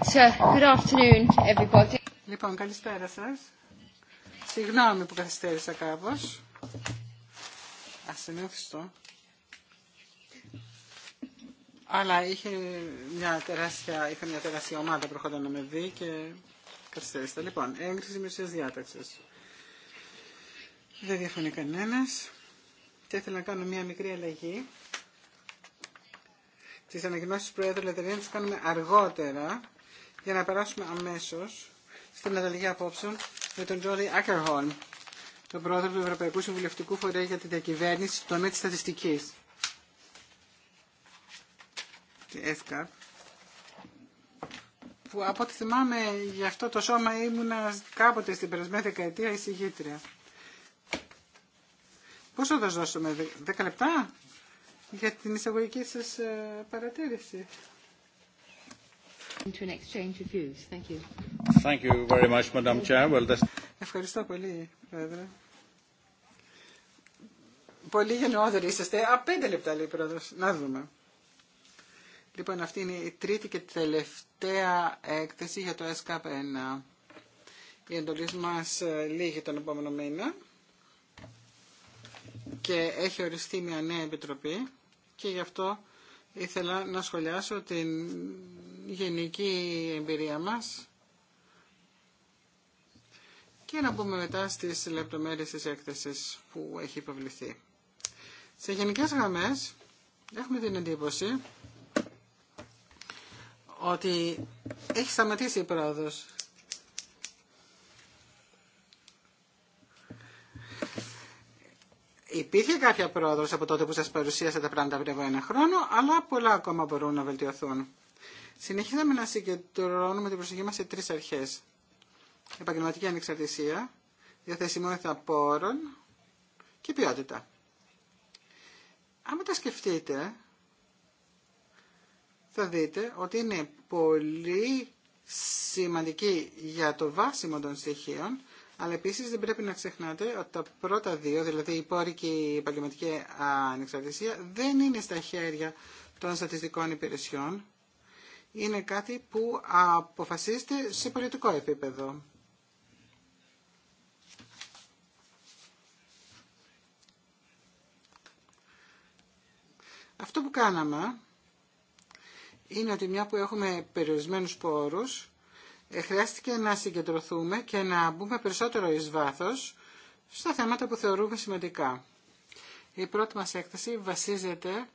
Uh, λοιπόν, καλησπέρα σας. Συγγνώμη που καθυστέρησα κάπως. Ασυνήθιστο. Αλλά είχε μια τεράστια, είχα μια τεράστια ομάδα που να με δει και καθυστέρησα. Λοιπόν, έγκριση μεσίας διάταξη. Δεν διαφωνεί κανένα. Και ήθελα να κάνω μια μικρή αλλαγή τι ανακοινώσει του Προέδρου Λετερίνα τι κάνουμε αργότερα για να περάσουμε αμέσως στην ανταλλαγή απόψεων με τον Τζόρι Ακερχόλμ, τον πρόεδρο του Ευρωπαϊκού Συμβουλευτικού Φορέα για την Διακυβέρνηση των τομέα της στατιστικής. Τη ΕΦΚΑ, που από ό,τι θυμάμαι γι' αυτό το σώμα ήμουνα κάποτε στην περασμένη δεκαετία εισηγήτρια. Πόσο θα σας δώσουμε, 10 λεπτά για την εισαγωγική σας ε, παρατήρηση. Ευχαριστώ πολύ, Πρόεδρε. Πολύ γενναιόδοροι είσαστε. Α, πέντε λεπτά λέει η Πρόεδρος. Να δούμε. Λοιπόν, αυτή είναι η τρίτη και τελευταία έκθεση για το SK1. Η εντολή μα ε, λύγει τον επόμενο μήνα και έχει οριστεί μια νέα επιτροπή και γι' αυτό ήθελα να σχολιάσω την γενική εμπειρία μας και να μπούμε μετά στις λεπτομέρειες της έκθεσης που έχει υποβληθεί. Σε γενικές γραμμές έχουμε την εντύπωση ότι έχει σταματήσει η πρόοδος υπήρχε κάποια πρόοδος από τότε που σας παρουσίασα τα πράγματα πριν από ένα χρόνο, αλλά πολλά ακόμα μπορούν να βελτιωθούν. Συνεχίζουμε να συγκεντρώνουμε την προσοχή μας σε τρεις αρχές. Επαγγελματική ανεξαρτησία, διαθεσιμότητα πόρων και ποιότητα. Άμα τα σκεφτείτε, θα δείτε ότι είναι πολύ σημαντική για το βάσιμο των στοιχείων αλλά επίση δεν πρέπει να ξεχνάτε ότι τα πρώτα δύο, δηλαδή η πόρη και η επαγγελματική ανεξαρτησία, δεν είναι στα χέρια των στατιστικών υπηρεσιών. Είναι κάτι που αποφασίζεται σε πολιτικό επίπεδο. Αυτό που κάναμε είναι ότι μια που έχουμε περιορισμένους πόρους, ε, χρειάστηκε να συγκεντρωθούμε και να μπούμε περισσότερο εις βάθος στα θέματα που θεωρούμε σημαντικά. Η πρώτη μας έκθεση βασίζεται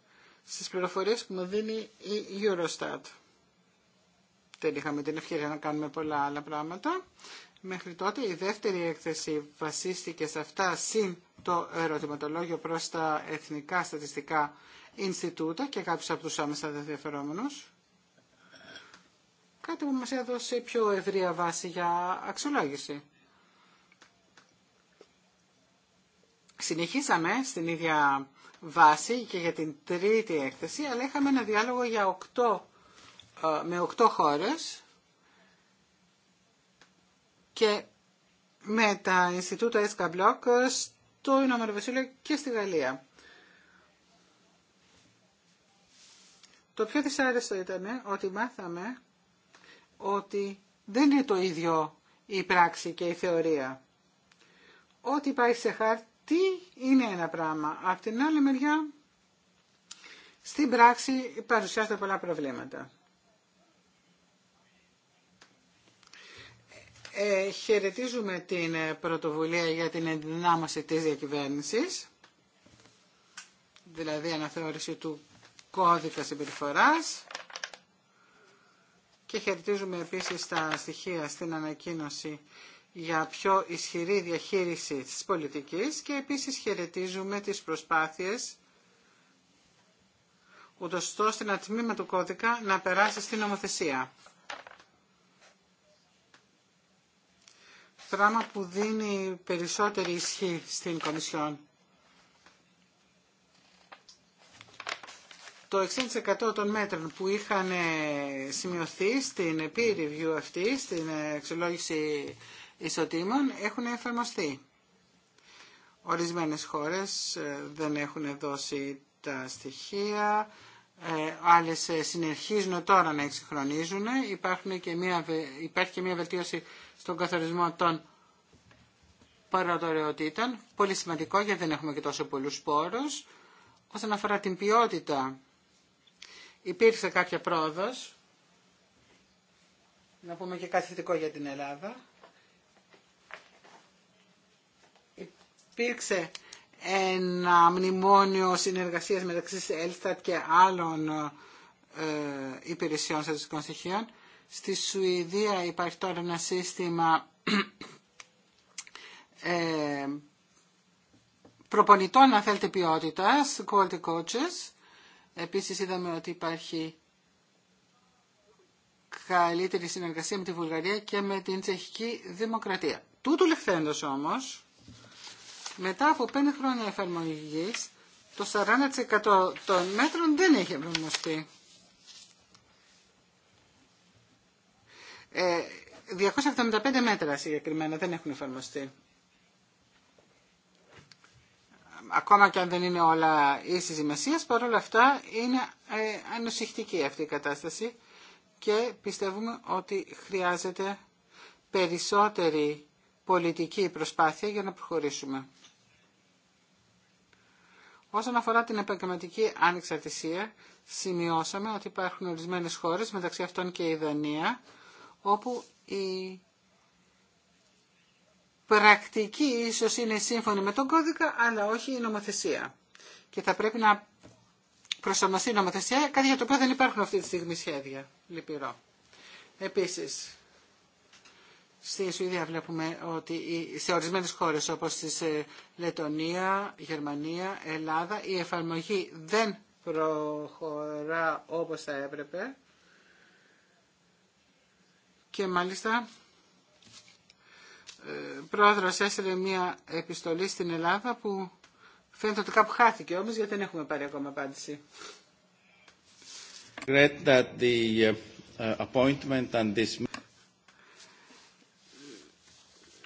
στις πληροφορίες που μου δίνει η Eurostat. Δεν είχαμε την ευκαιρία να κάνουμε πολλά άλλα πράγματα. Μέχρι τότε η δεύτερη έκθεση βασίστηκε σε αυτά συν το ερωτηματολόγιο προς τα εθνικά στατιστικά Ινστιτούτα και κάποιους από τους άμεσα Κάτι που μας έδωσε πιο ευρία βάση για αξιολόγηση. Συνεχίσαμε στην ίδια βάση και για την τρίτη έκθεση, αλλά είχαμε ένα διάλογο για 8, ε, με οκτώ χώρες και με τα Ινστιτούτα ΕΣΚΑ Μπλοκ στο Ηνωμένο Βασίλειο και στη Γαλλία. Το πιο δυσάρεστο ήταν ότι μάθαμε ότι δεν είναι το ίδιο η πράξη και η θεωρία. Ό,τι υπάρχει σε χαρτί είναι ένα πράγμα. Απ' την άλλη μεριά, στην πράξη παρουσιάζονται πολλά προβλήματα. Ε, χαιρετίζουμε την πρωτοβουλία για την ενδυνάμωση της διακυβέρνησης, δηλαδή αναθεώρηση του κώδικα συμπεριφοράς και χαιρετίζουμε επίσης τα στοιχεία στην ανακοίνωση για πιο ισχυρή διαχείριση της πολιτικής και επίσης χαιρετίζουμε τις προσπάθειες ούτως ώστε να τμήμα του κώδικα να περάσει στην νομοθεσία. Πράγμα που δίνει περισσότερη ισχύ στην Κομισιόν. το 60% των μέτρων που είχαν ε, σημειωθεί στην peer review αυτή, στην εξολόγηση ισοτήμων, έχουν εφαρμοστεί. Ορισμένες χώρες ε, δεν έχουν δώσει τα στοιχεία, ε, άλλες συνεχίζουν τώρα να εξυγχρονίζουν. και μια, υπάρχει και μια βελτίωση στον καθορισμό των παρατορεοτήτων. πολύ σημαντικό γιατί δεν έχουμε και τόσο πολλούς πόρους. Όσον αφορά την ποιότητα υπήρξε κάποια πρόοδος, να πούμε και κάτι θετικό για την Ελλάδα. Υπήρξε ένα μνημόνιο συνεργασίας μεταξύ της Ελστατ και άλλων ε, υπηρεσιών στατιστικών στοιχείων. Στη Σουηδία υπάρχει τώρα ένα σύστημα ε, προπονητών, αν θέλετε, ποιότητας, quality coaches, Επίσης είδαμε ότι υπάρχει καλύτερη συνεργασία με τη Βουλγαρία και με την Τσεχική Δημοκρατία. Τούτου λεχθέντος όμως, μετά από πέντε χρόνια εφαρμογής, το 40% των μέτρων δεν έχει εφαρμοστεί. 275 ε, μέτρα συγκεκριμένα δεν έχουν εφαρμοστεί ακόμα και αν δεν είναι όλα ίσης σημασία, παρόλα αυτά είναι ε, αυτή η κατάσταση και πιστεύουμε ότι χρειάζεται περισσότερη πολιτική προσπάθεια για να προχωρήσουμε. Όσον αφορά την επαγγελματική ανεξαρτησία, σημειώσαμε ότι υπάρχουν ορισμένες χώρες, μεταξύ αυτών και η Δανία, όπου η πρακτική ίσως είναι σύμφωνη με τον κώδικα, αλλά όχι η νομοθεσία. Και θα πρέπει να προσαρμοστεί η νομοθεσία, κάτι για το οποίο δεν υπάρχουν αυτή τη στιγμή σχέδια. Λυπηρό. Επίσης, στη Σουηδία βλέπουμε ότι σε ορισμένες χώρες όπως στη ε, Λετωνία, Γερμανία, Ελλάδα, η εφαρμογή δεν προχωρά όπως θα έπρεπε. Και μάλιστα ε, πρόεδρος έστειλε μια επιστολή στην Ελλάδα που φαίνεται ότι κάπου χάθηκε όμως γιατί δεν έχουμε πάρει ακόμα απάντηση. That uh,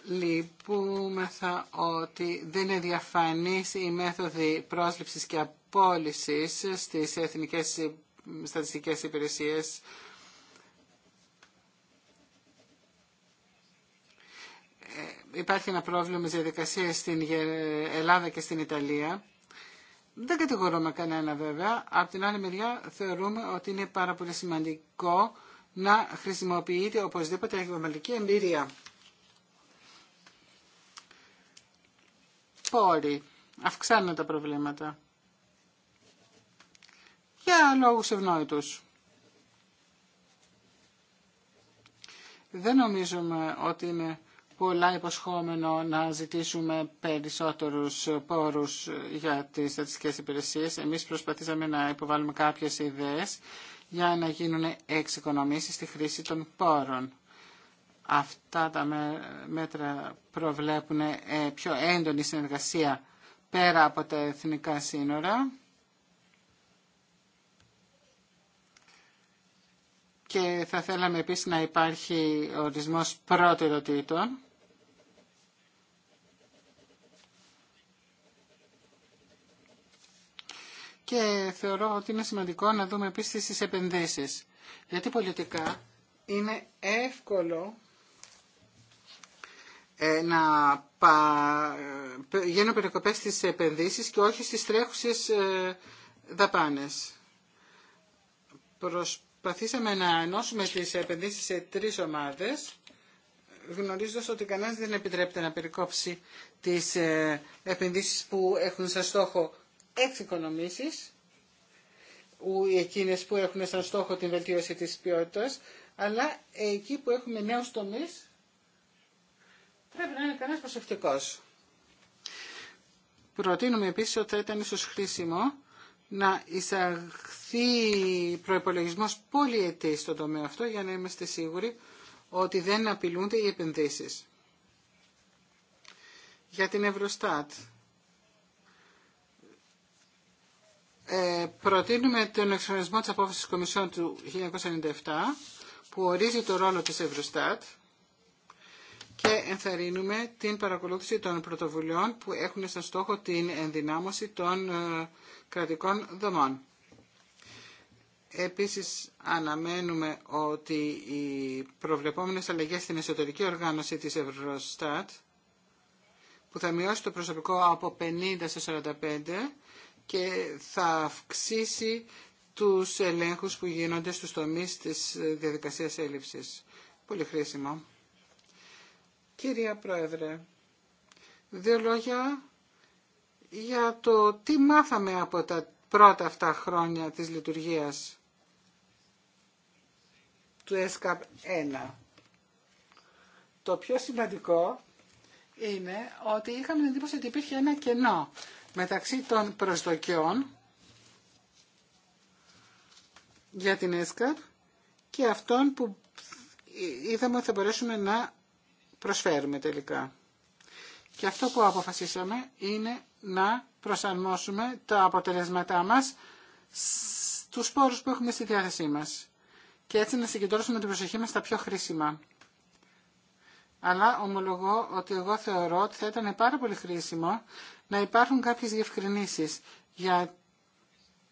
Λυπούμεθα ότι δεν είναι διαφανής η μέθοδη πρόσληψης και απόλυσης στις εθνικές ε, στατιστικές υπηρεσίες υπάρχει ένα πρόβλημα με διαδικασία στην Ελλάδα και στην Ιταλία. Δεν κατηγορούμε κανένα βέβαια. Από την άλλη μεριά θεωρούμε ότι είναι πάρα πολύ σημαντικό να χρησιμοποιείται οπωσδήποτε η εμπειρία. Πόροι. Αυξάνουν τα προβλήματα. Για λόγους ευνόητους. Δεν νομίζουμε ότι είναι πολλά υποσχόμενο να ζητήσουμε περισσότερους πόρους για τις στατιστικές υπηρεσίες. Εμείς προσπαθήσαμε να υποβάλουμε κάποιες ιδέες για να γίνουν εξοικονομήσεις στη χρήση των πόρων. Αυτά τα μέτρα προβλέπουν ε, πιο έντονη συνεργασία πέρα από τα εθνικά σύνορα. Και θα θέλαμε επίσης να υπάρχει ορισμός ερωτήτων. Και θεωρώ ότι είναι σημαντικό να δούμε επίσης τις επενδύσεις. Γιατί πολιτικά είναι εύκολο ε, να πα... Ε, γίνουν περικοπές στις επενδύσεις και όχι στις τρέχουσες ε, δαπάνες. Προσπαθήσαμε να ενώσουμε τις επενδύσεις σε τρεις ομάδες, γνωρίζοντας ότι κανένας δεν επιτρέπεται να περικόψει τις επενδύσεις που έχουν σαν στόχο ου εκείνε που έχουν σαν στόχο την βελτίωση της ποιότητα, αλλά εκεί που έχουμε νέου τομείς πρέπει να είναι κανένα προσεκτικό. Προτείνουμε επίση ότι θα ήταν ίσω χρήσιμο να εισαχθεί προπολογισμό πολυετή στον τομέα αυτό για να είμαστε σίγουροι ότι δεν απειλούνται οι επενδύσεις. Για την Ευρωστάτ ε, προτείνουμε τον εξορισμό της απόφασης της Κομισιόν του 1997 που ορίζει το ρόλο της Ευρωστάτ και ενθαρρύνουμε την παρακολούθηση των πρωτοβουλειών που έχουν σαν στόχο την ενδυνάμωση των ε, κρατικών δομών. Επίσης αναμένουμε ότι οι προβλεπόμενες αλλαγές στην εσωτερική οργάνωση της Ευρωστάτ που θα μειώσει το προσωπικό από 50 σε 45 και θα αυξήσει τους ελέγχους που γίνονται στους τομείς της διαδικασίας έλλειψης. Πολύ χρήσιμο. Κυρία Πρόεδρε, δύο λόγια για το τι μάθαμε από τα πρώτα αυτά χρόνια της λειτουργίας του ΕΣΚΑΠ 1. Το πιο σημαντικό είναι ότι είχαμε την εντύπωση ότι υπήρχε ένα κενό μεταξύ των προσδοκιών για την ΕΣΚΑΠ και αυτών που είδαμε ότι θα μπορέσουμε να προσφέρουμε τελικά. Και αυτό που αποφασίσαμε είναι να προσαρμόσουμε τα αποτελέσματά μας στους πόρους που έχουμε στη διάθεσή μας. Και έτσι να συγκεντρώσουμε την προσοχή μας στα πιο χρήσιμα αλλά ομολογώ ότι εγώ θεωρώ ότι θα ήταν πάρα πολύ χρήσιμο να υπάρχουν κάποιες διευκρινήσεις για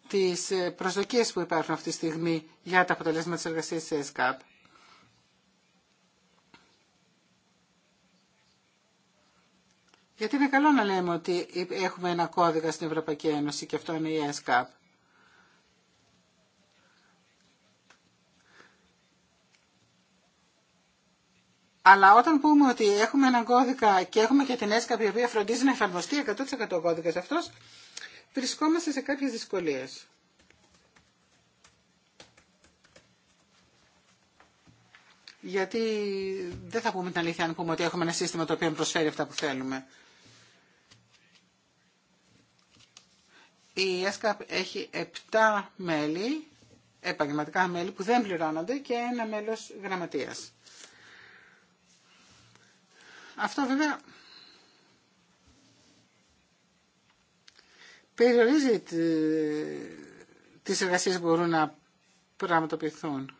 τις ε, προσδοκίες που υπάρχουν αυτή τη στιγμή για τα αποτελέσματα της εργασίας της ΕΣΚΑΠ. Γιατί είναι καλό να λέμε ότι έχουμε ένα κώδικα στην Ευρωπαϊκή Ένωση και αυτό είναι η ΕΣΚΑΠ. Αλλά όταν πούμε ότι έχουμε έναν κώδικα και έχουμε και την ΕΣΚΑΠ η οποία φροντίζει να εφαρμοστεί 100% ο κώδικα αυτός, βρισκόμαστε σε κάποιε δυσκολίε. Γιατί δεν θα πούμε την αλήθεια αν πούμε ότι έχουμε ένα σύστημα το οποίο προσφέρει αυτά που θέλουμε. Η ΕΣΚΑΠ έχει 7 μέλη, επαγγελματικά μέλη που δεν πληρώνονται και ένα μέλος γραμματείας. Αυτό βέβαια περιορίζει τις εργασίες που μπορούν να πραγματοποιηθούν.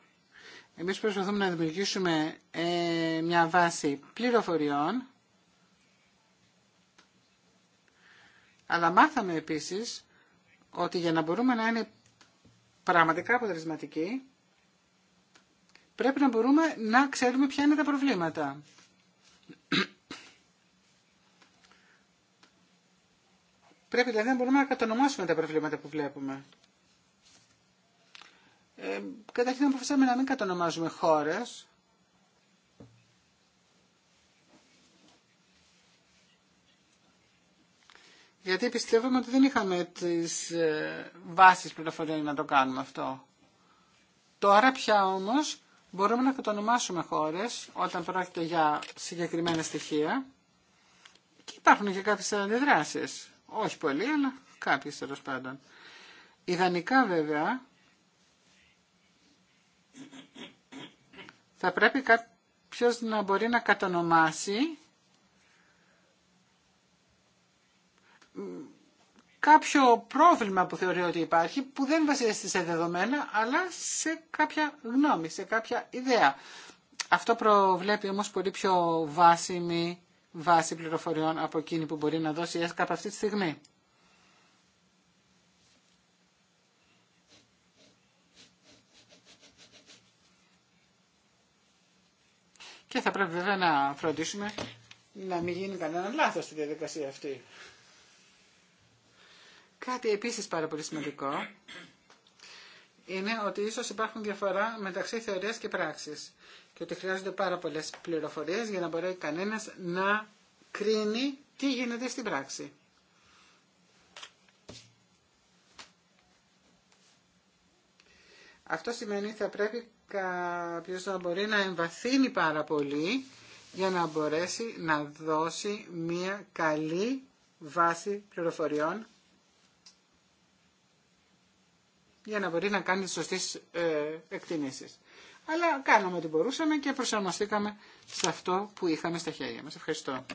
Εμείς προσπαθούμε να δημιουργήσουμε ε, μια βάση πληροφοριών, αλλά μάθαμε επίσης ότι για να μπορούμε να είναι πραγματικά αποτελεσματικοί, πρέπει να μπορούμε να ξέρουμε ποια είναι τα προβλήματα. Πρέπει δηλαδή να μπορούμε να κατονομάσουμε τα προβλήματα που βλέπουμε. Ε, καταρχήν αποφασίσαμε να μην κατονομάζουμε χώρες. Γιατί πιστεύουμε ότι δεν είχαμε τις ε, βάσεις πληροφοριών να το κάνουμε αυτό. Τώρα πια όμως μπορούμε να κατονομάσουμε χώρες όταν πρόκειται για συγκεκριμένα στοιχεία και υπάρχουν και κάποιες αντιδράσεις όχι πολύ αλλά κάποιοι τέλο πάντων. Ιδανικά βέβαια θα πρέπει κάποιος να μπορεί να κατονομάσει κάποιο πρόβλημα που θεωρεί ότι υπάρχει, που δεν βασίζεται σε δεδομένα, αλλά σε κάποια γνώμη, σε κάποια ιδέα. Αυτό προβλέπει όμως πολύ πιο βάσιμη βάση πληροφοριών από εκείνη που μπορεί να δώσει η ΕΣΚΑ αυτή τη στιγμή. Και θα πρέπει βέβαια να φροντίσουμε να μην γίνει κανέναν λάθος στη διαδικασία αυτή. Κάτι επίσης πάρα πολύ σημαντικό είναι ότι ίσως υπάρχουν διαφορά μεταξύ θεωρίας και πράξης και ότι χρειάζονται πάρα πολλέ πληροφορίε για να μπορεί κανένας να κρίνει τι γίνεται στην πράξη. Αυτό σημαίνει ότι θα πρέπει κάποιος να μπορεί να εμβαθύνει πάρα πολύ για να μπορέσει να δώσει μια καλή βάση πληροφοριών για να μπορεί να κάνει τις σωστές ε, εκτιμήσεις αλλά κάναμε ό,τι μπορούσαμε και προσαρμοστήκαμε σε αυτό που είχαμε στα χέρια μας. Ευχαριστώ.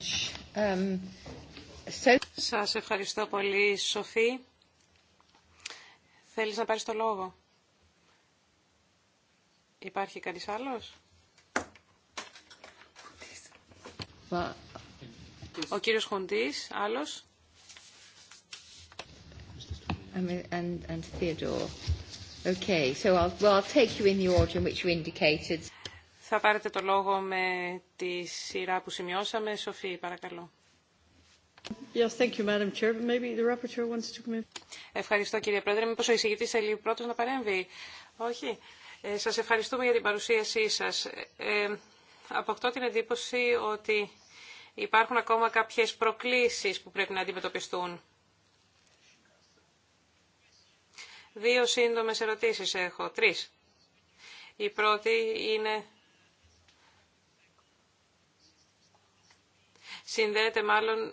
Σας ευχαριστώ πολύ, Σοφή. Θέλεις να πάρεις το λόγο. Υπάρχει κανείς άλλος. Ο κύριος Χοντής, άλλος. And, and, and Okay, so I'll, well, I'll take you in the order which indicated. Θα πάρετε το λόγο με τη σειρά που σημειώσαμε. Σοφή, παρακαλώ. Yes, thank you, Madam Chair. Maybe the rapporteur wants to come in. Ευχαριστώ, κύριε Πρόεδρε. Μήπως ο εισηγητής θέλει πρώτος να παρέμβει. Όχι. Ε, σας ευχαριστούμε για την παρουσίασή σας. Ε, αποκτώ την εντύπωση ότι υπάρχουν ακόμα κάποιες προκλήσεις που πρέπει να αντιμετωπιστούν. Δύο σύντομες ερωτήσεις έχω, τρεις. Η πρώτη είναι... Συνδέεται μάλλον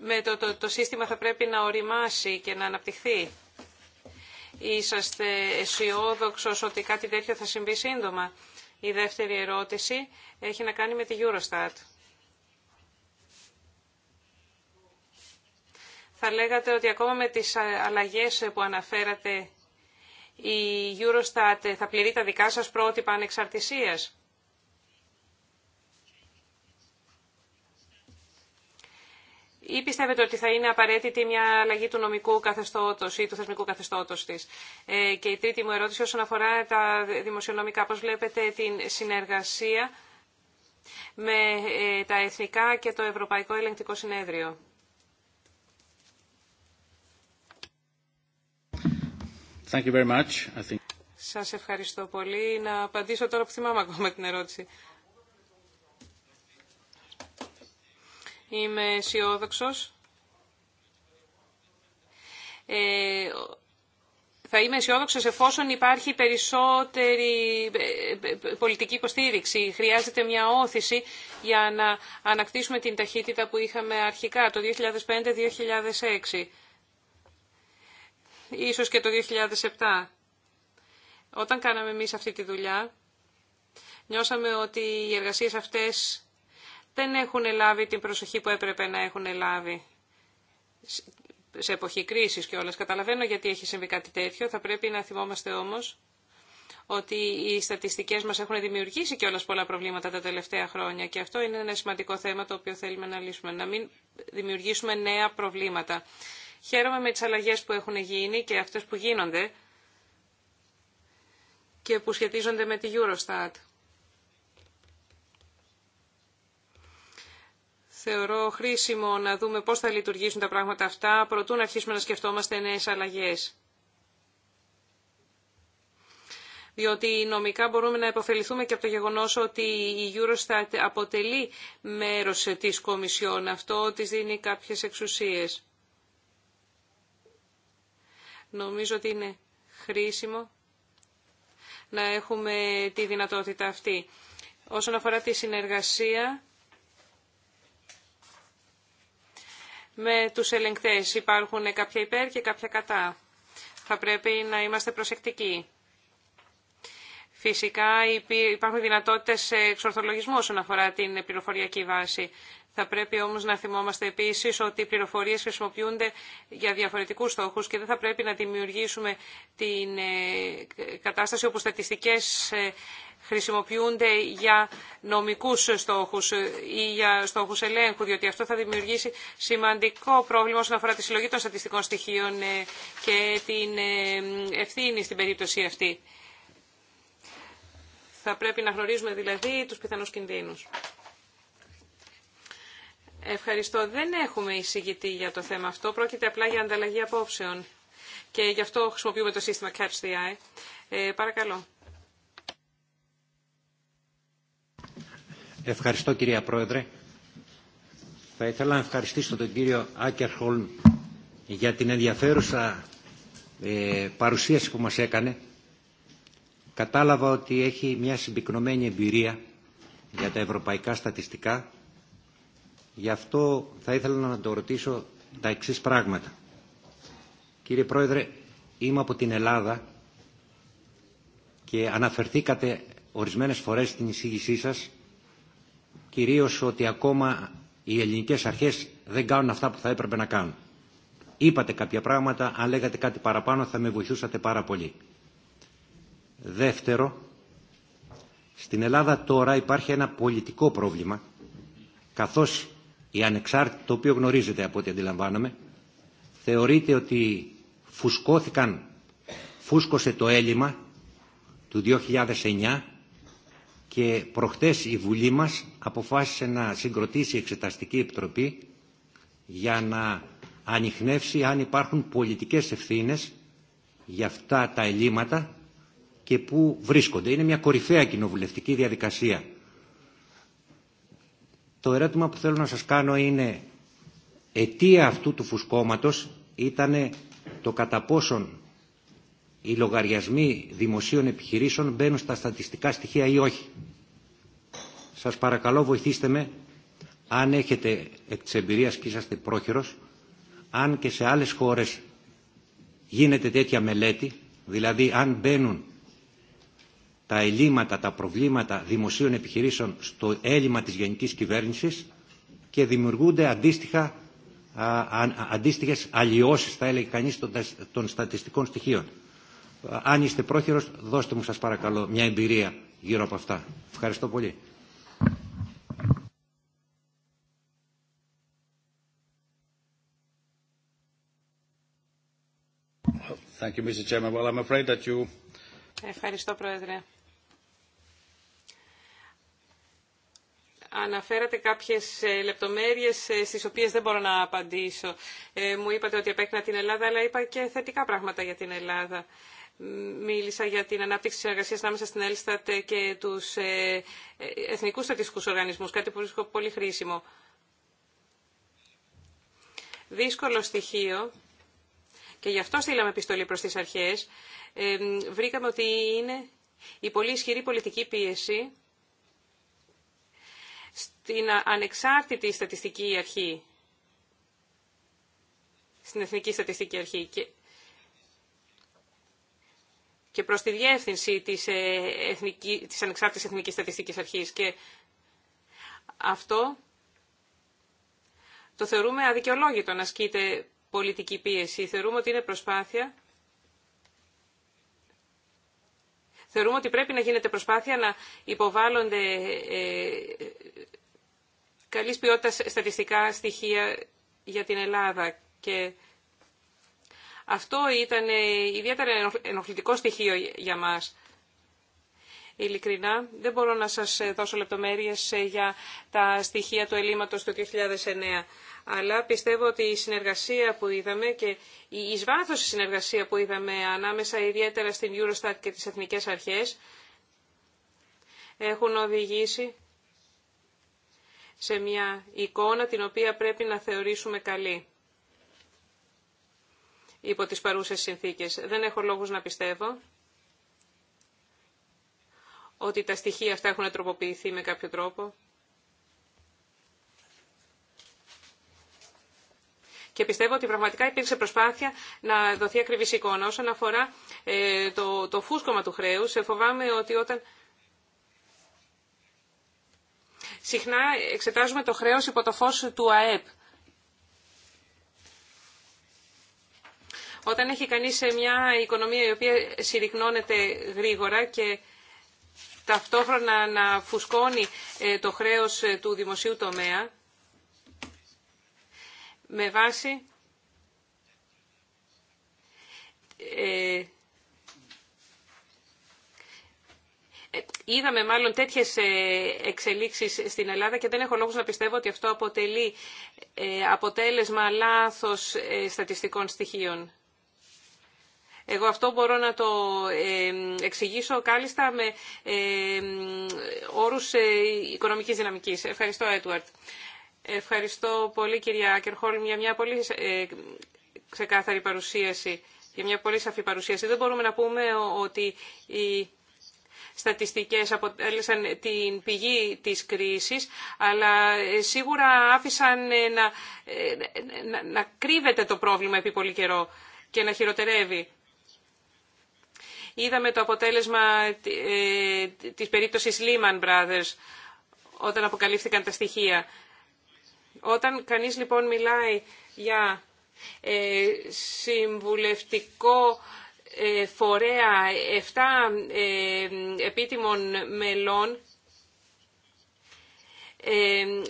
με το, το, το σύστημα θα πρέπει να οριμάσει και να αναπτυχθεί. Είσαστε αισιόδοξο ότι κάτι τέτοιο θα συμβεί σύντομα. Η δεύτερη ερώτηση έχει να κάνει με τη Eurostat. θα λέγατε ότι ακόμα με τις αλλαγές που αναφέρατε η Eurostat ε, θα πληρεί τα δικά σας πρότυπα ανεξαρτησίας. Ή πιστεύετε ότι θα είναι απαραίτητη μια αλλαγή του νομικού καθεστώτος ή του θεσμικού καθεστώτος της. Ε, και η τρίτη μου ερώτηση όσον αφορά τα δημοσιονομικά. Πώς βλέπετε την συνεργασία με ε, τα Εθνικά και το Ευρωπαϊκό Ελεγκτικό Συνέδριο. Thank Σας ευχαριστώ πολύ. Να απαντήσω τώρα που θυμάμαι ακόμα την ερώτηση. Είμαι αισιόδοξο. Ε, θα είμαι αισιόδοξο εφόσον υπάρχει περισσότερη ε, ε, πολιτική υποστήριξη. Χρειάζεται μια όθηση για να ανακτήσουμε την ταχύτητα που είχαμε αρχικά το 2005-2006 ίσως και το 2007. Όταν κάναμε εμείς αυτή τη δουλειά, νιώσαμε ότι οι εργασίες αυτές δεν έχουν λάβει την προσοχή που έπρεπε να έχουν λάβει σε εποχή κρίσης και όλας. Καταλαβαίνω γιατί έχει συμβεί κάτι τέτοιο. Θα πρέπει να θυμόμαστε όμως ότι οι στατιστικές μας έχουν δημιουργήσει και όλας πολλά προβλήματα τα τελευταία χρόνια και αυτό είναι ένα σημαντικό θέμα το οποίο θέλουμε να λύσουμε, να μην δημιουργήσουμε νέα προβλήματα. Χαίρομαι με τις αλλαγές που έχουν γίνει και αυτές που γίνονται και που σχετίζονται με τη Eurostat. Θεωρώ χρήσιμο να δούμε πώς θα λειτουργήσουν τα πράγματα αυτά, προτού να αρχίσουμε να σκεφτόμαστε νέες αλλαγές. διότι νομικά μπορούμε να υποφεληθούμε και από το γεγονός ότι η Eurostat αποτελεί μέρος της Κομισιόν. Αυτό της δίνει κάποιες εξουσίες. Νομίζω ότι είναι χρήσιμο να έχουμε τη δυνατότητα αυτή. Όσον αφορά τη συνεργασία με τους ελεγκτές, υπάρχουν κάποια υπέρ και κάποια κατά. Θα πρέπει να είμαστε προσεκτικοί. Φυσικά υπάρχουν δυνατότητες εξορθολογισμού όσον αφορά την πληροφοριακή βάση. Θα πρέπει όμως να θυμόμαστε επίσης ότι οι πληροφορίες χρησιμοποιούνται για διαφορετικούς στόχους και δεν θα πρέπει να δημιουργήσουμε την ε, κατάσταση όπου στατιστικές ε, χρησιμοποιούνται για νομικούς στόχους ε, ή για στόχους ελέγχου, διότι αυτό θα δημιουργήσει σημαντικό πρόβλημα όσον αφορά τη συλλογή των στατιστικών στοιχείων και την ευθύνη στην περίπτωση αυτή. Θα πρέπει να γνωρίζουμε δηλαδή τους πιθανούς κινδύνους. Ευχαριστώ. Δεν έχουμε εισηγητή για το θέμα αυτό. Πρόκειται απλά για ανταλλαγή απόψεων. Και γι' αυτό χρησιμοποιούμε το σύστημα Catch the Eye. Ε, παρακαλώ. Ευχαριστώ κυρία Πρόεδρε. Θα ήθελα να ευχαριστήσω τον κύριο Άκερχολμ για την ενδιαφέρουσα ε, παρουσίαση που μας έκανε κατάλαβα ότι έχει μια συμπυκνωμένη εμπειρία για τα ευρωπαϊκά στατιστικά. Γι' αυτό θα ήθελα να το ρωτήσω τα εξής πράγματα. Κύριε Πρόεδρε, είμαι από την Ελλάδα και αναφερθήκατε ορισμένες φορές στην εισήγησή σας κυρίως ότι ακόμα οι ελληνικές αρχές δεν κάνουν αυτά που θα έπρεπε να κάνουν. Είπατε κάποια πράγματα, αν λέγατε κάτι παραπάνω θα με βοηθούσατε πάρα πολύ. Δεύτερο, στην Ελλάδα τώρα υπάρχει ένα πολιτικό πρόβλημα, καθώς η ανεξάρτητη, το οποίο γνωρίζετε από ό,τι αντιλαμβάνομαι, θεωρείται ότι φουσκώθηκαν, φούσκωσε το έλλειμμα του 2009 και προχτές η Βουλή μας αποφάσισε να συγκροτήσει Εξεταστική Επιτροπή για να ανοιχνεύσει αν υπάρχουν πολιτικές ευθύνες για αυτά τα ελλείμματα και πού βρίσκονται. Είναι μια κορυφαία κοινοβουλευτική διαδικασία. Το ερώτημα που θέλω να σας κάνω είναι αιτία αυτού του φουσκώματος ήταν το κατά πόσον οι λογαριασμοί δημοσίων επιχειρήσεων μπαίνουν στα στατιστικά στοιχεία ή όχι. Σας παρακαλώ βοηθήστε με αν έχετε εκ της και είσαστε πρόχειρος αν και σε άλλες χώρες γίνεται τέτοια μελέτη δηλαδή αν μπαίνουν τα ελλείμματα, τα προβλήματα δημοσίων επιχειρήσεων στο έλλειμμα της γενικής κυβέρνησης και δημιουργούνται αντίστοιχα, αντίστοιχες αλλοιώσεις, θα έλεγε κανείς, των, στατιστικών στοιχείων. Αν είστε πρόχειρος, δώστε μου σας παρακαλώ μια εμπειρία γύρω από αυτά. Ευχαριστώ πολύ. Thank you, Mr. Well, I'm afraid that you... Ευχαριστώ, Πρόεδρε. Αναφέρατε κάποιες ε, λεπτομέρειες ε, στις οποίες δεν μπορώ να απαντήσω. Ε, μου είπατε ότι επέκνα την Ελλάδα, αλλά είπα και θετικά πράγματα για την Ελλάδα. Μίλησα για την ανάπτυξη εργασίας ανάμεσα στην Ελστατ και τους εθνικούς στατιστικούς οργανισμούς, κάτι που βρίσκω πολύ χρήσιμο. Δύσκολο στοιχείο, και γι' αυτό στείλαμε επιστολή προς τις αρχές, βρήκαμε ότι είναι η πολύ ισχυρή πολιτική πίεση στην ανεξάρτητη στατιστική αρχή, στην Εθνική Στατιστική Αρχή και, και προς τη διεύθυνση της, ε, εθνική, της Ανεξάρτητης Εθνικής Στατιστικής Αρχής. Και αυτό το θεωρούμε αδικαιολόγητο να ασκείται πολιτική πίεση. Θεωρούμε ότι είναι προσπάθεια Θεωρούμε ότι πρέπει να γίνεται προσπάθεια να υποβάλλονται ε, καλής ποιότητας στατιστικά στοιχεία για την Ελλάδα και αυτό ήταν ε, ιδιαίτερα ενοχλητικό στοιχείο για μας. Ειλικρινά, δεν μπορώ να σας ε, δώσω λεπτομέρειες για τα στοιχεία του ελλείμματος του 2009 αλλά πιστεύω ότι η συνεργασία που είδαμε και η εις συνεργασία που είδαμε ανάμεσα ιδιαίτερα στην Eurostat και τις εθνικές αρχές έχουν οδηγήσει σε μια εικόνα την οποία πρέπει να θεωρήσουμε καλή υπό τις παρούσες συνθήκες. Δεν έχω λόγους να πιστεύω ότι τα στοιχεία αυτά έχουν τροποποιηθεί με κάποιο τρόπο. και πιστεύω ότι πραγματικά υπήρξε προσπάθεια να δοθεί ακριβή εικόνα. Όσον αφορά ε, το, το φούσκωμα του χρέους, ε, φοβάμαι ότι όταν... Συχνά εξετάζουμε το χρέος υπό το φως του ΑΕΠ. Όταν έχει κανείς μια οικονομία η οποία συρρυκνώνεται γρήγορα και ταυτόχρονα να φουσκώνει ε, το χρέος του δημοσίου τομέα, με βάση ε, ε, Είδαμε μάλλον τέτοιες ε, εξελίξεις στην Ελλάδα και δεν έχω λόγους να πιστεύω ότι αυτό αποτελεί ε, αποτέλεσμα λάθος στατιστικών στοιχείων. Εγώ αυτό μπορώ να το εξηγήσω κάλλιστα με όρους οικονομικής δυναμικής. Ευχαριστώ, Έτουαρτ. Ευχαριστώ πολύ κυρία Κερχόλμ για μια πολύ ε, ξεκάθαρη παρουσίαση, για μια πολύ σαφή παρουσίαση. Δεν μπορούμε να πούμε ότι οι στατιστικές αποτέλεσαν την πηγή της κρίσης, αλλά ε, σίγουρα άφησαν ε, να, να, κρύβεται το πρόβλημα επί πολύ καιρό και να χειροτερεύει. Είδαμε το αποτέλεσμα της περίπτωσης Lehman Brothers όταν αποκαλύφθηκαν τα στοιχεία. Όταν κανείς λοιπόν μιλάει για ε, συμβουλευτικό ε, φορέα 7 ε, επίτιμων μελών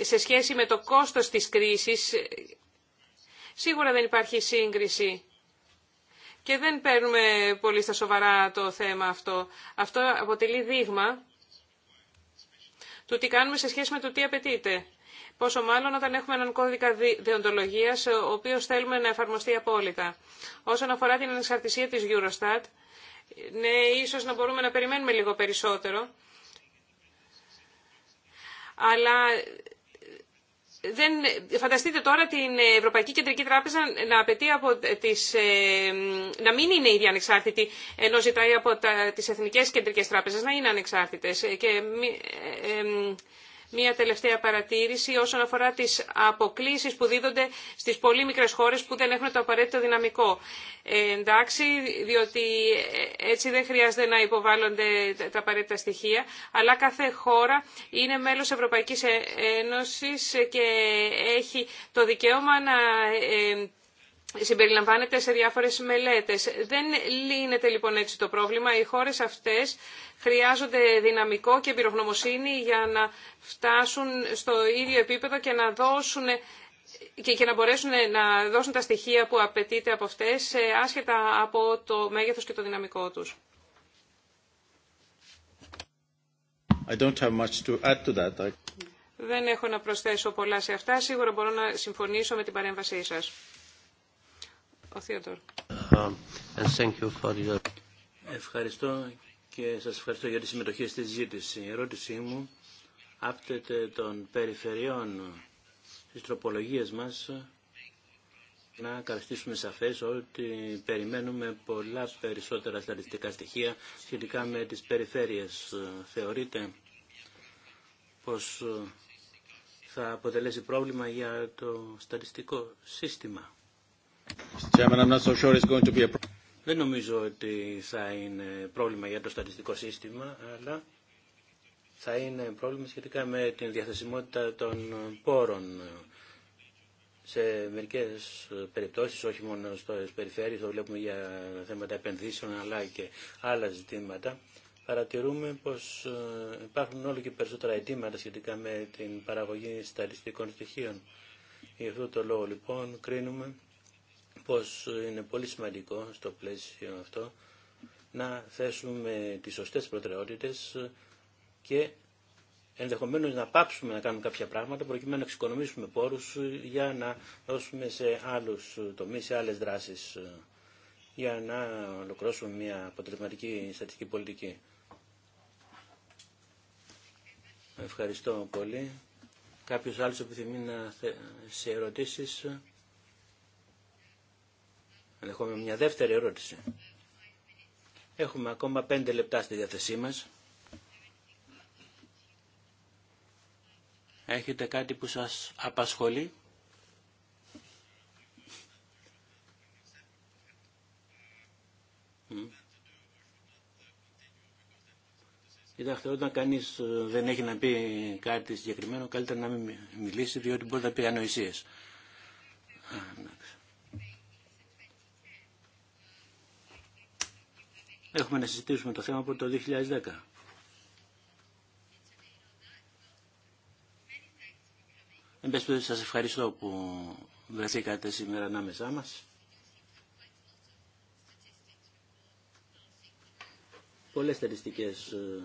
σε σχέση με το κόστος της κρίσης, σίγουρα δεν υπάρχει σύγκριση. Και δεν παίρνουμε πολύ στα σοβαρά το θέμα αυτό. Αυτό αποτελεί δείγμα του τι κάνουμε σε σχέση με το τι απαιτείται. Πόσο μάλλον όταν έχουμε έναν κώδικα διοντολογία, ο οποίο θέλουμε να εφαρμοστεί απόλυτα. Όσον αφορά την ανεξαρτησία της Eurostat, ναι, ίσως να μπορούμε να περιμένουμε λίγο περισσότερο, αλλά δεν, φανταστείτε τώρα την Ευρωπαϊκή Κεντρική Τράπεζα να απαιτεί από τις, ε, να μην είναι ήδη ανεξάρτητη, ενώ ζητάει από τα, τις Εθνικές Κεντρικές Τράπεζες να είναι ανεξάρτητες. Ε, και, ε, Μία τελευταία παρατήρηση όσον αφορά τις αποκλήσεις που δίδονται στις πολύ μικρές χώρες που δεν έχουν το απαραίτητο δυναμικό. Ε, εντάξει, διότι έτσι δεν χρειάζεται να υποβάλλονται τα απαραίτητα στοιχεία, αλλά κάθε χώρα είναι μέλος Ευρωπαϊκής Ένωσης και έχει το δικαίωμα να ε, συμπεριλαμβάνεται σε διάφορες μελέτες. Δεν λύνεται λοιπόν έτσι το πρόβλημα. Οι χώρες αυτές χρειάζονται δυναμικό και εμπειρογνωμοσύνη για να φτάσουν στο ίδιο επίπεδο και να δώσουν και, να μπορέσουν να δώσουν τα στοιχεία που απαιτείται από αυτές ε, άσχετα από το μέγεθος και το δυναμικό τους. Δεν έχω να προσθέσω πολλά σε αυτά. Σίγουρα μπορώ να συμφωνήσω με την παρέμβασή σας. Um, ευχαριστώ και σας ευχαριστώ για τη συμμετοχή στη ζήτηση. Η ερώτησή μου άπτεται των περιφερειών στις τροπολογίες μας να καταστήσουμε σαφές ότι περιμένουμε πολλά περισσότερα στατιστικά στοιχεία σχετικά με τις περιφέρειες. Θεωρείτε πως θα αποτελέσει πρόβλημα για το στατιστικό σύστημα. Δεν νομίζω ότι θα είναι πρόβλημα για το στατιστικό σύστημα, αλλά θα είναι πρόβλημα σχετικά με την διαθεσιμότητα των πόρων. Σε μερικές περιπτώσεις, όχι μόνο στο περιφέρειες, το βλέπουμε για θέματα επενδύσεων, αλλά και άλλα ζητήματα, παρατηρούμε πως ε, υπάρχουν όλο και περισσότερα αιτήματα σχετικά με την παραγωγή στατιστικών στοιχείων. Γι' αυτό το λόγο λοιπόν κρίνουμε πως είναι πολύ σημαντικό στο πλαίσιο αυτό να θέσουμε τις σωστές προτεραιότητες και ενδεχομένως να πάψουμε να κάνουμε κάποια πράγματα προκειμένου να εξοικονομήσουμε πόρους για να δώσουμε σε άλλους τομείς, σε άλλες δράσεις για να ολοκληρώσουμε μια αποτελεσματική στατική πολιτική. Ευχαριστώ πολύ. Κάποιος άλλος επιθυμεί να σε ερωτήσεις. Έχουμε μια δεύτερη ερώτηση. Έχουμε ακόμα πέντε λεπτά στη διάθεσή μας. Έχετε κάτι που σας απασχολεί. Κοιτάξτε, όταν κανεί ε, δεν έχει να πει κάτι συγκεκριμένο, καλύτερα να μην μιλήσει, διότι μπορεί να πει ανοησίε. έχουμε να συζητήσουμε το θέμα από το 2010. Εν πάση σας ευχαριστώ που βρεθήκατε σήμερα ανάμεσά μας. Πολλές θεριστικές ε,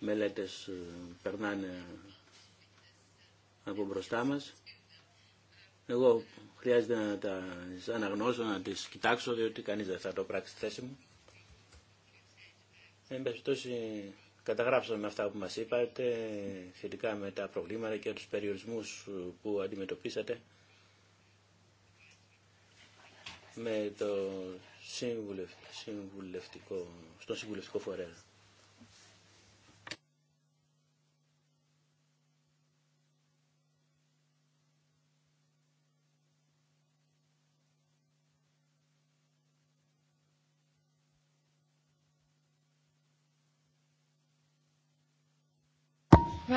μελέτες ε, περνάνε από μπροστά μας. Εγώ χρειάζεται να τα αναγνώσω, να τις κοιτάξω, διότι κανείς δεν θα το πράξει στη θέση μου. Εν περιπτώσει, καταγράψαμε αυτά που μας είπατε σχετικά με τα προβλήματα και τους περιορισμούς που αντιμετωπίσατε με το συμβουλευτικό, στον συμβουλευτικό φορέα.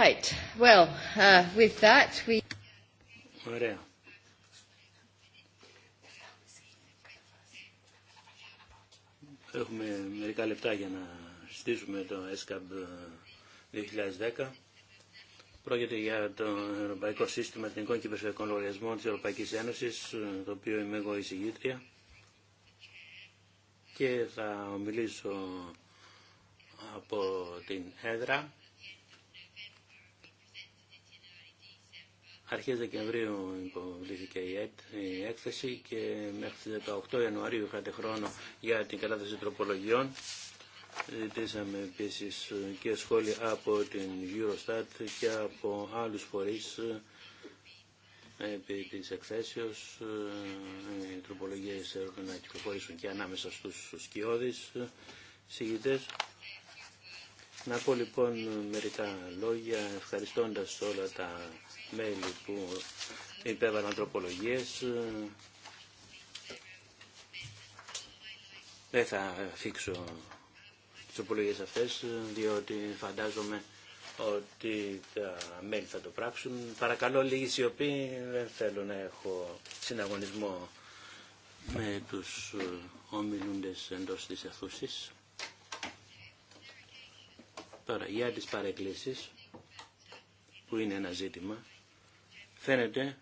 Right. Well, uh, with that we... Ωραία. Έχουμε μερικά λεπτά για να στήσουμε το ESCAB 2010. Πρόκειται για το Ευρωπαϊκό Σύστημα Εθνικών και Λογαριασμών της Ευρωπαϊκής Ένωσης, το οποίο είμαι εγώ η Και θα μιλήσω από την έδρα Αρχές Δεκεμβρίου υποβλήθηκε η έκθεση και μέχρι 18 Ιανουαρίου είχατε χρόνο για την κατάθεση τροπολογιών. Ζητήσαμε επίσης και σχόλια από την Eurostat και από άλλους φορείς ε, επί της εκθέσεως. Ε, οι τροπολογίες έρχονται να κυκλοφορήσουν και ανάμεσα στους σκιώδεις συγητές. Να πω λοιπόν μερικά λόγια ευχαριστώντας όλα τα μέλη λοιπόν, που υπέβαλαν τροπολογίες. Δεν θα αφήξω τις τροπολογίες αυτές, διότι φαντάζομαι ότι τα μέλη θα το πράξουν. Παρακαλώ οι σιωπή, δεν θέλω να έχω συναγωνισμό με τους ε, ομιλούντες εντός της αθούσης. Τώρα, για τις παρεκκλήσεις, που είναι ένα ζήτημα, Φαίνεται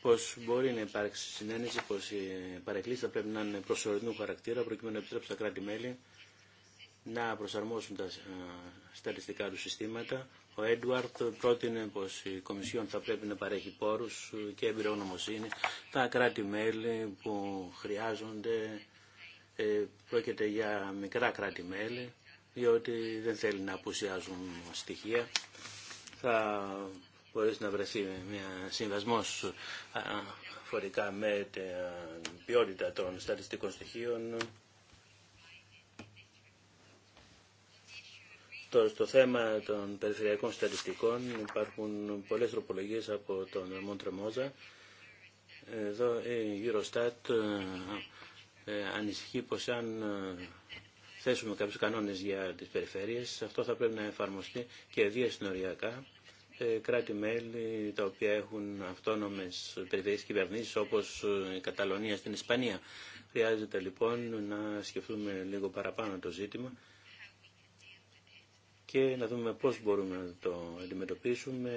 πως μπορεί να υπάρξει συνένεση πως οι παρεκκλήσεις θα πρέπει να είναι προσωρινού χαρακτήρα προκειμένου να επιτρέψουν τα κράτη-μέλη να προσαρμόσουν τα ε, στατιστικά του συστήματα. Ο Έντουαρτ πρότεινε πως η Κομισιόν θα πρέπει να παρέχει πόρους και εμπειρογνωμοσύνη τα κράτη-μέλη που χρειάζονται. Ε, πρόκειται για μικρά κράτη-μέλη, διότι δεν θέλει να απουσιάζουν στοιχεία. Θα μπορείς να βρεθεί μια συμβασμός φορικά με την ποιότητα των στατιστικών στοιχείων. στο θέμα των περιφερειακών στατιστικών υπάρχουν πολλές τροπολογίες από τον Μοντρεμόζα. Εδώ η Eurostat ε, ανησυχεί πως αν θέσουμε κάποιους κανόνες για τις περιφέρειες, αυτό θα πρέπει να εφαρμοστεί και διασυνοριακά ε, κράτη-μέλη τα οποία έχουν αυτόνομες περιφερειακές κυβερνήσεις όπως ε, η Καταλωνία στην Ισπανία. Χρειάζεται λοιπόν να σκεφτούμε λίγο παραπάνω το ζήτημα και να δούμε πώς μπορούμε να το αντιμετωπίσουμε.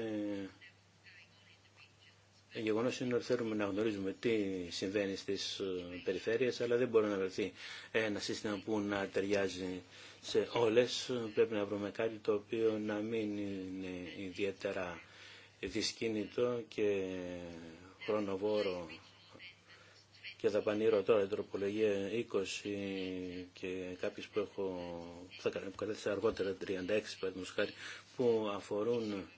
Η ε, γεγονός είναι ότι θέλουμε να γνωρίζουμε τι συμβαίνει στις περιφέρειες, αλλά δεν μπορεί να βρεθεί ένα σύστημα που να ταιριάζει σε όλες. Ε, πρέπει να βρούμε κάτι το οποίο να μην είναι ιδιαίτερα δυσκίνητο και χρονοβόρο και πανήρω τώρα η τροπολογία 20 και κάποιες που έχω που κατέθεσα αργότερα 36 παραδείγματος χάρη που αφορούν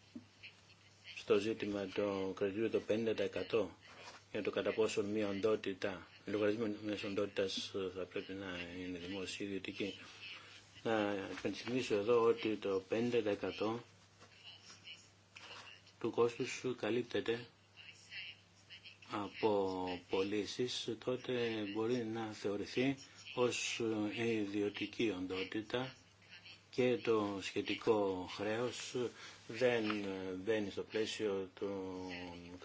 στο ζήτημα το κρατήριο το 50% για το κατά πόσο μια οντότητα, λογαριασμό μια οντότητα θα πρέπει να είναι δημόσια ιδιωτική. Να υπενθυμίσω εδώ ότι το 5% του κόστους καλύπτεται από πωλήσει, τότε μπορεί να θεωρηθεί ως ιδιωτική οντότητα και το σχετικό χρέος δεν μπαίνει στο πλαίσιο των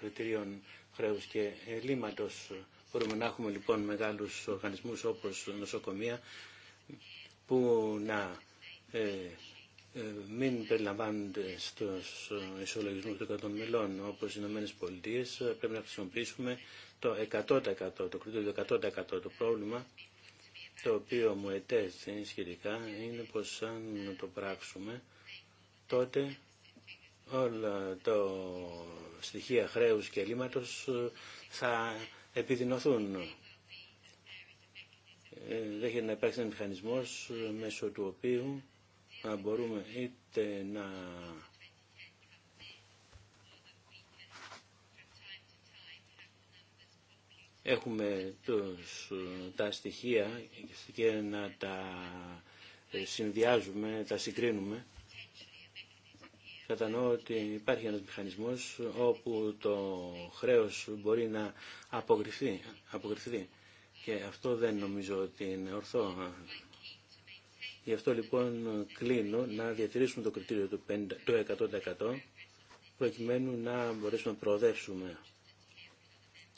κριτηρίων χρέους και ελλείμματος. Μπορούμε να έχουμε λοιπόν μεγάλους οργανισμούς όπως νοσοκομεία που να ε, ε, μην περιλαμβάνονται στους ε, ισολογισμούς των κρατών μελών όπως οι ΗΠΑ Πολιτείες πρέπει να χρησιμοποιήσουμε το 100% το κριτήριο 100% το πρόβλημα το οποίο μου ετέθη σχετικά είναι πως αν το πράξουμε τότε όλα τα στοιχεία χρέους και ελλείμματος θα επιδεινωθούν ε, δέχεται να υπάρξει ένα μηχανισμός ε, μέσω του οποίου να μπορούμε είτε να έχουμε τους, ε, τα στοιχεία και να τα συνδυάζουμε, τα συγκρίνουμε. Κατανοώ ότι υπάρχει ένας μηχανισμός όπου το χρέος μπορεί να αποκριθεί. αποκριθεί και αυτό δεν νομίζω ότι είναι ορθό. Γι' αυτό λοιπόν κλείνω να διατηρήσουμε το κριτήριο του 100% προκειμένου να μπορέσουμε να προοδεύσουμε.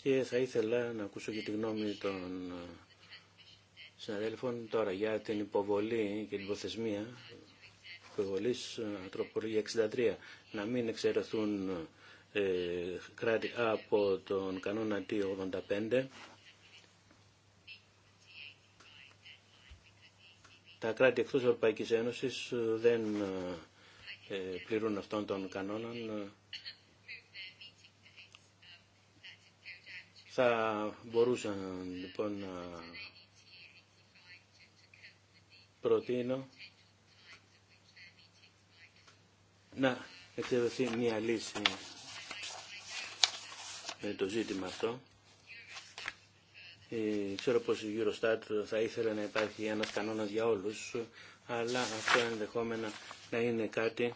Και θα ήθελα να ακούσω και τη γνώμη των συναδέλφων τώρα για την υποβολή και την υποθεσμία υποβολής τροπολογία 63 να μην εξαιρεθούν ε, κράτη από τον κανόνα T85 τα κράτη εκτός Ευρωπαϊκής Ένωσης ε, δεν ε, ε, πληρούν αυτών των κανόνων. Θα μπορούσαν λοιπόν να προτείνω να εξευρεθεί μια λύση με το ζήτημα αυτό. Ε, ξέρω πως η Eurostat θα ήθελε να υπάρχει ένας κανόνας για όλους, αλλά αυτό ενδεχόμενα να είναι κάτι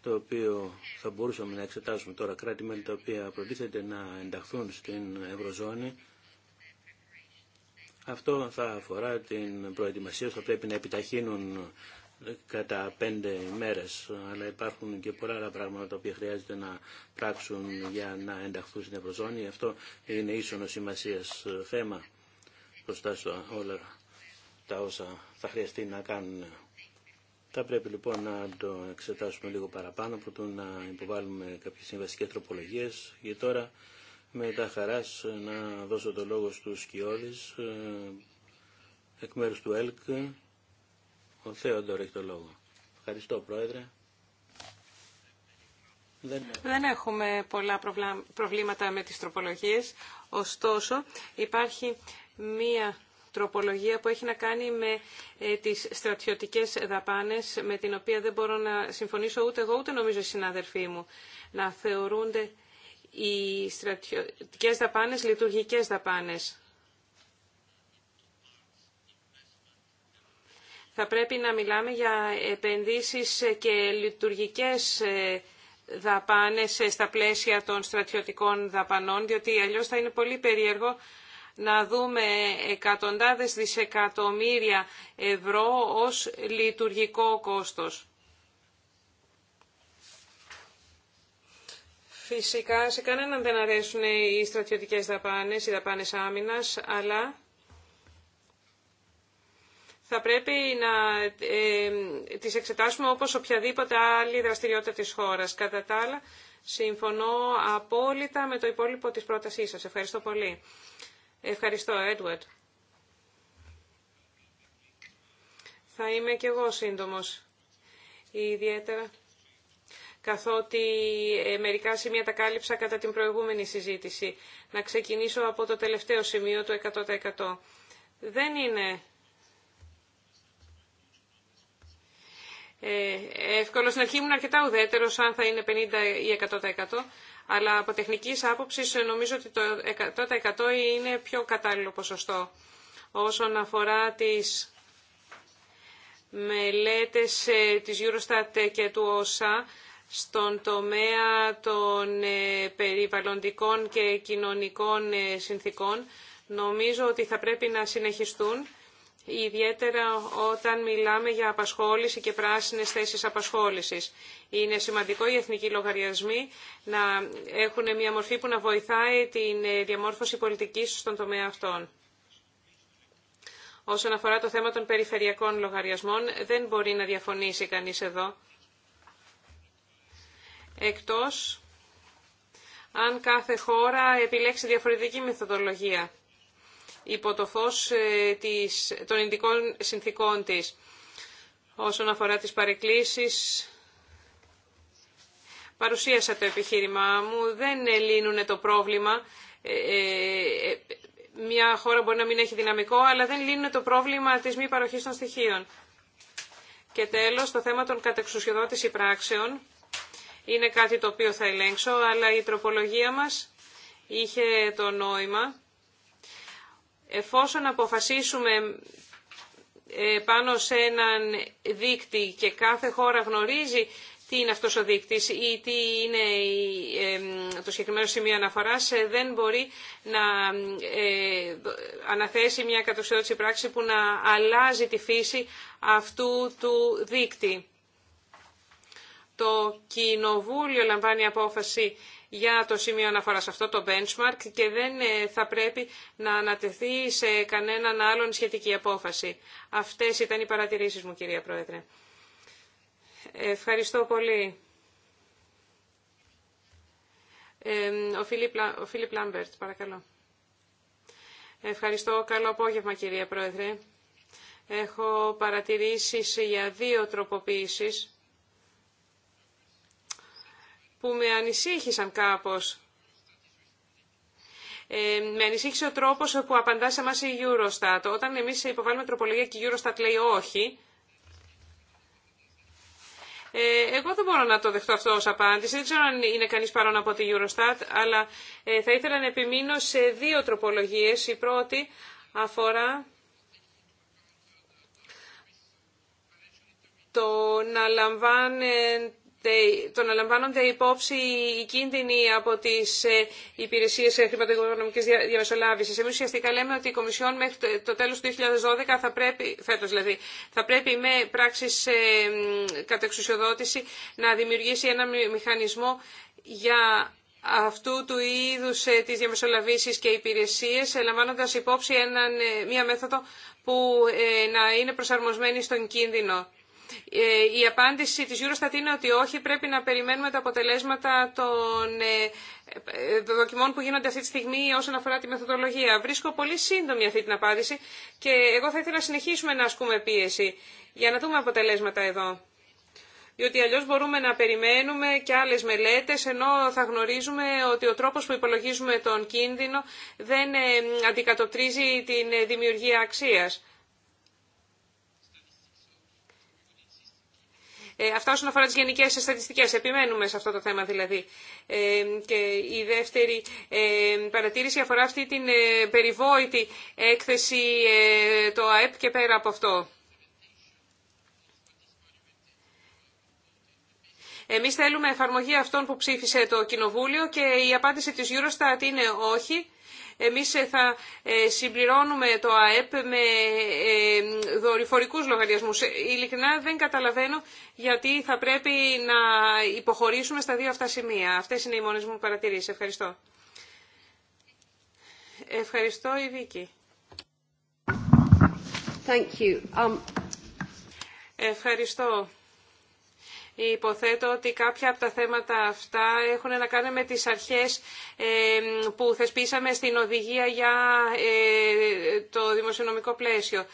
το οποίο θα μπορούσαμε να εξετάσουμε τώρα κράτη μέλη τα οποία προτίθεται να ενταχθούν στην Ευρωζώνη. Αυτό θα αφορά την προετοιμασία, θα πρέπει να επιταχύνουν κατά πέντε ημέρες, αλλά υπάρχουν και πολλά άλλα πράγματα τα οποία χρειάζεται να πράξουν για να ενταχθούν στην Ευρωζώνη. Αυτό είναι ίσονο σημασία ε, θέμα μπροστά όλα τα όσα θα χρειαστεί να κάνουν. Θα πρέπει λοιπόν να το εξετάσουμε λίγο παραπάνω, προτού να υποβάλουμε κάποιες συμβασικές τροπολογίες. Και τώρα με τα χαράς ε, να δώσω το λόγο στους Σκιώδης ε, εκ μέρους του ΕΛΚ ο Θέοντορ έχει το λόγο. Ευχαριστώ, Πρόεδρε. Δεν... έχουμε πολλά προβλήματα με τις τροπολογίες. Ωστόσο, υπάρχει μία τροπολογία που έχει να κάνει με ε, τις στρατιωτικές δαπάνες, με την οποία δεν μπορώ να συμφωνήσω ούτε εγώ, ούτε νομίζω οι συνάδελφοί μου. Να θεωρούνται οι στρατιωτικές δαπάνες λειτουργικές δαπάνες. θα πρέπει να μιλάμε για επενδύσεις και λειτουργικές ε, δαπάνες ε, στα πλαίσια των στρατιωτικών δαπανών, διότι αλλιώς θα είναι πολύ περίεργο να δούμε εκατοντάδες δισεκατομμύρια ευρώ ως λειτουργικό κόστος. Φυσικά, σε κανέναν δεν αρέσουν οι στρατιωτικές δαπάνες, οι δαπάνες άμυνας, αλλά θα πρέπει να ε, τις εξετάσουμε όπως οποιαδήποτε άλλη δραστηριότητα της χώρας. Κατά τα άλλα, συμφωνώ απόλυτα με το υπόλοιπο της πρότασής σας. Ευχαριστώ πολύ. Ευχαριστώ, Έντουαρτ. Θα είμαι κι εγώ σύντομος. Ιδιαίτερα καθότι ε, μερικά σημεία τα κάλυψα κατά την προηγούμενη συζήτηση. Να ξεκινήσω από το τελευταίο σημείο, το 100%. Δεν είναι Ε, εύκολο. Στην αρχή ήμουν αρκετά ουδέτερο, αν θα είναι 50 ή 100%. Αλλά από τεχνική άποψη ε, νομίζω ότι το 100% είναι πιο κατάλληλο ποσοστό. Όσον αφορά τις μελέτες ε, της Eurostat και του OSA στον τομέα των περιβαλλοντικών και κοινωνικών συνθήκων, νομίζω ότι θα πρέπει να συνεχιστούν ιδιαίτερα όταν μιλάμε για απασχόληση και πράσινες θέσεις απασχόλησης. Είναι σημαντικό οι εθνικοί λογαριασμοί να έχουν μια μορφή που να βοηθάει την διαμόρφωση πολιτικής στον τομέα αυτών. Όσον αφορά το θέμα των περιφερειακών λογαριασμών, δεν μπορεί να διαφωνήσει κανείς εδώ. Εκτός αν κάθε χώρα επιλέξει διαφορετική μεθοδολογία υπό το φως ε, των ειδικών συνθήκων της. Όσον αφορά τις παρεκκλήσεις, παρουσίασα το επιχείρημά μου, δεν λύνουν το πρόβλημα. Ε, ε, μια χώρα μπορεί να μην έχει δυναμικό, αλλά δεν λύνουν το πρόβλημα της μη παροχής των στοιχείων. Και τέλος, το θέμα των κατεξουσιοδότηση πράξεων είναι κάτι το οποίο θα ελέγξω, αλλά η τροπολογία μας είχε το νόημα Εφόσον αποφασίσουμε ε, πάνω σε έναν δείκτη και κάθε χώρα γνωρίζει τι είναι αυτός ο δείκτης ή τι είναι το συγκεκριμένο σημείο αναφοράς, ε, δεν μπορεί να ε, αναθέσει μια κατοξιδότηση πράξη που να αλλάζει τη φύση αυτού του δείκτη. Το Κοινοβούλιο λαμβάνει απόφαση για το σημείο αναφοράς αυτό, το benchmark, και δεν ε, θα πρέπει να ανατεθεί σε κανέναν άλλον σχετική απόφαση. Αυτές ήταν οι παρατηρήσεις μου, κυρία Πρόεδρε. Ευχαριστώ πολύ. Ο Φίλιπ Λάμπερτ, παρακαλώ. Ευχαριστώ. Καλό απόγευμα, κυρία Πρόεδρε. Έχω παρατηρήσεις για δύο τροποποίησεις που με ανησύχησαν κάπως. Ε, με ανησύχησε ο τρόπος που απαντά σε εμάς η Eurostat. Όταν εμείς υποβάλλουμε τροπολογία και η Eurostat λέει όχι, ε, εγώ δεν μπορώ να το δεχτώ αυτό ως απάντηση. Δεν ξέρω αν είναι κανείς παρόν από τη Eurostat, αλλά ε, θα ήθελα να επιμείνω σε δύο τροπολογίες. Η πρώτη αφορά το να λαμβάνεται το να λαμβάνονται υπόψη οι κίνδυνοι από τι ε, υπηρεσίε χρηματοοικονομική διαμεσολάβηση. Εμεί ουσιαστικά λέμε ότι η Κομισιόν μέχρι το τέλο του 2012 θα πρέπει, φέτος δηλαδή, θα πρέπει με πράξει ε, κατεξουσιοδότηση να δημιουργήσει ένα μηχανισμό για αυτού του είδου τι ε, τις και υπηρεσίε, λαμβάνοντα υπόψη μία μέθοδο που να είναι προσαρμοσμένη στον κίνδυνο. Ε, η απάντηση της Eurostat είναι ότι όχι, πρέπει να περιμένουμε τα αποτελέσματα των ε, ε, δοκιμών που γίνονται αυτή τη στιγμή όσον αφορά τη μεθοδολογία. Βρίσκω πολύ σύντομη αυτή την απάντηση και εγώ θα ήθελα να συνεχίσουμε να ασκούμε πίεση για να δούμε αποτελέσματα εδώ. Διότι αλλιώς μπορούμε να περιμένουμε και άλλες μελέτες, ενώ θα γνωρίζουμε ότι ο τρόπος που υπολογίζουμε τον κίνδυνο δεν αντικατοπτρίζει την δημιουργία αξίας. Ε, αυτά όσον αφορά τι γενικέ στατιστικέ. Επιμένουμε σε αυτό το θέμα δηλαδή. Ε, και η δεύτερη ε, παρατήρηση αφορά αυτή την περιβόητη έκθεση το ΑΕΠ και πέρα από αυτό. Εμείς θέλουμε εφαρμογή αυτών που ψήφισε το Κοινοβούλιο και η απάντηση της Eurostat είναι όχι. Εμείς ε, θα ε, συμπληρώνουμε το ΑΕΠ με ε, δορυφορικούς λογαριασμούς. Ειλικρινά δεν καταλαβαίνω γιατί θα πρέπει να υποχωρήσουμε στα δύο αυτά σημεία. Αυτές είναι οι μόνες μου παρατηρήσεις. Ευχαριστώ. Ευχαριστώ η Βίκη. Thank you. Um... Ευχαριστώ. Υποθέτω ότι κάποια από τα θέματα αυτά έχουν να κάνουν με τις αρχές που θεσπίσαμε στην οδηγία για ε, το δημοσιονομικό πλαίσιο.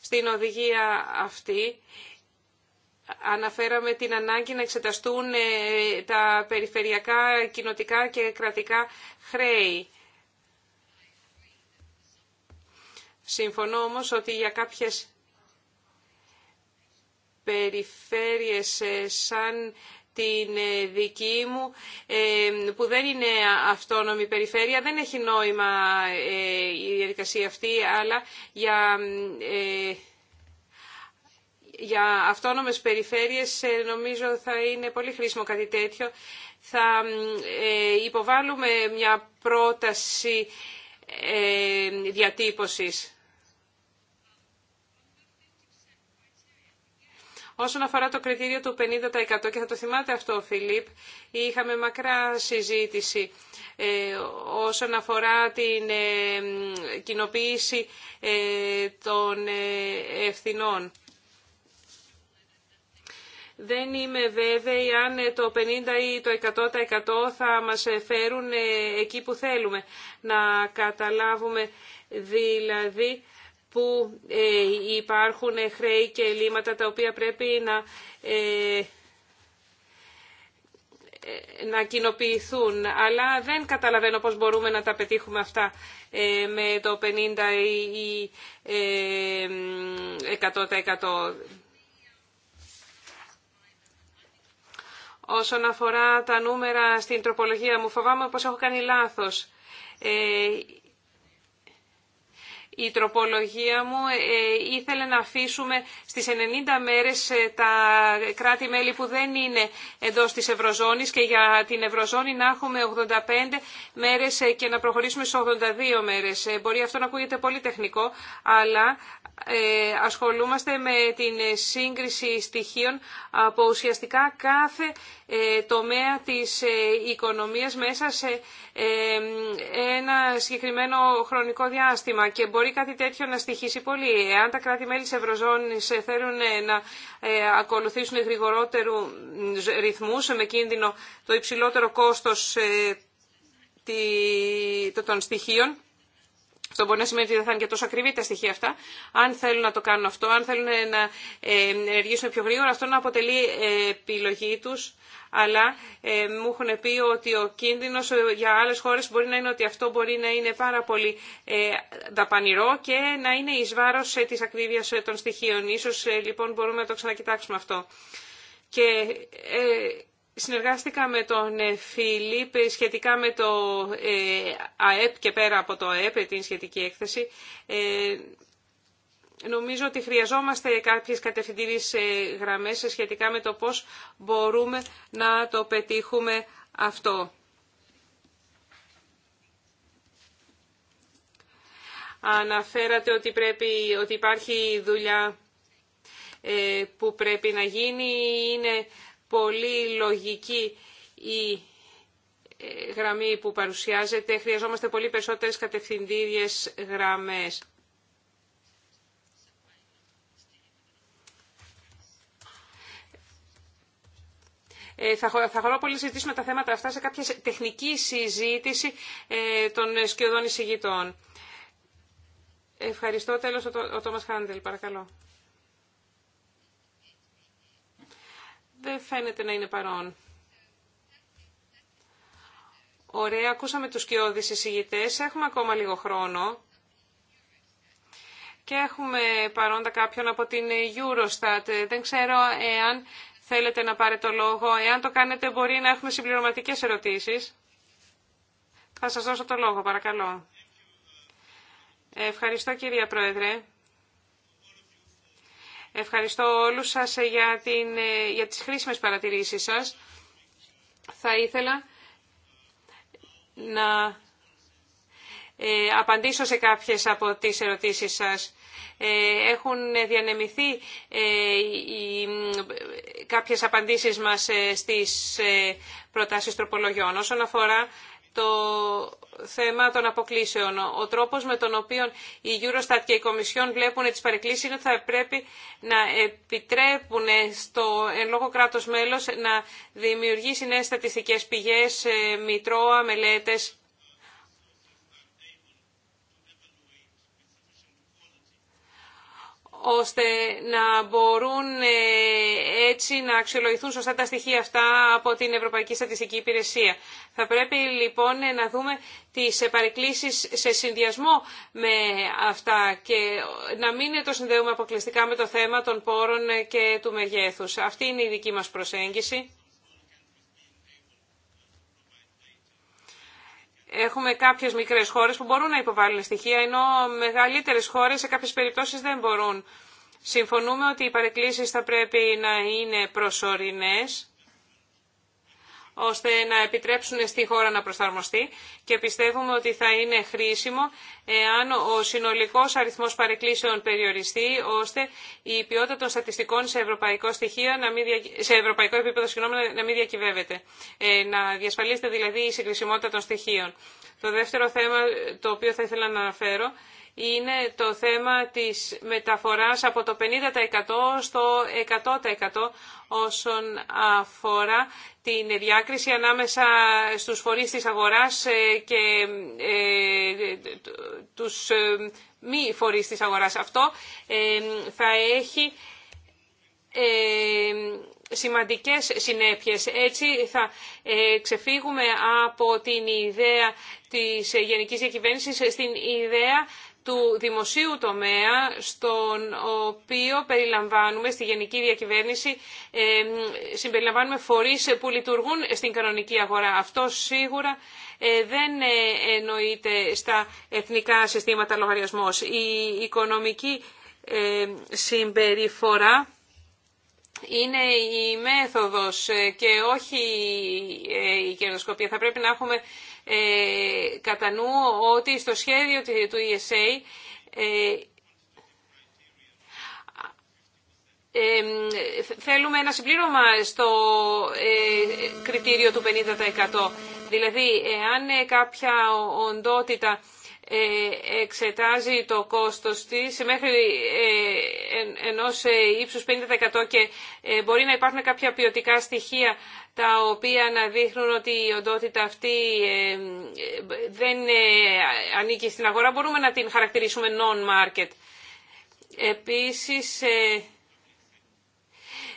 Στην οδηγία αυτή αναφέραμε την ανάγκη να εξεταστούν ε, τα περιφερειακά, κοινοτικά και κρατικά χρέη. Συμφωνώ όμως ότι για κάποιες περιφέρειες ε, σαν την ε, δική μου, ε, που δεν είναι αυτόνομη περιφέρεια. Δεν έχει νόημα η διαδικασία αυτή, αλλά για, για αυτόνομες περιφέρειες νομίζω θα είναι πολύ χρήσιμο κάτι τέτοιο. Θα υποβάλουμε μια πρόταση διατύπωσης. Όσον αφορά το κριτήριο του 50% και θα το θυμάται αυτό ο Φιλίπ, είχαμε μακρά συζήτηση ε, όσον αφορά την ε, κοινοποίηση ε, των ευθυνών. Δεν είμαι βέβαιη αν το 50% ή το 100% θα μας φέρουν εκεί που θέλουμε. Να καταλάβουμε δηλαδή που ε, υπάρχουν χρέη και ελλείμματα τα οποία πρέπει να, ε, ε, να κοινοποιηθούν. Αλλά δεν καταλαβαίνω πώς μπορούμε να τα πετύχουμε αυτά με το 50% ή 100%. Όσον αφορά τα νούμερα στην τροπολογία μου, φοβάμαι πως έχω κάνει λάθος η τροπολογία μου ε, ήθελε να αφήσουμε στις 90 μέρες ε, τα κράτη-μέλη που δεν είναι εδώ στις Ευρωζώνης και για την Ευρωζώνη να έχουμε 85 μέρες ε, και να προχωρήσουμε σε 82 μέρες. Μπορεί αυτό να ακούγεται πολύ τεχνικό, αλλά ασχολούμαστε με την σύγκριση στοιχείων από ουσιαστικά κάθε τομέα της οικονομίας μέσα σε ένα συγκεκριμένο χρονικό διάστημα και μπορεί κάτι τέτοιο να στοιχήσει πολύ. Εάν τα κράτη-μέλη της Ευρωζώνης ε, θέλουν ε, να ε, ακολουθήσουν γρηγορότερου ρυθμού με κίνδυνο το υψηλότερο κόστος των στοιχείων, αυτό μπορεί να σημαίνει ότι δεν θα είναι και τόσο ακριβή τα στοιχεία αυτά. Αν θέλουν να το κάνουν αυτό, αν θέλουν να ε, ενεργήσουν πιο γρήγορα, αυτό να αποτελεί ε, επιλογή του. Αλλά ε, μου έχουν πει ότι ο κίνδυνο για άλλε χώρε μπορεί να είναι ότι αυτό μπορεί να είναι πάρα πολύ δαπανηρό και να είναι ει βάρο τη ακρίβεια των στοιχείων. σω λοιπόν μπορούμε να το ξανακοιτάξουμε αυτό. Και Συνεργάστηκα με τον ε, Φίλιπ σχετικά με το ε, ΑΕΠ και πέρα από το ΑΕΠ, την σχετική έκθεση. Ε, νομίζω ότι χρειαζόμαστε κάποιες κατευθυντήριες γραμμές σχετικά με το πώς μπορούμε να το πετύχουμε αυτό. Αναφέρατε ότι, ότι υπάρχει δουλειά που πρέπει να γίνει. Είναι πολύ λογική η ε, γραμμή που παρουσιάζεται. Χρειαζόμαστε πολύ περισσότερες κατευθυντήριες γραμμές. Ε, θα, θα χαρώ πολύ να συζητήσουμε τα θέματα αυτά σε κάποια τεχνική συζήτηση ε, των σκιωδών εισηγητών. Ευχαριστώ. Τέλος, ο, ο Τόμας Χάντελ, παρακαλώ. δεν φαίνεται να είναι παρόν. Ωραία, ακούσαμε τους κοιόδης εισηγητές. Έχουμε ακόμα λίγο χρόνο. Και έχουμε παρόντα κάποιον από την Eurostat. Δεν ξέρω εάν θέλετε να πάρετε το λόγο. Εάν το κάνετε μπορεί να έχουμε συμπληρωματικές ερωτήσεις. Θα σας δώσω το λόγο, παρακαλώ. Ευχαριστώ κυρία Πρόεδρε. Ευχαριστώ όλους σας για, την, για τις χρήσιμες παρατηρήσεις σας. Θα ήθελα να ε, απαντήσω σε κάποιες από τις ερωτήσεις σας. Ε, έχουν διανεμηθεί ε, κάποιες απαντήσεις μας ε, στις ε, προτάσεις τροπολογιών. Όσον αφορά το θέμα των αποκλήσεων. Ο τρόπος με τον οποίο η Eurostat και η Κομισιόν βλέπουν τις παρεκκλήσεις είναι ότι θα πρέπει να επιτρέπουν στο εν λόγω κράτος μέλος να δημιουργήσει νέες στατιστικές πηγές, ε, μητρώα, μελέτες ώστε να μπορούν ε, έτσι να αξιολογηθούν σωστά τα στοιχεία αυτά από την Ευρωπαϊκή Στατιστική Υπηρεσία. Θα πρέπει λοιπόν ε, να δούμε τις παρεκκλήσεις σε συνδυασμό με αυτά και να μην το συνδέουμε αποκλειστικά με το θέμα των πόρων ε, και του μεγέθους. Αυτή είναι η δική μας προσέγγιση. Έχουμε κάποιε μικρέ χώρε που μπορούν να υποβάλουν στοιχεία, ενώ μεγαλύτερε χώρε σε κάποιε περιπτώσει δεν μπορούν. Συμφωνούμε ότι οι παρεκκλήσει θα πρέπει να είναι προσωρινές ώστε να επιτρέψουν στη χώρα να προσαρμοστεί και πιστεύουμε ότι θα είναι χρήσιμο εάν ο συνολικός αριθμός παρεκκλήσεων περιοριστεί ώστε η ποιότητα των στατιστικών σε ευρωπαϊκό, στοιχείο, να μην σε ευρωπαϊκό επίπεδο συγγνώμη, να μην διακυβεύεται. Ε, να διασφαλίσετε δηλαδή η συγκρισιμότητα των στοιχείων. Το δεύτερο θέμα το οποίο θα ήθελα να αναφέρω είναι το θέμα της μεταφοράς από το 50% στο 100% όσον αφορά την διάκριση ανάμεσα στους φορείς της αγοράς ε, και ε, τους ε, μη φορείς της αγοράς. Αυτό θα έχει σημαντικές συνέπειες. Έτσι θα ξεφύγουμε από την ιδέα της γενικής διακυβέρνησης στην ιδέα του δημοσίου τομέα, στον οποίο περιλαμβάνουμε στη γενική διακυβέρνηση, συμπεριλαμβάνουμε φορείς που λειτουργούν στην κανονική αγορά. Αυτό σίγουρα ε, δεν ε, εννοείται στα εθνικά συστήματα λογαριασμός. Η οικονομική ε, συμπεριφορά είναι η μέθοδος και όχι η κερδοσκοπία. Θα πρέπει να έχουμε ε, κατά νου ότι στο σχέδιο του ESA ε, ε, θέλουμε ένα συμπλήρωμα στο κριτήριο του 50%. Δηλαδή, εάν κάποια οντότητα ε, εξετάζει το κόστος της μέχρι ε, ενός ε, ύψους 50% και μπορεί να υπάρχουν κάποια ποιοτικά στοιχεία τα οποία να δείχνουν ότι η οντότητα αυτή δεν ανήκει στην αγορά, μπορούμε να την χαρακτηρίσουμε non-market. Επίσης,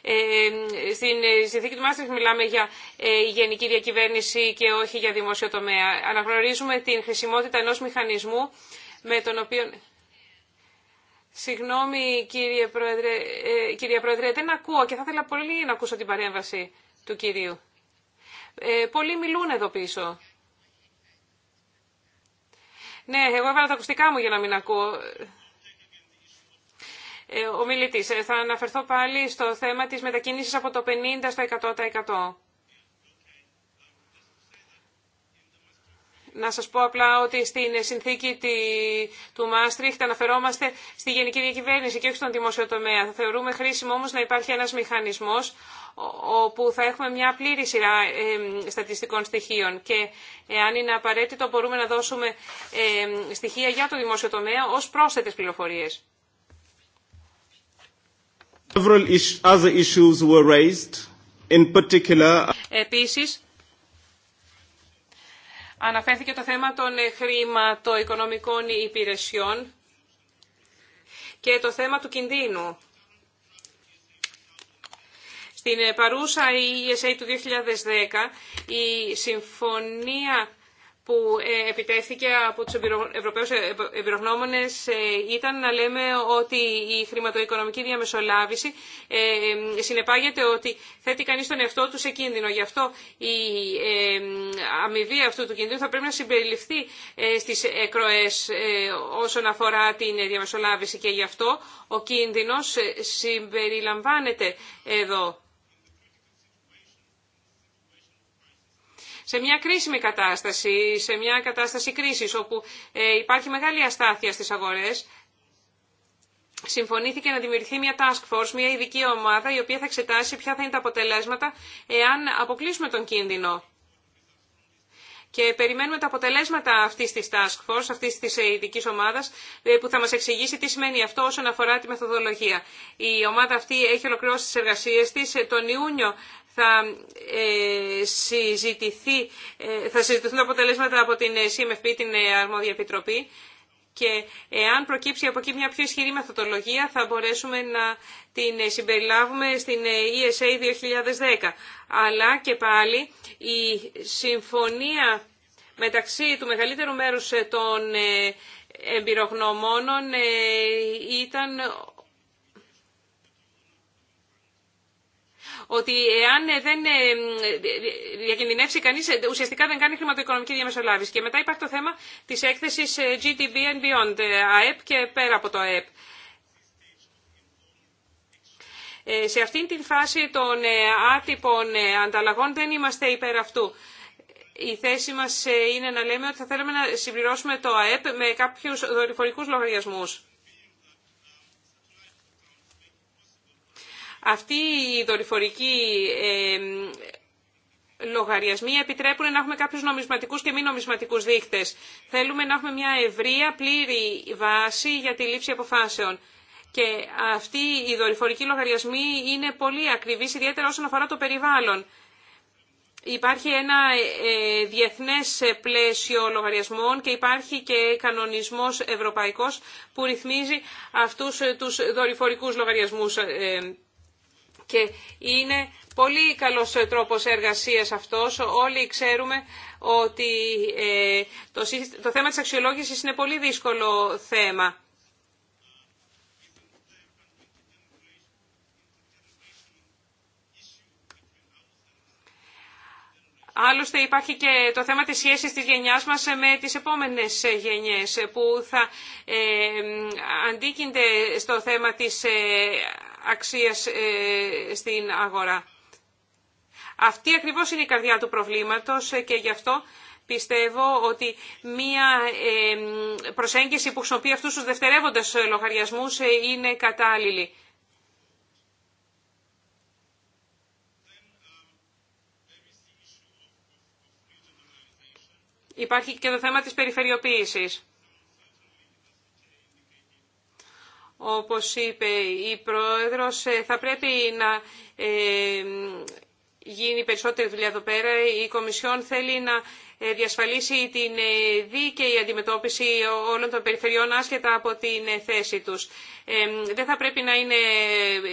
ε, στην ε, συνθήκη του Μάστριχ μιλάμε για ε, γενική διακυβέρνηση και όχι για δημόσιο τομέα. Αναγνωρίζουμε την χρησιμότητα ενός μηχανισμού με τον οποίο... Συγγνώμη κύριε Πρόεδρε, κύριε Πρόεδρε, δεν ακούω και θα ήθελα πολύ να ακούσω την παρέμβαση του κυρίου. Ε, πολλοί μιλούν εδώ πίσω. Ναι, εγώ έβαλα τα ακουστικά μου για να μην ακούω. Ε, ομιλητής. Ε, θα αναφερθώ πάλι στο θέμα της μετακίνηση από το 50% στο 100%. Να σας πω απλά ότι στην συνθήκη του Μάστριχτ αναφερόμαστε στη γενική διακυβέρνηση και όχι στον δημόσιο τομέα. Θα θεωρούμε χρήσιμο όμως να υπάρχει ένας μηχανισμός όπου θα έχουμε μια πλήρη σειρά στατιστικών στοιχείων και ε, αν είναι απαραίτητο μπορούμε να δώσουμε στοιχεία για το δημόσιο τομέα ως πρόσθετες πληροφορίες. Επίσης, αναφέρθηκε το θέμα των χρηματοοικονομικών υπηρεσιών και το θέμα του κινδύνου. Στην παρούσα ESA του 2010, η συμφωνία που ε, επιτέθηκε από τους Ευρωπαίους ε, Εμπειρογνώμονες ε, ήταν να λέμε ότι η χρηματοοικονομική διαμεσολάβηση συνεπάγεται ότι θέτει κανείς τον εαυτό του σε κίνδυνο. Γι' αυτό η αμοιβή αυτού του κινδύνου θα πρέπει να συμπεριληφθεί στις εκροές όσον αφορά την διαμεσολάβηση και γι' αυτό ο κίνδυνος συμπεριλαμβάνεται εδώ. σε μια κρίσιμη κατάσταση, σε μια κατάσταση κρίσης όπου ε, υπάρχει μεγάλη αστάθεια στις αγορές, συμφωνήθηκε να δημιουργηθεί μια task force, μια ειδική ομάδα η οποία θα εξετάσει ποια θα είναι τα αποτελέσματα εάν αποκλείσουμε τον κίνδυνο. Και περιμένουμε τα αποτελέσματα αυτή τη task force, αυτή τη ε, ειδική ομάδα, ε, που θα μα εξηγήσει τι σημαίνει αυτό όσον αφορά τη μεθοδολογία. Η ομάδα αυτή έχει ολοκληρώσει τι εργασίε τη. Τον Ιούνιο θα ε, συζητηθεί, ε, θα συζητηθούν αποτελέσματα από την ε, CMFP, την Αρμόδια Επιτροπή και εάν προκύψει από εκεί μια πιο ισχυρή μεθοδολογία θα μπορέσουμε να την συμπεριλάβουμε στην ESA 2010. Αλλά και πάλι η συμφωνία μεταξύ του μεγαλύτερου μέρους των εμπειρογνωμόνων ήταν ότι εάν ε, δεν ε, διακινδυνεύσει κανεί, ε, ουσιαστικά δεν κάνει χρηματοοικονομική διαμεσολάβηση. Και μετά υπάρχει το θέμα τη έκθεση GTB and Beyond, ΑΕΠ και πέρα από το ΑΕΠ. Σε αυτήν την φάση των άτυπων ανταλλαγών δεν είμαστε υπέρ αυτού. Η θέση μας είναι να λέμε ότι θα θέλαμε να συμπληρώσουμε το ΑΕΠ με κάποιους δορυφορικούς λογαριασμούς. Αυτή η δορυφορική ε, λογαριασμοί επιτρέπουν να έχουμε κάποιους νομισματικούς και μη νομισματικούς δείκτες. Θέλουμε να έχουμε μια ευρεία, πλήρη βάση για τη λήψη αποφάσεων. Και αυτοί οι δορυφορικοί λογαριασμοί είναι πολύ ακριβείς, ιδιαίτερα όσον αφορά το περιβάλλον. Υπάρχει ένα ε, διεθνές πλαίσιο λογαριασμών και υπάρχει και κανονισμός ευρωπαϊκός που ρυθμίζει αυτούς ε, τους δορυφορικούς λογαριασμούς. Ε, και είναι πολύ καλός τρόπος εργασίας αυτός. Όλοι ξέρουμε ότι ε, το θέμα της αξιολόγησης είναι πολύ δύσκολο θέμα. Άλλωστε υπάρχει και το θέμα της σχέσης της γενιάς μας με τις επόμενες γενιές που θα ε, αντίκυνται στο θέμα της ε, αξίας ε, στην αγορά. Αυτή ακριβώς είναι η καρδιά του προβλήματος ε, και γι' αυτό πιστεύω ότι μία ε, προσέγγιση που χρησιμοποιεί αυτούς τους δευτερεύοντες λογαριασμούς είναι κατάλληλη. Υπάρχει και το θέμα της περιφερειοποίησης. Όπως είπε η Πρόεδρος, ε, θα πρέπει να ε, γίνει περισσότερη δουλειά εδώ πέρα. Η Κομισιόν θέλει να ε, διασφαλίσει την δίκαιη αντιμετώπιση όλων των περιφερειών άσχετα από την θέση τους. Δεν θα πρέπει να είναι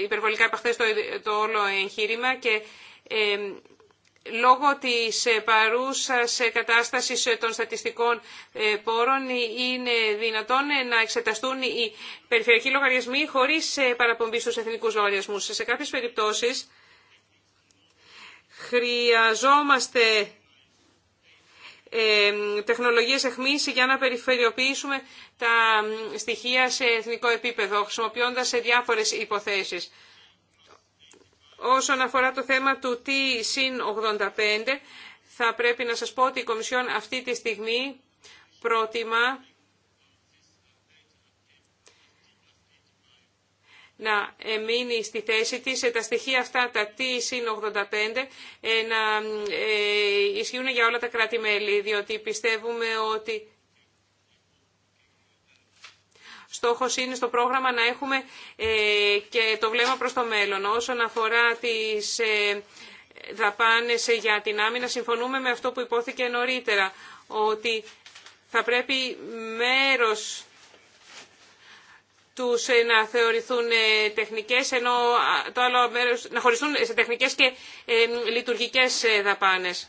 υπερβολικά επαχθές το όλο εγχείρημα Λόγω της ε, παρούσας ε, κατάστασης ε, των στατιστικών πόρων είναι δυνατόν να εξεταστούν οι περιφερειακοί λογαριασμοί χωρίς παραπομπή στους εθνικούς λογαριασμούς. Σε κάποιες περιπτώσεις χρειαζόμαστε τεχνολογίες εχμής για να περιφερειοποιήσουμε τα στοιχεία σε εθνικό επίπεδο, χρησιμοποιώντας σε διάφορες υποθέσεις. Όσον αφορά το θέμα του τι συν 85, θα πρέπει να σας πω ότι η Κομισιόν αυτή τη στιγμή πρότιμα να μείνει στη θέση της ε, τα στοιχεία αυτά, τα T 85, ε, να ε, ισχύουν για όλα τα κράτη-μέλη, διότι πιστεύουμε ότι Στόχο είναι στο πρόγραμμα να έχουμε ε, και το βλέμμα προς το μέλλον. Όσον αφορά τις ε, δαπάνες για την άμυνα, συμφωνούμε με αυτό που υπόθηκε νωρίτερα, ότι θα πρέπει μέρος τους ε, να θεωρηθούν τεχνικές, ενώ το άλλο μέρος να χωριστούν σε τεχνικές και λειτουργικές δαπάνες.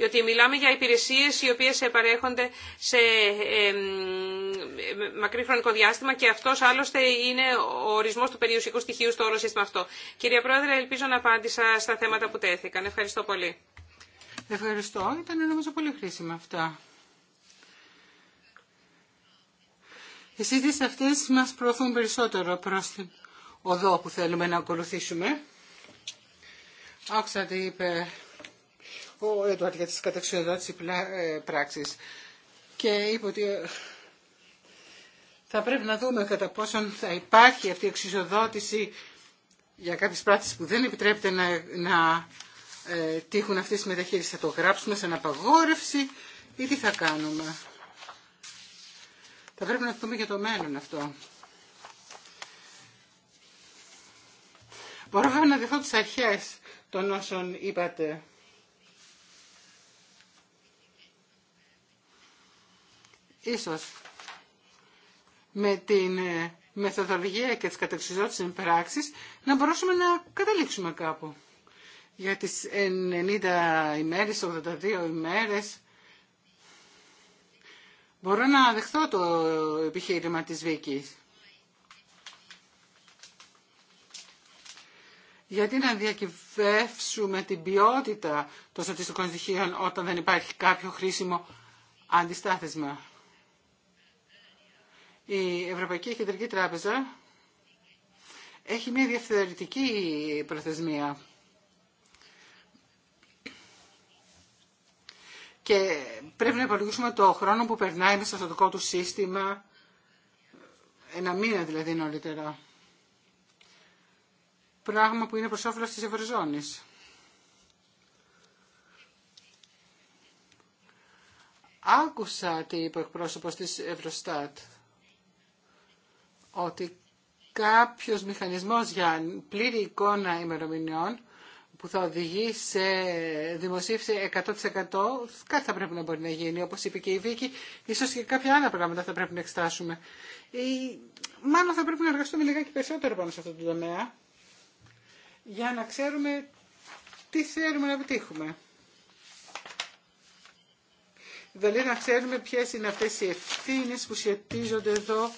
διότι μιλάμε για υπηρεσίες οι οποίες παρέχονται σε μακρύ χρονικό διάστημα και αυτός άλλωστε είναι ο ορισμός του περιουσικού στοιχείου στο όλο σύστημα αυτό. Κυρία Πρόεδρε, ελπίζω να απάντησα στα θέματα που τέθηκαν. Ευχαριστώ πολύ. Ευχαριστώ. Ήταν νομίζω πολύ χρήσιμα αυτά. Οι συζητήσει αυτέ μα προωθούν περισσότερο προ την οδό που θέλουμε να ακολουθήσουμε. Άκουσα τι είπε ε, ο Εντουάρτ για τι καταξιοδότηση πράξης ε, και είπε ότι ε, θα πρέπει να δούμε κατά πόσον θα υπάρχει αυτή η εξισοδότηση για κάποιες πράξεις που δεν επιτρέπεται να, να ε, τύχουν αυτή τη μεταχείρισει. Θα το γράψουμε σαν απαγόρευση ή τι θα κάνουμε. Θα πρέπει να το δούμε για το μέλλον αυτό. Μπορώ να δεχτώ τις αρχές των όσων είπατε. Ίσως με την ε, μεθοδολογία και τις της πράξεις να μπορούσαμε να καταλήξουμε κάπου. Για τις 90 ημέρες, 82 ημέρες, μπορώ να δεχθώ το επιχείρημα της Βίκης. Γιατί να διακυβεύσουμε την ποιότητα των στατιστικών στοιχείων όταν δεν υπάρχει κάποιο χρήσιμο αντιστάθεσμα η Ευρωπαϊκή Κεντρική Τράπεζα έχει μια διευθυντική προθεσμία. Και πρέπει να υπολογίσουμε το χρόνο που περνάει μέσα στο δικό του σύστημα, ένα μήνα δηλαδή νωρίτερα. Πράγμα που είναι προς όφελος της Ευρωζώνης. Άκουσα τι είπε ο εκπρόσωπος της Ευρωστάτ ότι κάποιος μηχανισμός για πλήρη εικόνα ημερομηνιών που θα οδηγεί σε δημοσίευση 100% κάτι θα πρέπει να μπορεί να γίνει, όπως είπε και η Βίκη, ίσως και κάποια άλλα πράγματα θα πρέπει να εξετάσουμε. Ή, μάλλον θα πρέπει να εργαστούμε λιγάκι περισσότερο πάνω σε αυτό το τομέα, για να ξέρουμε τι θέλουμε να επιτύχουμε. Δηλαδή να ξέρουμε ποιες είναι αυτές οι ευθύνες που σχετίζονται εδώ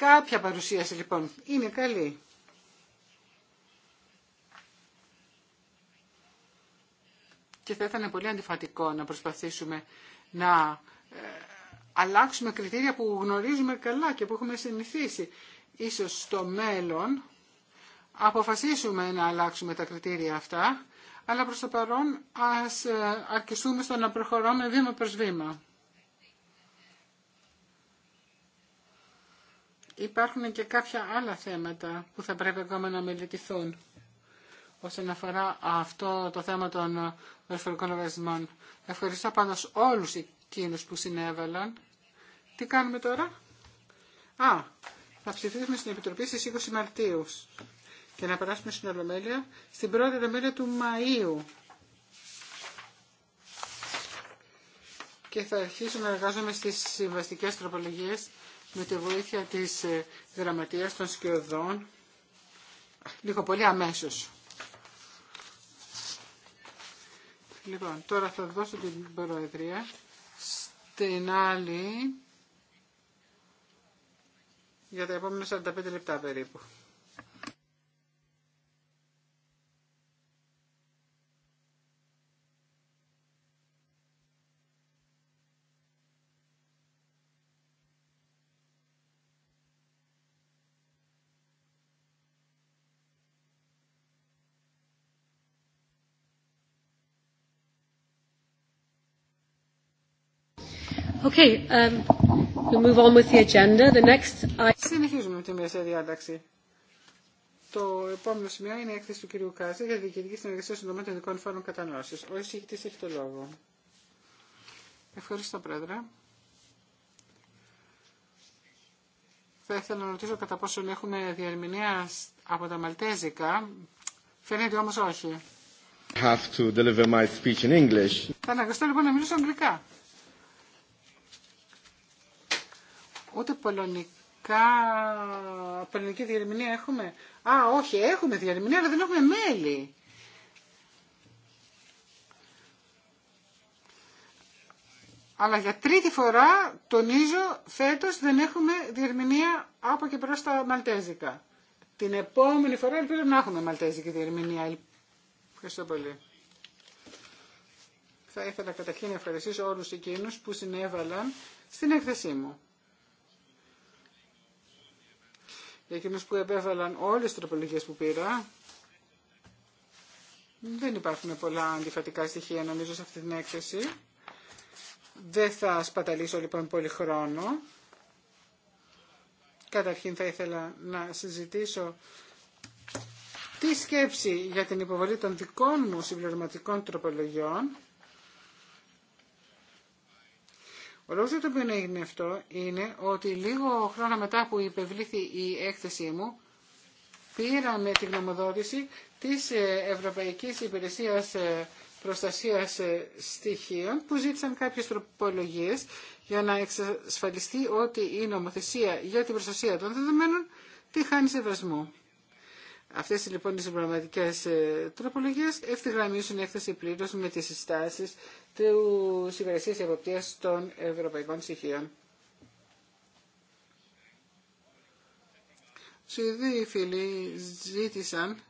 Κάποια παρουσίαση λοιπόν. Είναι καλή. Και θα ήταν πολύ αντιφατικό να προσπαθήσουμε να ε, αλλάξουμε κριτήρια που γνωρίζουμε καλά και που έχουμε συνηθίσει. Ίσως στο μέλλον αποφασίσουμε να αλλάξουμε τα κριτήρια αυτά, αλλά προς το παρόν ας ε, αρκεστούμε στο να προχωρούμε βήμα προς βήμα. υπάρχουν και κάποια άλλα θέματα που θα πρέπει ακόμα να μελετηθούν όσον αφορά αυτό το θέμα των δορυφορικών λογαριασμών. Ευχαριστώ πάντως όλους εκείνους που συνέβαλαν. Τι κάνουμε τώρα? Α, θα ψηφίσουμε στην Επιτροπή στις 20 Μαρτίου και να περάσουμε στην Ολομέλεια στην πρώτη Ολομέλεια του Μαΐου. Και θα αρχίσουμε να εργάζομαι στις συμβαστικές τροπολογίες με τη βοήθεια της ε, γραμματείας των σκιωδών λίγο πολύ αμέσως. Λοιπόν, τώρα θα δώσω την προεδρία στην άλλη για τα επόμενα 45 λεπτά περίπου. Συνεχίζουμε με τη σε διάταξη. Το επόμενο σημείο είναι η έκθεση του κυρίου Κάζα για διοικητική συνεργασία στον τομέα των ειδικών φόρων κατανάλωση. Ο εισηγητή έχει το λόγο. Ευχαριστώ, Πρόεδρε. Θα ήθελα να ρωτήσω κατά πόσον έχουμε διαρμηνία από τα Μαλτέζικα. Φαίνεται όμω όχι. Θα αναγκαστώ λοιπόν να μιλήσω αγγλικά. Ούτε πολωνικά, πολωνική διερμηνία έχουμε. Α, όχι, έχουμε διερμηνία, αλλά δεν έχουμε μέλη. Αλλά για τρίτη φορά, τονίζω, φέτος δεν έχουμε διερμηνία από και προς τα Μαλτέζικα. Την επόμενη φορά ελπίζω να έχουμε Μαλτέζικη διερμηνία. Ευχαριστώ πολύ. Θα ήθελα καταρχήν να ευχαριστήσω όλους εκείνους που συνέβαλαν στην έκθεσή μου. για εκείνους που επέβαλαν όλες τις τροπολογίες που πήρα. Δεν υπάρχουν πολλά αντιφατικά στοιχεία νομίζω σε αυτή την έκθεση. Δεν θα σπαταλήσω λοιπόν πολύ χρόνο. Καταρχήν θα ήθελα να συζητήσω τη σκέψη για την υποβολή των δικών μου συμπληρωματικών τροπολογιών Ο λόγος για τον οποίο έγινε αυτό είναι ότι λίγο χρόνο μετά που υπευλήθη η έκθεσή μου, πήραμε τη γνωμοδότηση της ε, Ευρωπαϊκής Υπηρεσίας ε, Προστασίας ε, Στοιχείων που ζήτησαν κάποιες τροπολογίες για να εξασφαλιστεί ότι η νομοθεσία για την προστασία των δεδομένων τη χάνει βασμό. Αυτές λοιπόν οι πραγματικές ε, τροπολογίες ευθυγραμμίζουν η έκθεση πλήρω με τις συστάσει του Υπηρεσία Εποπτεία των Ευρωπαϊκών Στοιχείων. οι φίλοι ζήτησαν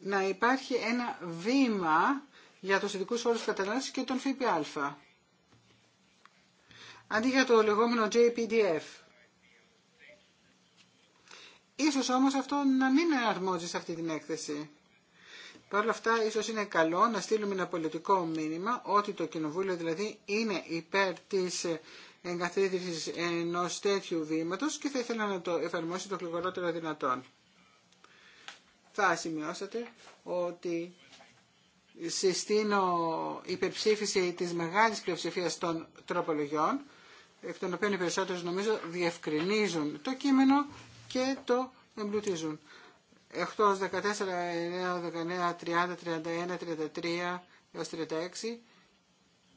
να υπάρχει ένα βήμα για τους ειδικούς όρους κατανάλωσης και τον ΦΠΑ. Αντί για το λεγόμενο JPDF. Ίσως όμως αυτό να μην αρμόζει σε αυτή την έκθεση. Παρ' όλα αυτά, ίσως είναι καλό να στείλουμε ένα πολιτικό μήνυμα ότι το Κοινοβούλιο δηλαδή είναι υπέρ της εγκαθίδρυσης ενός τέτοιου βήματο και θα ήθελα να το εφαρμόσει το γλυκορότερο δυνατόν. Θα σημειώσατε ότι συστήνω υπερψήφιση της μεγάλης πλειοψηφίας των τροπολογιών, εκ των οποίων οι περισσότερες νομίζω διευκρινίζουν το κείμενο και το εμπλουτίζουν. 8, 14, 9, 19, 30, 31, 33 36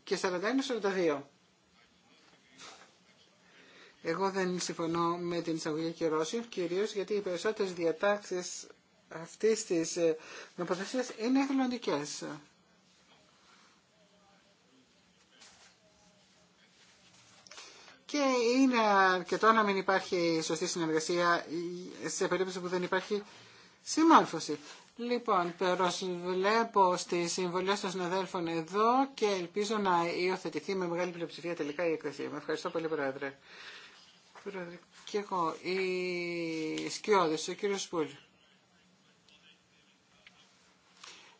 και 41, 42. Εγώ δεν συμφωνώ με την εισαγωγή κυρώσεων, κυρίως γιατί οι περισσότερες διατάξεις αυτή τη ε, νομοθεσία είναι εθελοντικέ. και είναι αρκετό να μην υπάρχει σωστή συνεργασία σε περίπτωση που δεν υπάρχει συμμόρφωση. Λοιπόν, προσβλέπω στι συμβολέ των συναδέλφων εδώ και ελπίζω να υιοθετηθεί με μεγάλη πλειοψηφία τελικά η εκθεσία. Με ευχαριστώ πολύ, Πρόεδρε. Πρόεδρε, και εγώ, η Σκιώδη, ο κύριο Σπούλ.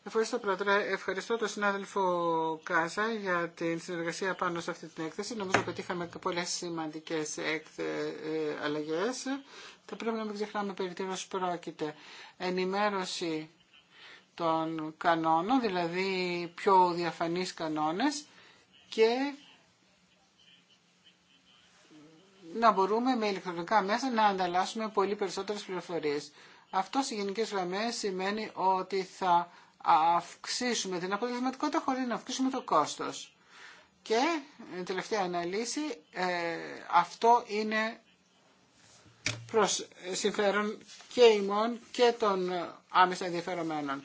Ευχαριστώ, Πρόεδρε. Ευχαριστώ τον συνάδελφο Κάζα για την συνεργασία πάνω σε αυτή την έκθεση. Νομίζω πετύχαμε και πολλές σημαντικές ε, αλλαγές. Θα πρέπει να μην ξεχνάμε περί τίνος πρόκειται. Ενημέρωση των κανόνων, δηλαδή πιο διαφανείς κανόνες και να μπορούμε με ηλεκτρονικά μέσα να ανταλλάσσουμε πολύ περισσότερες πληροφορίες. Αυτό σε γενικές γραμμές σημαίνει ότι θα αυξήσουμε την αποτελεσματικότητα χωρίς να αυξήσουμε το κόστος. Και ε, τελευταία αναλύση, ε, αυτό είναι προς συμφέρον και ημών και των ε, άμεσα ενδιαφερομένων.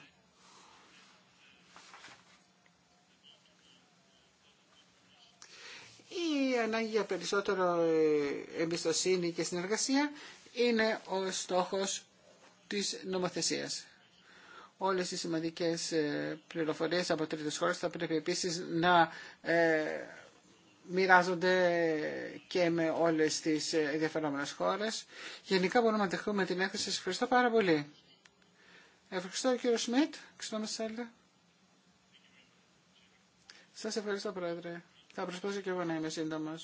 Η ανάγκη για περισσότερο εμπιστοσύνη και συνεργασία είναι ο στόχος της νομοθεσίας. Όλες οι σημαντικές ε, πληροφορίες από τρίτες χώρες θα πρέπει επίσης να ε, μοιράζονται και με όλες τις ε, ενδιαφερόμενες χώρες. Γενικά μπορούμε να δεχτούμε την έκθεση. Σας ευχαριστώ πάρα πολύ. Ευχαριστώ κύριο Σμιτ. Ευχαριστώ Σας ευχαριστώ πρόεδρε. Θα προσπαθήσω και εγώ να είμαι σύντομο.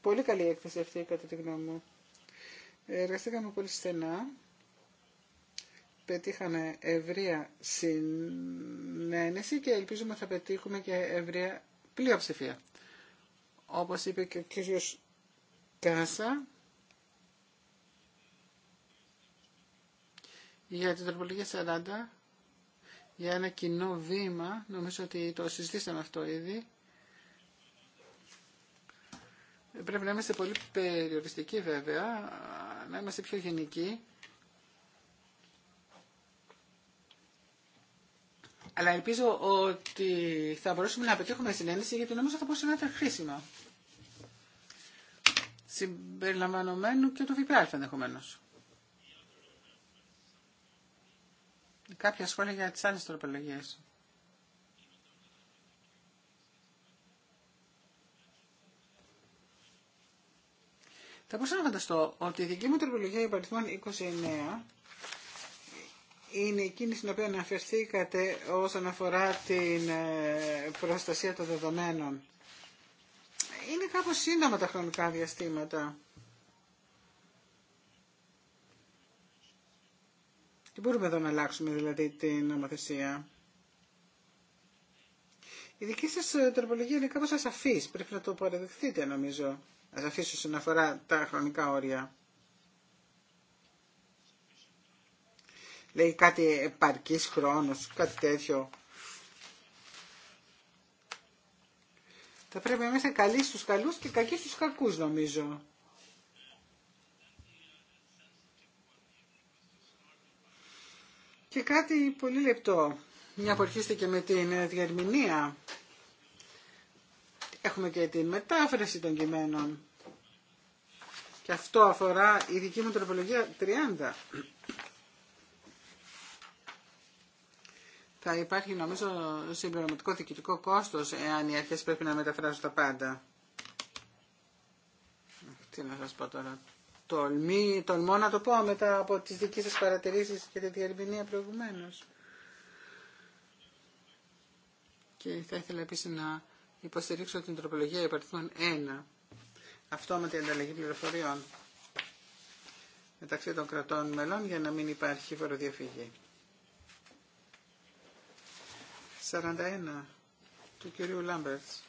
Πολύ καλή έκθεση αυτή κατά τη γνώμη μου. Εργαστήκαμε πολύ στενά πετύχανε ευρεία συνένεση και ελπίζουμε θα πετύχουμε και ευρεία πλειοψηφία. Όπως είπε και ο κύριος Κάσα, για την τροπολογία 40, για ένα κοινό βήμα, νομίζω ότι το συζητήσαμε αυτό ήδη, πρέπει να είμαστε πολύ περιοριστικοί βέβαια, να είμαστε πιο γενικοί, Αλλά ελπίζω ότι θα μπορούσαμε να πετύχουμε συνέντευξη γιατί νομίζω θα μπορούσε να ήταν χρήσιμο. Συμπεριλαμβανομένου και του ΒΠΑ ενδεχομένω. Κάποια σχόλια για τις άλλες τροπολογίε. Θα μπορούσα να φανταστώ ότι η δική μου τροπολογία υπαριθμών 29 είναι εκείνη στην οποία αναφερθήκατε όσον αφορά την ε, προστασία των δεδομένων. Είναι κάπως σύντομα τα χρονικά διαστήματα. τι μπορούμε εδώ να αλλάξουμε δηλαδή την νομοθεσία. Η δική σας τροπολογία είναι κάπως ασαφής. Πρέπει να το παραδεχθείτε νομίζω. Ασαφής όσον αφορά τα χρονικά όρια. λέει κάτι επαρκής χρόνος, κάτι τέτοιο. Θα πρέπει να είμαστε καλοί στους καλούς και κακοί στους κακούς νομίζω. Και κάτι πολύ λεπτό, μια που και με την ε, διαρμηνία. Έχουμε και την μετάφραση των κειμένων. Και αυτό αφορά η δική μου τροπολογία 30. θα υπάρχει νομίζω συμπληρωματικό διοικητικό κόστος εάν οι αρχές πρέπει να μεταφράζουν τα πάντα. Τι να σας πω τώρα. Τολμή, τολμώ να το πω μετά από τις δικές σας παρατηρήσεις και τη διαρμηνία προηγουμένως. Και θα ήθελα επίσης να υποστηρίξω την τροπολογία αυτό 1. την ανταλλαγή πληροφοριών μεταξύ των κρατών μελών για να μην υπάρχει φοροδιαφυγή. 41 του κυρίου Λάμπερτς.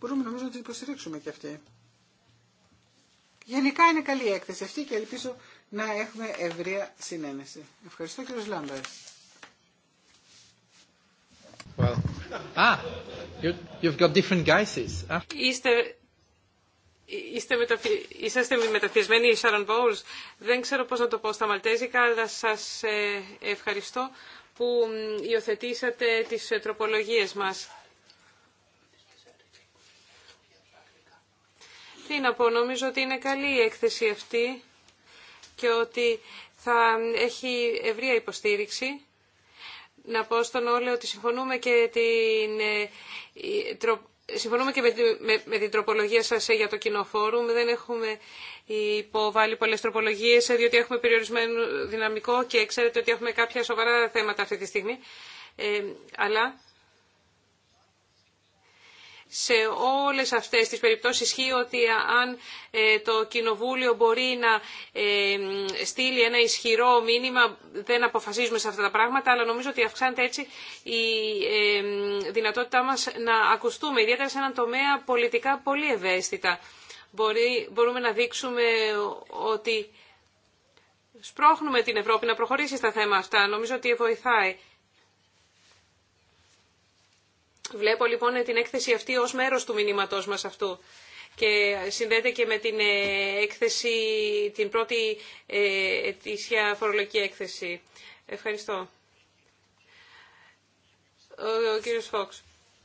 Μπορούμε νομίζω να την υποστηρίξουμε και αυτή. Γενικά είναι καλή η έκθεση αυτή και ελπίζω να έχουμε ευρεία συνένεση. Ευχαριστώ κύριο Λάμπερτς. Well. Ah, you've got different guises. Είστε Είστε μεταφυ... Είσαστε μεταφυσμένοι Σάρον Sharon Δεν ξέρω πώς να το πω στα Μαλτέζικα, αλλά σας ε, ευχαριστώ που υιοθετήσατε τις ε, τροπολογίες μας. Τι να πω, νομίζω ότι είναι καλή η έκθεση αυτή και ότι θα έχει ευρεία υποστήριξη. Να πω στον Όλε ότι συμφωνούμε και την ε, συμφωνούμε και με, την τροπολογία σας ε, για το κοινοφόρουμ. Δεν έχουμε υποβάλει πολλές τροπολογίες, ε, διότι έχουμε περιορισμένο δυναμικό και ξέρετε ότι έχουμε κάποια σοβαρά θέματα αυτή τη στιγμή. Ε, αλλά σε όλες αυτές τις περιπτώσεις ισχύει ότι αν ε, το Κοινοβούλιο μπορεί να ε, στείλει ένα ισχυρό μήνυμα, δεν αποφασίζουμε σε αυτά τα πράγματα, αλλά νομίζω ότι αυξάνεται έτσι η ε, δυνατότητά μας να ακουστούμε, ιδιαίτερα σε έναν τομέα πολιτικά πολύ ευαίσθητα. Μπορεί, μπορούμε να δείξουμε ότι σπρώχνουμε την Ευρώπη να προχωρήσει στα θέματα αυτά. Νομίζω ότι βοηθάει. Βλέπω λοιπόν την έκθεση αυτή ως μέρος του μηνύματός μας αυτού και συνδέεται και με την ε, έκθεση, την πρώτη ε, ετήσια φορολογική έκθεση. Ευχαριστώ. Ο, ο κύριος Φόξ.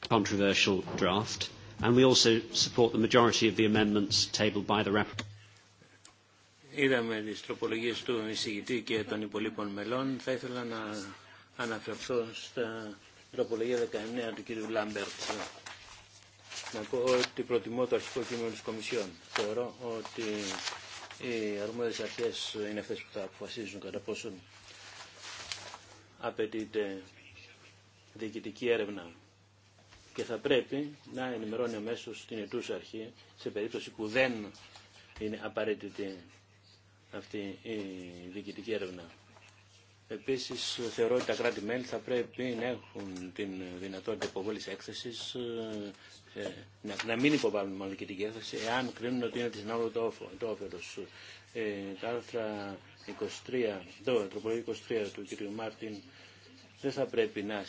Controversial draft. And we also support the majority of the amendments tabled by the rapporteur. Είδαμε τις τροπολογίες του εισηγητή και των υπολείπων μελών. Θα ήθελα να αναφερθώ στα Τροπολογία 19 του κ. Λάμπερτ. Να πω ότι προτιμώ το αρχικό κείμενο τη Κομισιόν. Θεωρώ ότι οι αρμόδιες αρχές είναι αυτές που θα αποφασίζουν κατά πόσον απαιτείται διοικητική έρευνα και θα πρέπει να ενημερώνει αμέσω την ετούσα αρχή σε περίπτωση που δεν είναι απαραίτητη αυτή η διοικητική έρευνα. Επίσης θεωρώ ότι τα κράτη-μέλη θα πρέπει να έχουν την δυνατότητα υποβολής έκθεσης, ε, να μην υποβάλουν μόνο και την έκθεση, εάν κρίνουν ότι είναι της νόμου το όφελος. Ε, τα άρθρα 23, το τροπολογή 23 του κ. Μάρτιν δεν θα πρέπει να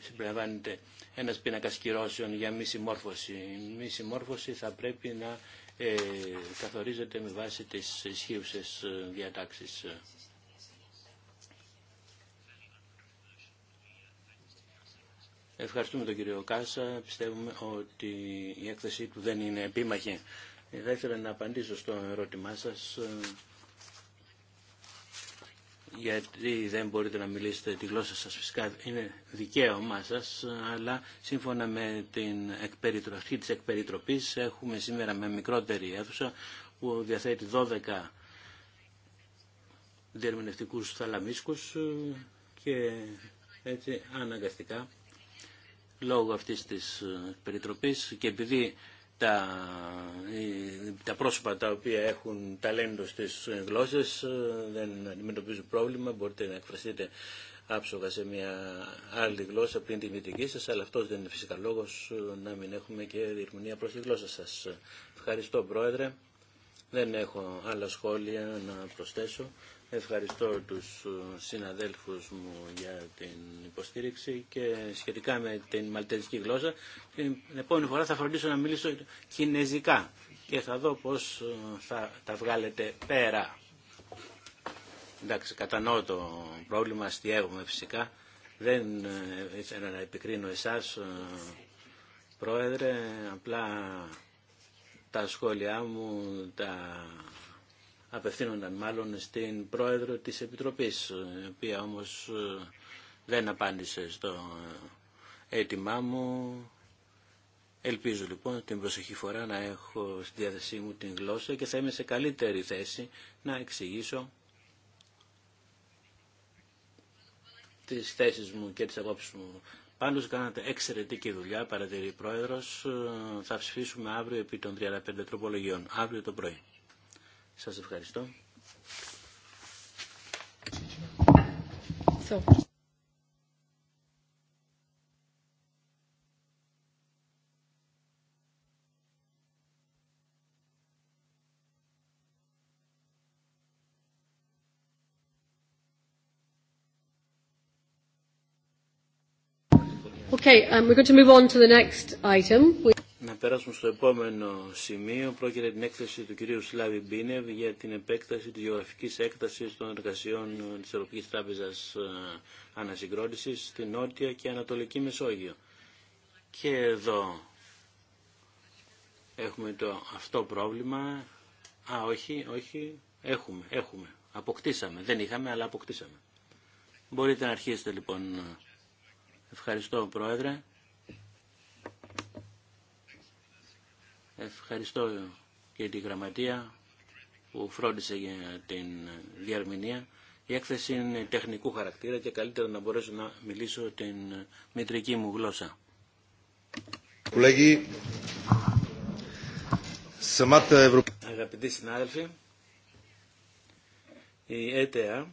συμπεριλαμβάνεται ένας πίνακας κυρώσεων για μη συμμόρφωση. Η μη συμμόρφωση θα πρέπει να ε, καθορίζεται με βάση τις ισχύουσες διατάξεις. Ευχαριστούμε τον κύριο Κάσα. Πιστεύουμε ότι η έκθεσή του δεν είναι επίμαχη. Θα ήθελα να απαντήσω στο ερώτημά σας ε, γιατί δεν μπορείτε να μιλήσετε τη γλώσσα σας φυσικά είναι δικαίωμά σας αλλά σύμφωνα με την εκπεριτροφή της εκπεριτροπής έχουμε σήμερα με μικρότερη αίθουσα που διαθέτει 12 διερμηνευτικούς θαλαμίσκους ε, και έτσι αναγκαστικά λόγω αυτής της ε, περιτροπής και επειδή τα, ε, τα πρόσωπα τα οποία έχουν ταλέντο στις ε, γλώσσες δεν αντιμετωπίζουν πρόβλημα, μπορείτε να εκφραστείτε άψογα σε μια άλλη γλώσσα πριν την μητρική σας, αλλά αυτός δεν είναι φυσικά λόγος να μην έχουμε και διερμηνία προς τη γλώσσα σας. Ευχαριστώ Πρόεδρε. Δεν έχω άλλα σχόλια να προσθέσω. Ευχαριστώ τους ε, συναδέλφους μου για την υποστήριξη και σχετικά με την μαλτέζικη γλώσσα. Την επόμενη φορά θα φροντίσω να μιλήσω κινέζικα και θα δω πώς ε, θα τα βγάλετε πέρα. Εντάξει, κατανοώ το πρόβλημα, αστιεύουμε φυσικά. Δεν ε, ήθελα να επικρίνω εσάς, Πρόεδρε, απλά τα σχόλιά μου τα απευθύνονταν μάλλον στην πρόεδρο της Επιτροπής, η οποία όμως ε, δεν απάντησε στο ε, αίτημά μου. Ελπίζω λοιπόν την προσεχή φορά να έχω στη διάθεσή μου την γλώσσα και θα είμαι σε καλύτερη θέση να εξηγήσω τις θέσεις μου και τις απόψεις μου. Πάντως κάνατε εξαιρετική δουλειά, παρατηρεί η Πρόεδρος. Ε, θα ψηφίσουμε αύριο επί των 35 τροπολογιών, αύριο το πρωί. Σας ευχαριστώ. Okay, um, we're going to move on to the next item. Να περάσουμε στο επόμενο σημείο. Πρόκειται την έκθεση του κυρίου Σλάβη Μπίνευ για την επέκταση τη γεωγραφική έκταση των εργασιών της Ευρωπαϊκή Τράπεζα ε, Ανασυγκρότησης στην Νότια και Ανατολική Μεσόγειο. Και εδώ έχουμε το αυτό πρόβλημα. Α, όχι, όχι, έχουμε, έχουμε. Αποκτήσαμε, δεν είχαμε, αλλά αποκτήσαμε. Μπορείτε να αρχίσετε λοιπόν. Ευχαριστώ Πρόεδρε. Ευχαριστώ και τη Γραμματεία που φρόντισε για την διαρμηνία. Η έκθεση είναι τεχνικού χαρακτήρα και καλύτερα να μπορέσω να μιλήσω την μητρική μου γλώσσα. Αγαπητοί συνάδελφοι, η ΕΤΕΑ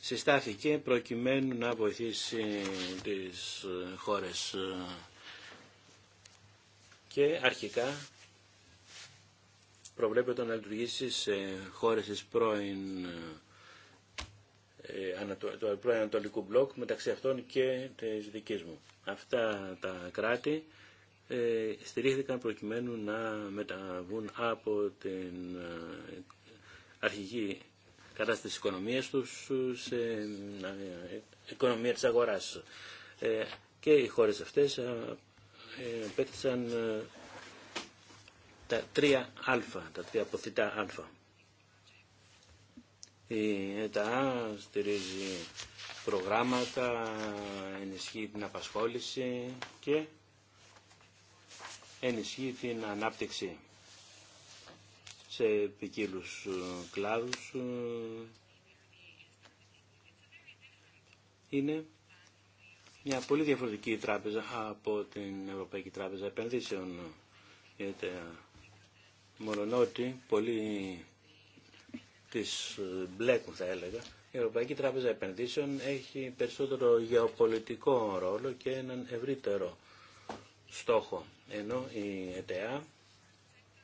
συστάθηκε προκειμένου να βοηθήσει τις χώρες και αρχικά προβλέπεται να λειτουργήσει σε χώρες της πρώην ε, του Ανατολικού Μπλοκ μεταξύ αυτών και της δικής μου. Αυτά τα κράτη ε, στηρίχθηκαν προκειμένου να μεταβούν από την ε, αρχική κατάσταση της οικονομίας τους σε οικονομία της αγοράς. και οι χώρες αυτές ε, πέθησαν ε, τα τρία αλφα, τα τρία αποθητά α. Η ΕΤΑ στηρίζει προγράμματα, ενισχύει την απασχόληση και ενισχύει την ανάπτυξη σε ποικίλου ε, κλάδους. Είναι μια πολύ διαφορετική τράπεζα από την Ευρωπαϊκή Τράπεζα Επενδύσεων. Γιατί ε, μολονότι πολύ τις ε, μπλέκουν θα έλεγα, η Ευρωπαϊκή Τράπεζα Επενδύσεων έχει περισσότερο γεωπολιτικό ρόλο και έναν ευρύτερο στόχο. Ενώ η ΕΤΕΑ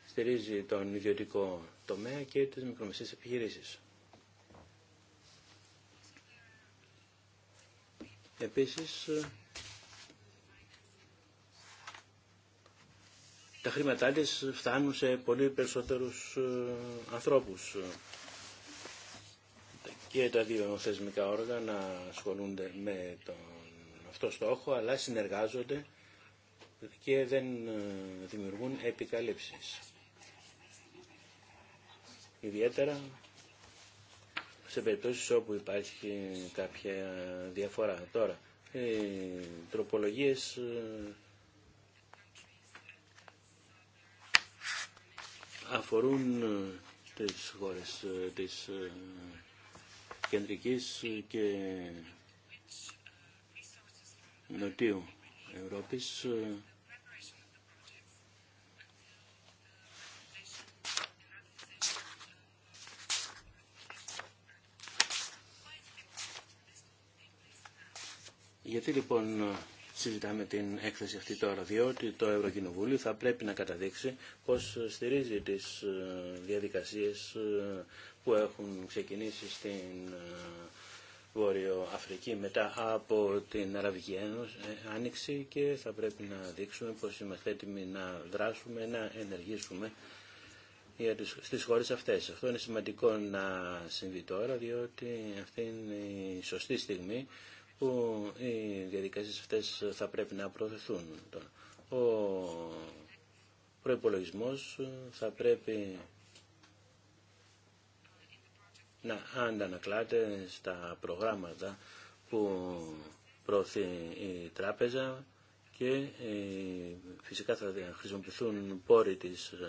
στηρίζει τον ιδιωτικό τομέα και τις μικρομεσαίες επιχειρήσεις. Επίσης, τα χρήματά της φτάνουν σε πολύ περισσότερους ε, ανθρώπους και τα δύο θεσμικά όργανα ασχολούνται με τον αυτό στόχο αλλά συνεργάζονται και δεν ε, δημιουργούν επικαλύψεις. Ιδιαίτερα σε περιπτώσει όπου υπάρχει κάποια διαφορά. Τώρα, οι τροπολογίες ε, αφορούν ε, τις χώρες ε, της κεντρικής και νοτίου Ευρώπης Γιατί λοιπόν συζητάμε την έκθεση αυτή τώρα, διότι το Ευρωκοινοβούλιο θα πρέπει να καταδείξει πως στηρίζει τις ε, διαδικασίες ε, που έχουν ξεκινήσει στην ε, Βόρειο Αφρική μετά από την Αραβική Ένωση, Άνοιξη και θα πρέπει να δείξουμε πως είμαστε έτοιμοι να δράσουμε, να ενεργήσουμε για τις, στις χώρες αυτές. Αυτό είναι σημαντικό να συμβεί τώρα, διότι αυτή είναι η σωστή στιγμή που οι διαδικασίες αυτές θα πρέπει να προωθηθούν. Ο προϋπολογισμός θα πρέπει να αντανακλάται στα προγράμματα που προωθεί η τράπεζα και ε, φυσικά θα χρησιμοποιηθούν πόροι της ε,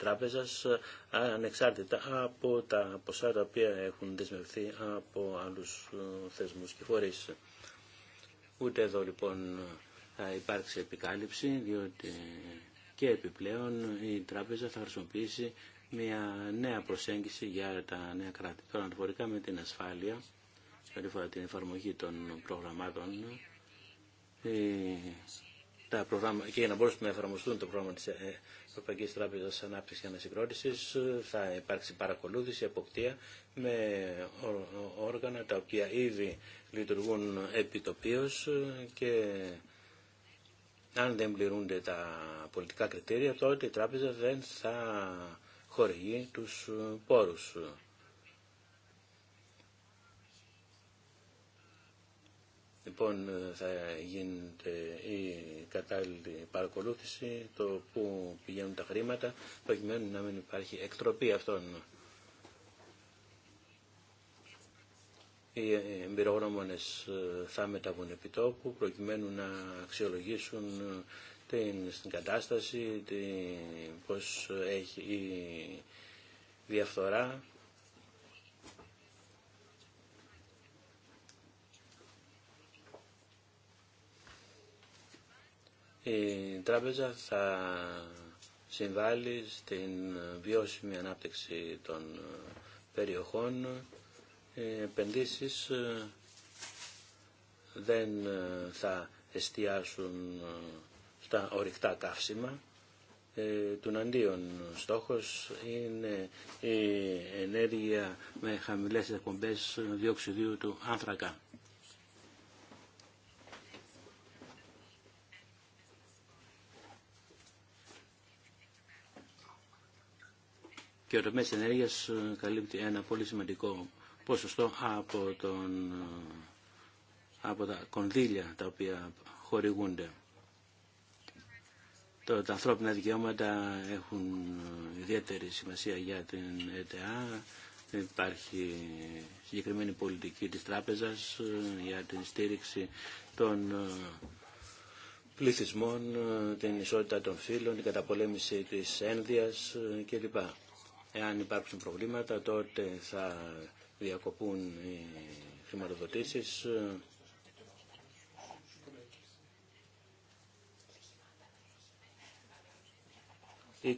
τράπεζας ε, ανεξάρτητα από τα ποσά τα οποία έχουν δεσμευθεί από άλλους ε, θεσμούς και Ούτε εδώ λοιπόν θα υπάρξει επικάλυψη διότι και επιπλέον η τράπεζα θα χρησιμοποιήσει μια νέα προσέγγιση για τα νέα κράτη. Τώρα αναφορικά με την ασφάλεια, την εφαρμογή των προγραμμάτων, ε, τα και για να να εφαρμοστούν το πρόγραμμα της Ευρωπαϊκή Τράπεζα ανάπτυξη και Ανασυγκρότησης ε, θα υπάρξει παρακολούθηση, αποκτία με όργανα τα οποία ήδη λειτουργούν επιτοπίω ε, και αν δεν πληρούνται τα πολιτικά κριτήρια τότε η τράπεζα δεν θα χορηγεί τους ε, πόρους. Λοιπόν, ε, θα γίνεται η κατάλληλη παρακολούθηση, το πού πηγαίνουν τα χρήματα, προκειμένου να μην υπάρχει εκτροπή αυτών. Οι εμπειρογνώμονες ε, θα μεταβούν επιτόπου, προκειμένου να αξιολογήσουν ε, την, στην κατάσταση, την, πώς έχει η διαφθορά η τράπεζα θα συμβάλλει στην βιώσιμη ανάπτυξη των ε, περιοχών. Οι επενδύσεις ε, δεν ε, θα εστιάσουν στα ορυκτά καύσιμα. Του αντίον στόχος είναι η ενέργεια με χαμηλές εκπομπές διοξιδίου του άνθρακα. και ο τομέας ενέργειας ε, καλύπτει ένα πολύ σημαντικό ποσοστό από, τον, ε, από τα κονδύλια τα οποία χορηγούνται. Το, τα ανθρώπινα δικαιώματα έχουν ε, ιδιαίτερη σημασία για την ΕΤΑ. Υπάρχει συγκεκριμένη πολιτική της τράπεζας για την στήριξη των πληθυσμών, την ισότητα των φύλων, την καταπολέμηση της ένδυας κλπ. Εάν υπάρξουν προβλήματα τότε θα διακοπούν οι χρηματοδοτήσεις. 20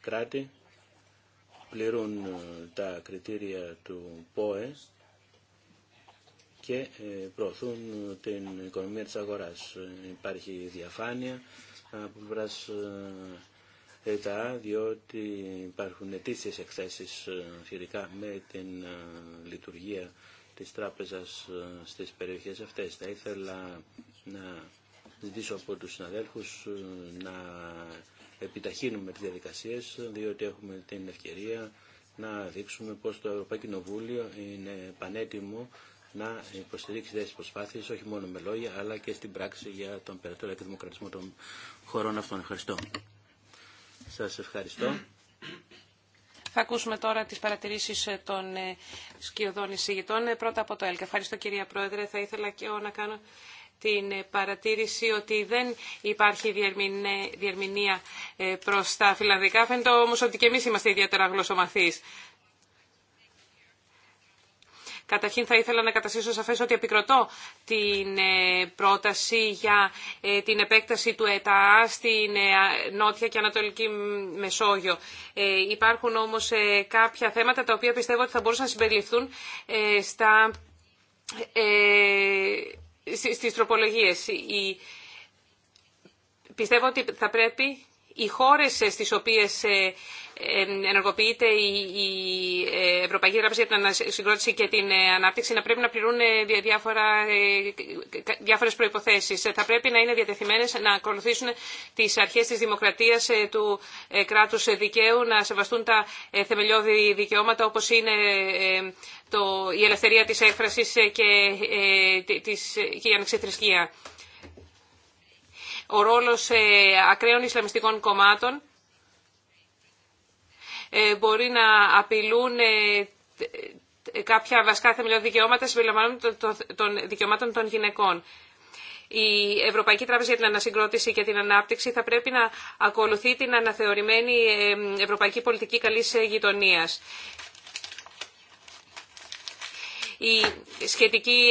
κράτη πληρούν ε, τα κριτήρια του ΠΟΕ και ε, προωθούν την οικονομία της αγοράς. Ε, υπάρχει διαφάνεια από πλευράς ΕΤΑ διότι υπάρχουν αιτήσεις εκθέσεις ε, σχετικά με την ε, λειτουργία της τράπεζας ε, στις περιοχές αυτές. Θα ήθελα να ζητήσω από τους συναδέλφους να επιταχύνουμε τις διαδικασίες διότι έχουμε την ευκαιρία να δείξουμε πως το Ευρωπαϊκό Κοινοβούλιο είναι πανέτοιμο να υποστηρίξει τέτοιες προσπάθειες όχι μόνο με λόγια αλλά και στην πράξη για τον περαιτέρω και δημοκρατισμό των χωρών αυτών. Ευχαριστώ. Σας ευχαριστώ. Θα ακούσουμε τώρα τις παρατηρήσεις ε, των ε, σκιωδών εισηγητών. Ε, πρώτα από το ΕΛΚ. Ευχαριστώ κυρία Πρόεδρε. Θα ήθελα και εγώ να κάνω την παρατήρηση ότι δεν υπάρχει διερμηνία προς τα φιλανδικά. Φαίνεται όμως ότι και εμείς είμαστε ιδιαίτερα γλωσσομαθείς. Καταρχήν θα ήθελα να καταστήσω σαφές ότι επικροτώ την ε, πρόταση για ε, την επέκταση του ΕΤΑ στην ε, Νότια και Ανατολική Μεσόγειο. Υπάρχουν όμως κάποια θέματα τα οποία πιστεύω ότι θα μπορούσαν να συμπεριληφθούν στα, στις τροπολογίες. Πιστεύω ότι θα πρέπει οι χώρες στις οποίες ενεργοποιείται η ε, Ευρωπαϊκή Τράπεζα για την Ανασυγκρότηση και την ε, Ανάπτυξη να πρέπει να πληρούν ε, διάφορε διάφορες προϋποθέσεις. Θα πρέπει να είναι διατεθειμένες να ακολουθήσουν τις αρχές της δημοκρατίας του κράτους δικαίου, να σεβαστούν τα θεμελιώδη δικαιώματα όπως είναι το, η ελευθερία της έκφρασης και, η ανεξιθρησκεία. Ο ρόλος ακραίων Ισλαμιστικών κομμάτων ε, μπορεί να απειλούν ε, ε, κάποια βασικά θεμελιώδη δικαιώματα συμπεριλαμβανομένων των δικαιωμάτων των γυναικών. Η Ευρωπαϊκή Τράπεζα για την Ανασυγκρότηση και την Ανάπτυξη θα πρέπει να ακολουθεί την αναθεωρημένη Ευρωπαϊκή Πολιτική Καλής Γειτονίας η σχετική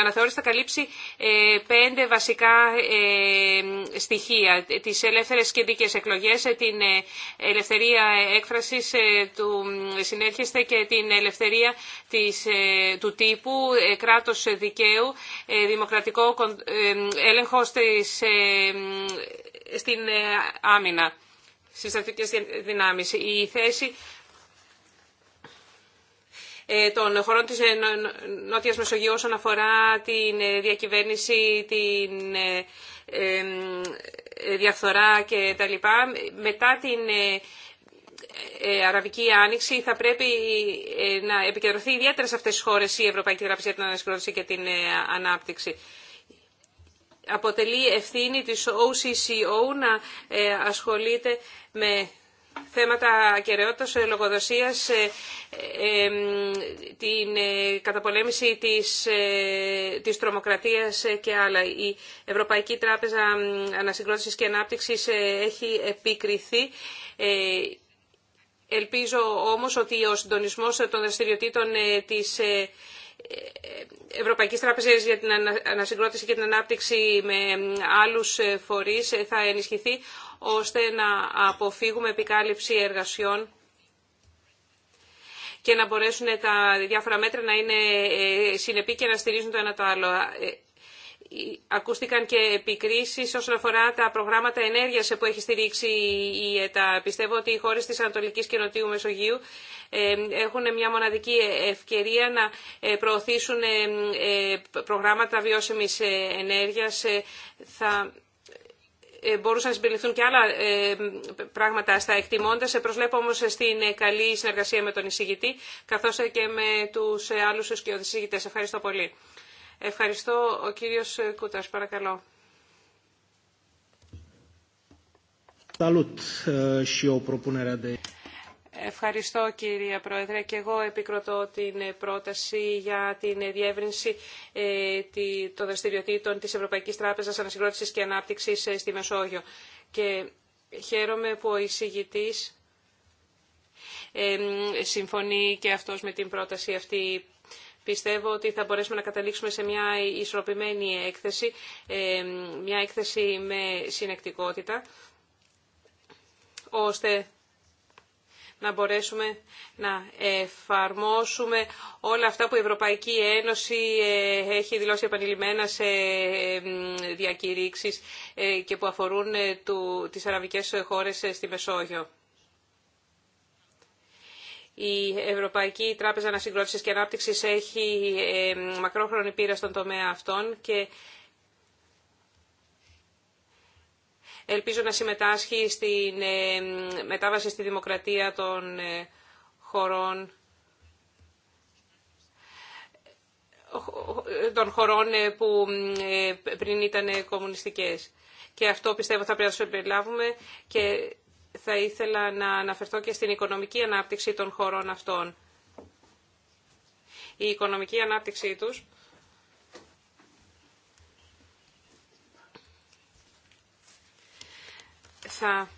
αναθεώρηση θα καλύψει ε, πέντε βασικά ε, στοιχεία. Τις ελεύθερες δίκαιες εκλογές, ε, την ελευθερία έκφρασης του συνέρχεστε και την ελευθερία της, του τύπου, κράτος δικαίου, δημοκρατικό έλεγχο στην άμυνα στις δυνάμεις. Η θέση ε, των χωρών της ε, Νότιας Μεσογείου όσον αφορά την ε, διακυβέρνηση, την διαφθορά και τα λοιπά. Μετά την Αραβική Άνοιξη θα πρέπει να επικεντρωθεί ιδιαίτερα σε αυτές τις χώρες η Ευρωπαϊκή Τράπεζα για την Ανασυγκρότηση και την Ανάπτυξη. Αποτελεί ευθύνη της OCCO να ασχολείται με θέματα κεραιότητας, ε, λογοδοσίας, ε, ε, την καταπολέμηση της, της τρομοκρατίας και άλλα. Η Ευρωπαϊκή Τράπεζα Ανασυγκρότησης και Ανάπτυξης έχει επικριθεί. Ελπίζω όμως ότι ο συντονισμός των δραστηριοτήτων της Ευρωπαϊκής Τράπεζας για την Ανασυγκρότηση και την Ανάπτυξη με άλλους φορείς θα ενισχυθεί ώστε να αποφύγουμε επικάλυψη εργασιών και να μπορέσουν τα διάφορα μέτρα να είναι ε, συνεπή και να στηρίζουν το ένα το άλλο. Ε, ακούστηκαν και επικρίσεις όσον αφορά τα προγράμματα ενέργειας που έχει στηρίξει η ΕΤΑ. Πιστεύω ότι οι χώρες της Ανατολικής και Νοτιού Μεσογείου ε, έχουν μια μοναδική ευκαιρία να προωθήσουν προγράμματα βιώσιμης ενέργειας. Ε, μπορούσαν να συμπεριληφθούν και άλλα ε, πράγματα στα εκτιμώντα. Ε, Προσλέπω όμω στην καλή συνεργασία με τον εισηγητή, καθώ και με του άλλου εισηγητέ. Ευχαριστώ πολύ. Ευχαριστώ. Ο κύριο Κούτα, παρακαλώ. Salut și Ευχαριστώ κυρία Πρόεδρε και εγώ επικροτώ την πρόταση για την διεύρυνση ε, των δραστηριοτήτων της Ευρωπαϊκής Τράπεζας Ανασυγκρότησης και Ανάπτυξης ε, στη Μεσόγειο. Και χαίρομαι που ο εισηγητής ε, συμφωνεί και αυτός με την πρόταση αυτή. Πιστεύω ότι θα μπορέσουμε να καταλήξουμε σε μια ισορροπημένη έκθεση, μια έκθεση με συνεκτικότητα, ώστε να μπορέσουμε να εφαρμόσουμε όλα αυτά που η Ευρωπαϊκή Ένωση ε, έχει δηλώσει επανειλημμένα σε διακηρύξεις ε, και που αφορούν ε, τις αραβικές χώρες στη Μεσόγειο. Η Ευρωπαϊκή Τράπεζα Ανασυγκρότησης και Ανάπτυξης έχει μακρόχρονη πείρα στον τομέα αυτών και Ελπίζω να συμμετάσχει στη ε, μετάβαση στη δημοκρατία των ε, χωρών των χωρών ε, που πριν ήταν κομμουνιστικές. Και αυτό πιστεύω θα πρέπει να το περιλάβουμε και θα ήθελα να αναφερθώ και στην οικονομική ανάπτυξη των χωρών αυτών. Η οικονομική ανάπτυξή τους θα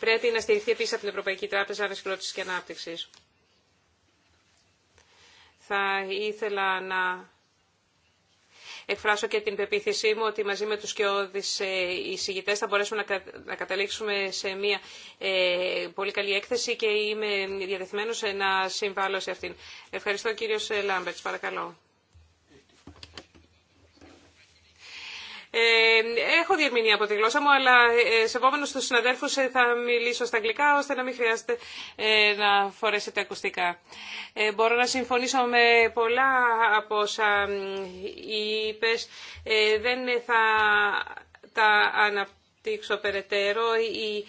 πρέπει να στηριχθεί επίση από την Ευρωπαϊκή Τράπεζα Ανασυγκρότηση και ανάπτυξη. Θα ήθελα να εκφράσω και την πεποίθησή μου ότι μαζί με τους και ε, εισηγητές θα μπορέσουμε να καταλήξουμε σε μια ε, πολύ καλή έκθεση και είμαι διατεθειμένος ε, να συμβάλλω σε αυτήν. Ευχαριστώ κύριος Λάμπερτς, παρακαλώ. Ε, έχω διερμηνεί από τη γλώσσα μου, αλλά ε, σεβόμενος τους συναδέλφους ε, θα μιλήσω στα αγγλικά, ώστε να μην χρειάζεται ε, να φορέσετε ακουστικά. μπορώ να συμφωνήσω με πολλά από όσα είπες. δεν θα τα αναπτύξω περαιτέρω. Η,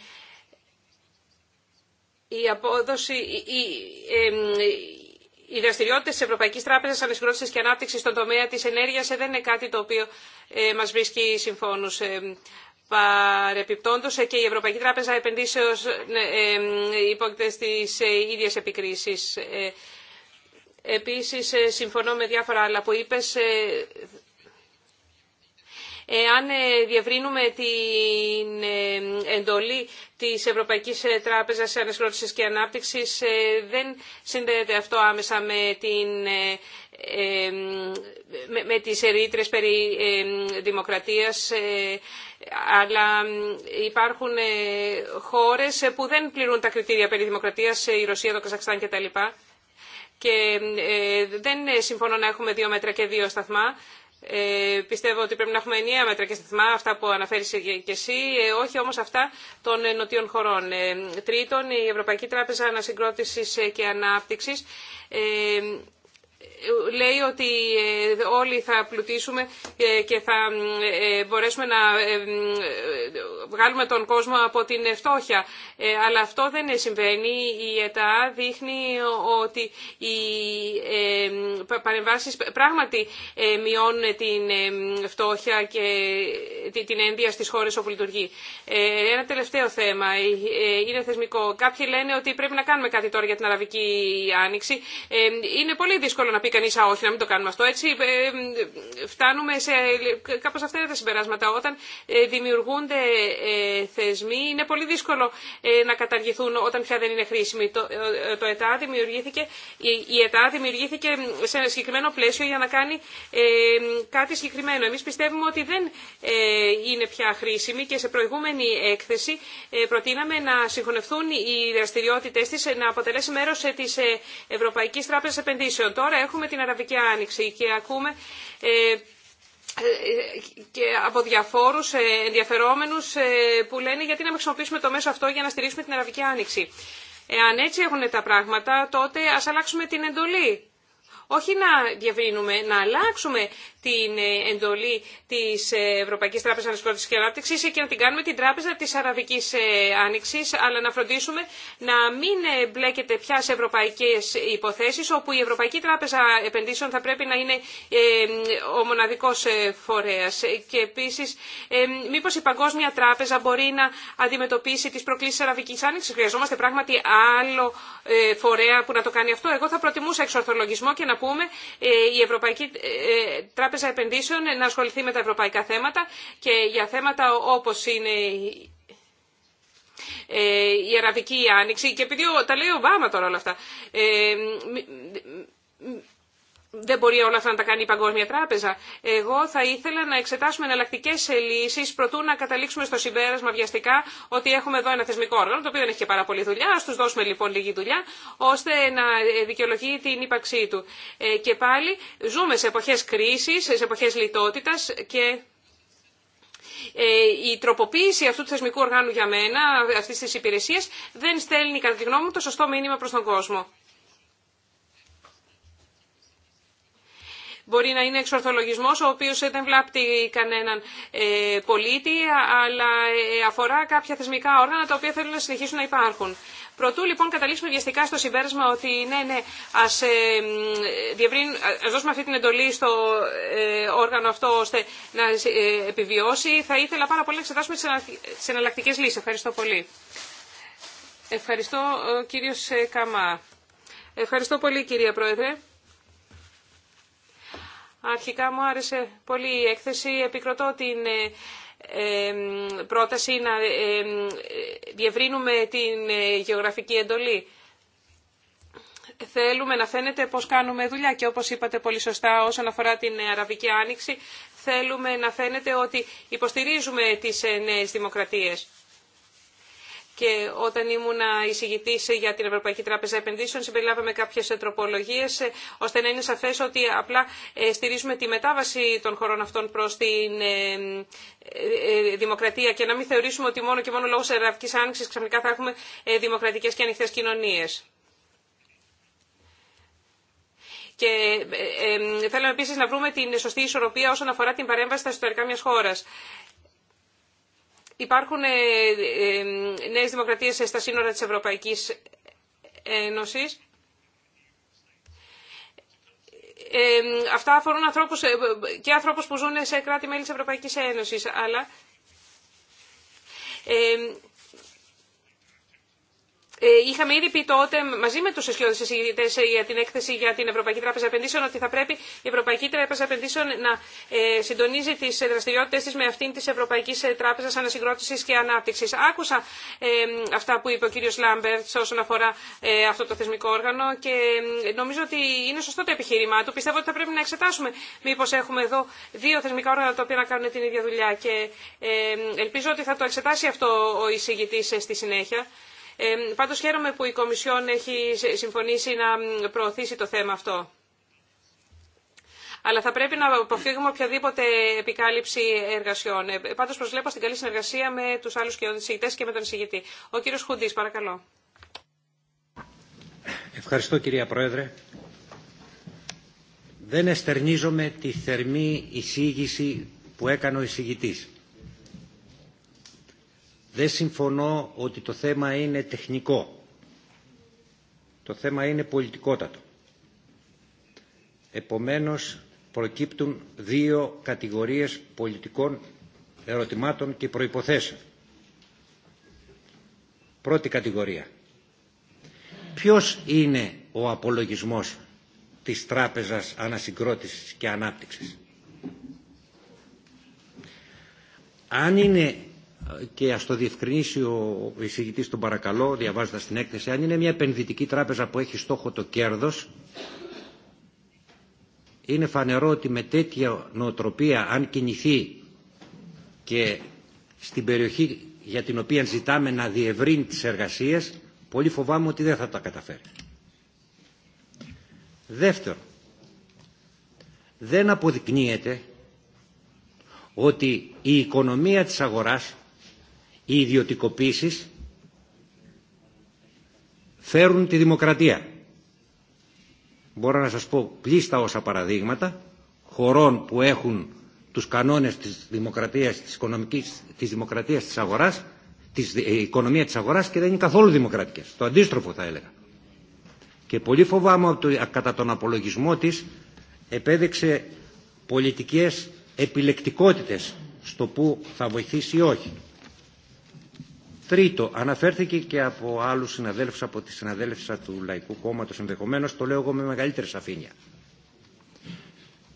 η απόδοση... Η, η, οι δραστηριότητε τη Ευρωπαϊκή Τράπεζα Ανασυγκρότηση και Ανάπτυξη στον τομέα τη ενέργεια ε, δεν είναι κάτι το οποίο ε, μα βρίσκει συμφώνου. Ε, Παρεπιπτόντω και η Ευρωπαϊκή Τράπεζα Επενδύσεω ναι, υπόκειται στι ίδιε επικρίσει. Επίση, συμφωνώ με διάφορα άλλα που είπε εάν ε, διευρύνουμε την ε, εντολή της Ευρωπαϊκής ε, Τράπεζας Ανασυγκρότησης και Ανάπτυξης, δεν συνδέεται αυτό άμεσα με την με τις ερήτρες περί δημοκρατίας αλλά υπάρχουν χώρες που δεν πληρούν τα κριτήρια περί δημοκρατίας, η Ρωσία, το Καζακστάν κτλ. Και δεν συμφωνώ να έχουμε δύο μέτρα και δύο σταθμά. Ε, πιστεύω ότι πρέπει να έχουμε ενιαία μέτρα και σταθμά, αυτά που αναφέρεις και εσύ, ε, όχι όμως αυτά των νοτιών χωρών. Ε, τρίτον, η Ευρωπαϊκή Τράπεζα Ανασυγκρότησης και Ανάπτυξης λέει ότι ε, όλοι θα πλουτίσουμε ε, και θα ε, μπορέσουμε να βγάλουμε τον κόσμο από την φτώχεια. Αλλά αυτό δεν συμβαίνει. Η ΕΤΑ δείχνει ότι οι παρεμβάσεις πράγματι μειώνουν την φτώχεια και την ένδυα στις χώρες όπου λειτουργεί. Ένα τελευταίο θέμα. Είναι θεσμικό. Κάποιοι λένε ότι πρέπει να κάνουμε κάτι τώρα για την Αραβική Άνοιξη. Είναι πολύ δύσκολο να πει κανεί, όχι, να μην το κάνουμε αυτό. Έτσι, ε, ε, φτάνουμε σε κάπω αυτά είναι τα συμπεράσματα. Όταν ε, δημιουργούνται θεσμοί, είναι πολύ δύσκολο να καταργηθούν όταν πια δεν είναι χρήσιμοι. Το, το ΕΤΑ δημιουργήθηκε, η, ΕΤΑ δημιουργήθηκε σε ένα συγκεκριμένο πλαίσιο για να κάνει κάτι συγκεκριμένο. Εμεί πιστεύουμε ότι δεν είναι πια χρήσιμη και σε προηγούμενη έκθεση προτείναμε να συγχωνευτούν οι δραστηριότητε τη να αποτελέσει μέρο τη Ευρωπαϊκή Τράπεζα Επενδύσεων έχουμε την Αραβική Άνοιξη και ακούμε ε, ε, και από διαφόρους ε, ενδιαφερόμενους που λένε γιατί να χρησιμοποιήσουμε το μέσο αυτό για να στηρίξουμε την Αραβική Άνοιξη. Εάν έτσι έχουν τα πράγματα, τότε ας αλλάξουμε την εντολή όχι να διαβρύνουμε, να αλλάξουμε την ε, εντολή της ε, Ευρωπαϊκής Τράπεζας Ανασυγκρότηση και Ανάπτυξης και να την κάνουμε την Τράπεζα της Αραβικής ε, Άνοιξης, αλλά να φροντίσουμε να μην μπλέκεται πια σε ευρωπαϊκές υποθέσεις, όπου η Ευρωπαϊκή Τράπεζα Επενδύσεων θα πρέπει να είναι ο μοναδικός φορέας. Και επίσης, μήπως η Παγκόσμια Τράπεζα μπορεί να αντιμετωπίσει τις προκλήσεις Αραβικής Άνοιξης. Χρειαζόμαστε πράγματι άλλο φορέα που να το κάνει αυτό. Εγώ θα προτιμούσα εξορθολογισμό να πούμε ε, η Ευρωπαϊκή ε, Τράπεζα Επενδύσεων να ασχοληθεί με τα ευρωπαϊκά θέματα και για θέματα όπως είναι η ε, Αραβική Άνοιξη και επειδή τα λέει ο Ομπάμα τώρα όλα αυτά δεν μπορεί όλα αυτά να τα κάνει η Παγκόσμια Τράπεζα. Εγώ θα ήθελα να εξετάσουμε εναλλακτικέ λύσει προτού να καταλήξουμε στο συμπέρασμα βιαστικά ότι έχουμε εδώ ένα θεσμικό όργανο, το οποίο δεν έχει και πάρα πολύ δουλειά. Α του δώσουμε λοιπόν λίγη δουλειά, ώστε να δικαιολογεί την ύπαρξή του. Ε, και πάλι ζούμε σε εποχέ κρίση, σε εποχέ λιτότητα και ε, η τροποποίηση αυτού του θεσμικού οργάνου για μένα, αυτή τη υπηρεσία, δεν στέλνει κατά τη γνώμη μου το σωστό μήνυμα προ τον κόσμο. Μπορεί να είναι εξορθολογισμός ο οποίος δεν βλάπτει κανέναν ε, πολίτη, αλλά ε, αφορά κάποια θεσμικά όργανα τα οποία θέλουν να συνεχίσουν να υπάρχουν. Προτού λοιπόν καταλήξουμε βιαστικά στο συμπέρασμα ότι ναι, ναι, ας, ε, δώσουμε αυτή την εντολή στο όργανο αυτό ώστε να επιβιώσει, θα ήθελα πάρα πολύ να εξετάσουμε τις εναλλακτικέ λύσεις. Ευχαριστώ πολύ. Ευχαριστώ κύριος Καμά. Ευχαριστώ πολύ κυρία Πρόεδρε. Αρχικά μου άρεσε πολύ η έκθεση. Επικροτώ την ε, ε, πρόταση να ε, διευρύνουμε την γεωγραφική εντολή. Θέλουμε να φαίνεται πώς κάνουμε δουλειά και όπως είπατε πολύ σωστά όσον αφορά την Αραβική Άνοιξη θέλουμε να φαίνεται ότι υποστηρίζουμε τις νέες δημοκρατίες και όταν ήμουν εισηγητή για την Ευρωπαϊκή Τράπεζα Επενδύσεων, συμπεριλάβαμε κάποιε τροπολογίε, ώστε να είναι σαφέ ότι απλά ε, στηρίζουμε τη μετάβαση των χωρών αυτών προ την ε, ε, δημοκρατία και να μην θεωρήσουμε ότι μόνο και μόνο λόγω εραυκή άνοιξη ξαφνικά θα έχουμε δημοκρατικέ και ανοιχτέ κοινωνίε. Και θέλαμε επίση να βρούμε την σωστή ισορροπία όσον αφορά την παρέμβαση στα ιστορικά μια χώρα. Υπάρχουν ε, ε, ε, νέες δημοκρατίες στα σύνορα της Ευρωπαϊκής Ένωσης. αυτά αφορούν ανθρώπους, και ανθρώπους που ζουν σε κράτη-μέλη της Ευρωπαϊκής Ένωσης, αλλά ε, είχαμε ήδη πει τότε μαζί με του αισιόδη εισηγητέ ε, για την έκθεση για την Ευρωπαϊκή Τράπεζα Επενδύσεων ότι θα πρέπει η Ευρωπαϊκή Τράπεζα Επενδύσεων να ε, συντονίζει τι δραστηριότητε τη με αυτήν τη Ευρωπαϊκή Τράπεζα Ανασυγκρότηση και Ανάπτυξη. Άκουσα αυτά που είπε ο κύριο Λάμπερτ όσον αφορά αυτό το θεσμικό όργανο και νομίζω ότι είναι σωστό το επιχείρημά του. Πιστεύω ότι θα πρέπει να εξετάσουμε μήπω έχουμε εδώ δύο θεσμικά όργανα τα οποία να κάνουν την ίδια δουλειά και ελπίζω ότι θα το εξετάσει αυτό ο εισηγητή στη συνέχεια. Πάντως χαίρομαι που η Κομισιόν έχει συμφωνήσει να προωθήσει το θέμα αυτό. Αλλά θα πρέπει να αποφύγουμε οποιαδήποτε επικάλυψη εργασιών. Ε, Πάντω προσβλέπω στην καλή συνεργασία με του άλλου εισηγητέ και με τον εισηγητή. Ο κύριο Χουντή, παρακαλώ. Ευχαριστώ κυρία Πρόεδρε. Δεν εστερνίζομαι τη θερμή εισήγηση που έκανε ο εισηγητής. Δεν συμφωνώ ότι το θέμα είναι τεχνικό. Το θέμα είναι πολιτικότατο. Επομένως, προκύπτουν δύο κατηγορίες πολιτικών ερωτημάτων και προϋποθέσεων. Πρώτη κατηγορία. Ποιος είναι ο απολογισμός της Τράπεζας Ανασυγκρότησης και Ανάπτυξης. Αν είναι και ας το διευκρινίσει ο εισηγητής τον παρακαλώ διαβάζοντα την έκθεση αν είναι μια επενδυτική τράπεζα που έχει στόχο το κέρδος είναι φανερό ότι με τέτοια νοοτροπία αν κινηθεί και στην περιοχή για την οποία ζητάμε να διευρύνει τις εργασίες πολύ φοβάμαι ότι δεν θα τα καταφέρει. Δεύτερο, δεν αποδεικνύεται ότι η οικονομία της αγοράς οι ιδιωτικοποίησεις φέρουν τη δημοκρατία. Μπορώ να σας πω πλήστα όσα παραδείγματα χωρών που έχουν τους κανόνες της δημοκρατίας, της, οικονομικής, της δημοκρατίας της αγοράς, της ε, οικονομία της αγοράς και δεν είναι καθόλου δημοκρατικές. Το αντίστροφο θα έλεγα. Και πολύ φοβάμαι ότι κατά τον απολογισμό της επέδειξε πολιτικές επιλεκτικότητες στο που θα βοηθήσει ή όχι. Τρίτο, αναφέρθηκε και από άλλου συναδέλφους, από τη συναδέλφισσα του Λαϊκού Κόμματος ενδεχομένως, το λέω εγώ με μεγαλύτερη σαφήνεια.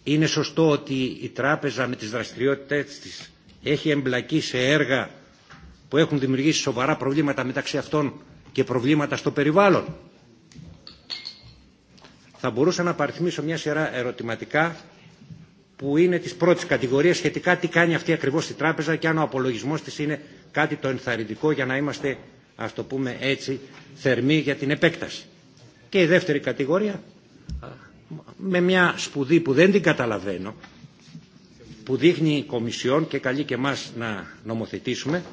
Είναι σωστό ότι η τράπεζα με τις δραστηριότητες της έχει εμπλακεί σε έργα που έχουν δημιουργήσει σοβαρά προβλήματα μεταξύ αυτών και προβλήματα στο περιβάλλον. Θα μπορούσα να παριθμίσω μια σειρά ερωτηματικά που είναι της πρώτης κατηγορίας σχετικά τι κάνει αυτή ακριβώς η τράπεζα και αν ο απολογισμός της είναι κάτι το ενθαρρυντικό για να είμαστε, ας το πούμε έτσι, θερμοί για την επέκταση. Και η δεύτερη κατηγορία, με μια σπουδή που δεν την καταλαβαίνω, που δείχνει η Κομισιόν και καλεί και μας να νομοθετήσουμε,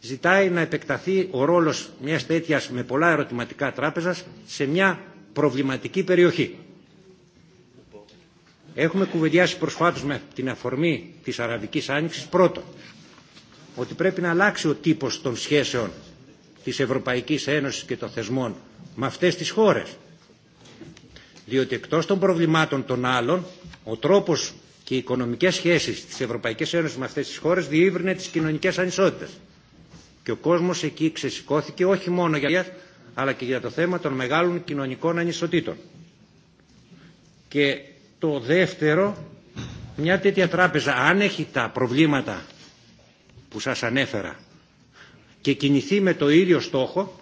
ζητάει να επεκταθεί ο ρόλος μιας τέτοιας με πολλά ερωτηματικά τράπεζας σε μια προβληματική περιοχή. Έχουμε κουβεντιάσει προσφάτως με την αφορμή της Αραβικής Άνοιξης πρώτον ότι πρέπει να αλλάξει ο τύπος των σχέσεων της Ευρωπαϊκής Ένωσης και των θεσμών με αυτές τις χώρες. Διότι εκτός των προβλημάτων των άλλων, ο τρόπος και οι οικονομικές σχέσεις της Ευρωπαϊκής Ένωσης με αυτές τις χώρες διήβρυνε τις κοινωνικές ανισότητες. Και ο κόσμος εκεί ξεσηκώθηκε όχι μόνο για αλλά και για το θέμα των μεγάλων κοινωνικών ανισοτήτων. Και το δεύτερο, μια τέτοια τράπεζα, αν έχει τα προβλήματα που σας ανέφερα και κινηθεί με το ίδιο στόχο,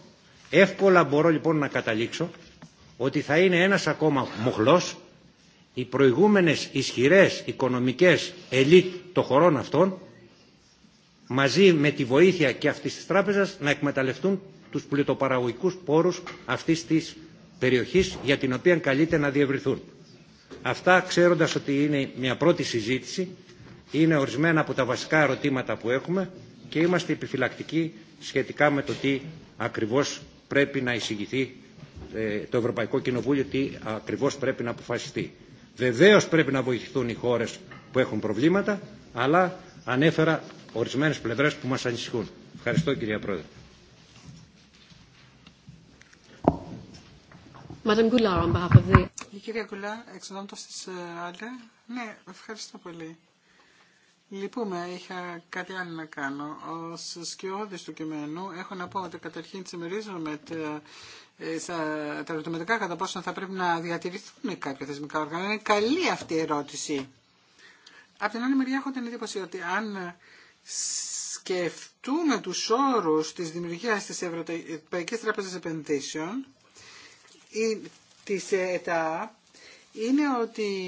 εύκολα μπορώ λοιπόν να καταλήξω ότι θα είναι ένας ακόμα μοχλός οι προηγούμενες ισχυρές οικονομικές ελίτ των χωρών αυτών μαζί με τη βοήθεια και αυτής της τράπεζας να εκμεταλλευτούν τους πλουτοπαραγωγικούς πόρους αυτής της περιοχής για την οποία καλείται να διευρυθούν. Αυτά ξέροντας ότι είναι μια πρώτη συζήτηση είναι ορισμένα από τα βασικά ερωτήματα που έχουμε και είμαστε επιφυλακτικοί σχετικά με το τι ακριβώς πρέπει να εισηγηθεί ε, το Ευρωπαϊκό Κοινοβούλιο, τι ακριβώς πρέπει να αποφασιστεί. Βεβαίως πρέπει να βοηθηθούν οι χώρες που έχουν προβλήματα, αλλά ανέφερα ορισμένες πλευρές που μας ανησυχούν. Ευχαριστώ κυρία Πρόεδρε. Η κυρία Κουλά, εξ της ΑΛΤΕ. Ε, ναι, ευχαριστώ πολύ. Λυπούμε, είχα κάτι άλλο να κάνω. Ω σκιώδη του κειμένου, έχω να πω ότι καταρχήν συμμερίζομαι ε, τα, τα ερωτηματικά κατά πόσο θα πρέπει να διατηρηθούν κάποια θεσμικά όργανα. Είναι καλή αυτή η ερώτηση. Απ' την άλλη μεριά έχω την εντύπωση ότι αν σκεφτούμε του όρου τη δημιουργία της Ευρωπαϊκής Τράπεζα Επενδύσεων ή της ΕΤΑ, είναι ότι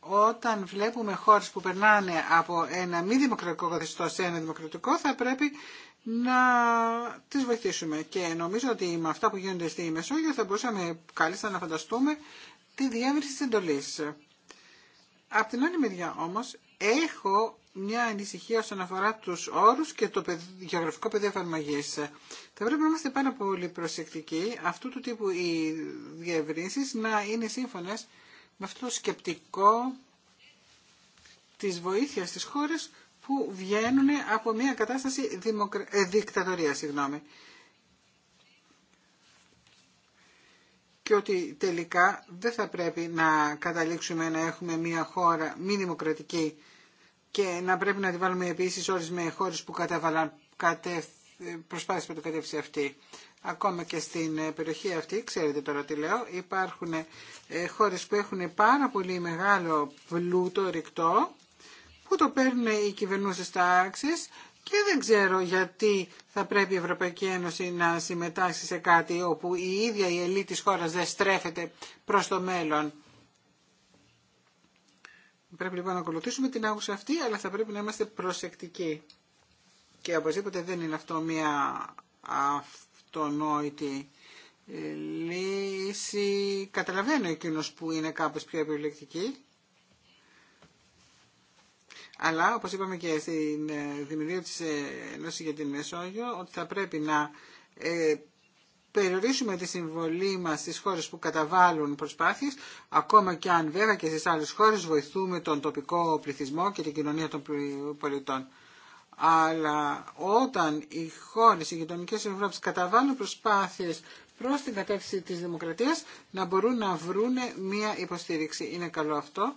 όταν βλέπουμε χώρες που περνάνε από ένα μη δημοκρατικό καθεστώ σε ένα δημοκρατικό θα πρέπει να τις βοηθήσουμε. Και νομίζω ότι με αυτά που γίνονται στη Μεσόγειο θα μπορούσαμε καλύτερα να φανταστούμε τη διεύρυνση της εντολής. Απ' την άλλη μεριά όμως έχω μια ανησυχία όσον αφορά τους όρους και το γεωγραφικό πεδίο εφαρμογή. Θα πρέπει να είμαστε πάρα πολύ προσεκτικοί αυτού του τύπου οι διευρύνσεις να είναι σύμφωνες με αυτό το σκεπτικό της βοήθειας στις χώρες που βγαίνουν από μια κατάσταση δημοκρα... ε, δικτατορία. Και ότι τελικά δεν θα πρέπει να καταλήξουμε να έχουμε μια χώρα μη δημοκρατική και να πρέπει να τη βάλουμε επίσης όρις με χώρες που κατέβαλαν κατε... προσπάθησε να το κατεύθυνση αυτή. Ακόμα και στην ε, περιοχή αυτή, ξέρετε τώρα τι λέω, υπάρχουν ε, χώρες που έχουν πάρα πολύ μεγάλο πλούτο ρηκτό, που το παίρνουν οι κυβερνούσες τάξεις και δεν ξέρω γιατί θα πρέπει η Ευρωπαϊκή Ένωση να συμμετάσχει σε κάτι όπου η ίδια η ελίτ της χώρας δεν στρέφεται προς το μέλλον. Πρέπει λοιπόν να ακολουθήσουμε την άγουσα αυτή, αλλά θα πρέπει να είμαστε προσεκτικοί. Και οπωσδήποτε δεν είναι αυτό μια αυτονόητη ε, λύση. Καταλαβαίνω εκείνος που είναι κάπως πιο επιλεκτική. Αλλά, όπως είπαμε και στην ε, δημιουργία της ε, Ένωση για την Μεσόγειο, ότι θα πρέπει να περιορίσουμε τη συμβολή μας στις χώρες που καταβάλουν προσπάθειες, ακόμα και αν βέβαια και στις άλλες χώρες βοηθούμε τον τοπικό πληθυσμό και την κοινωνία των πολιτών. Αλλά όταν οι χώρες, οι γειτονικέ Ευρώπης καταβάλουν προσπάθειες προς την κατεύθυνση της δημοκρατίας να μπορούν να βρούν μία υποστήριξη. Είναι καλό αυτό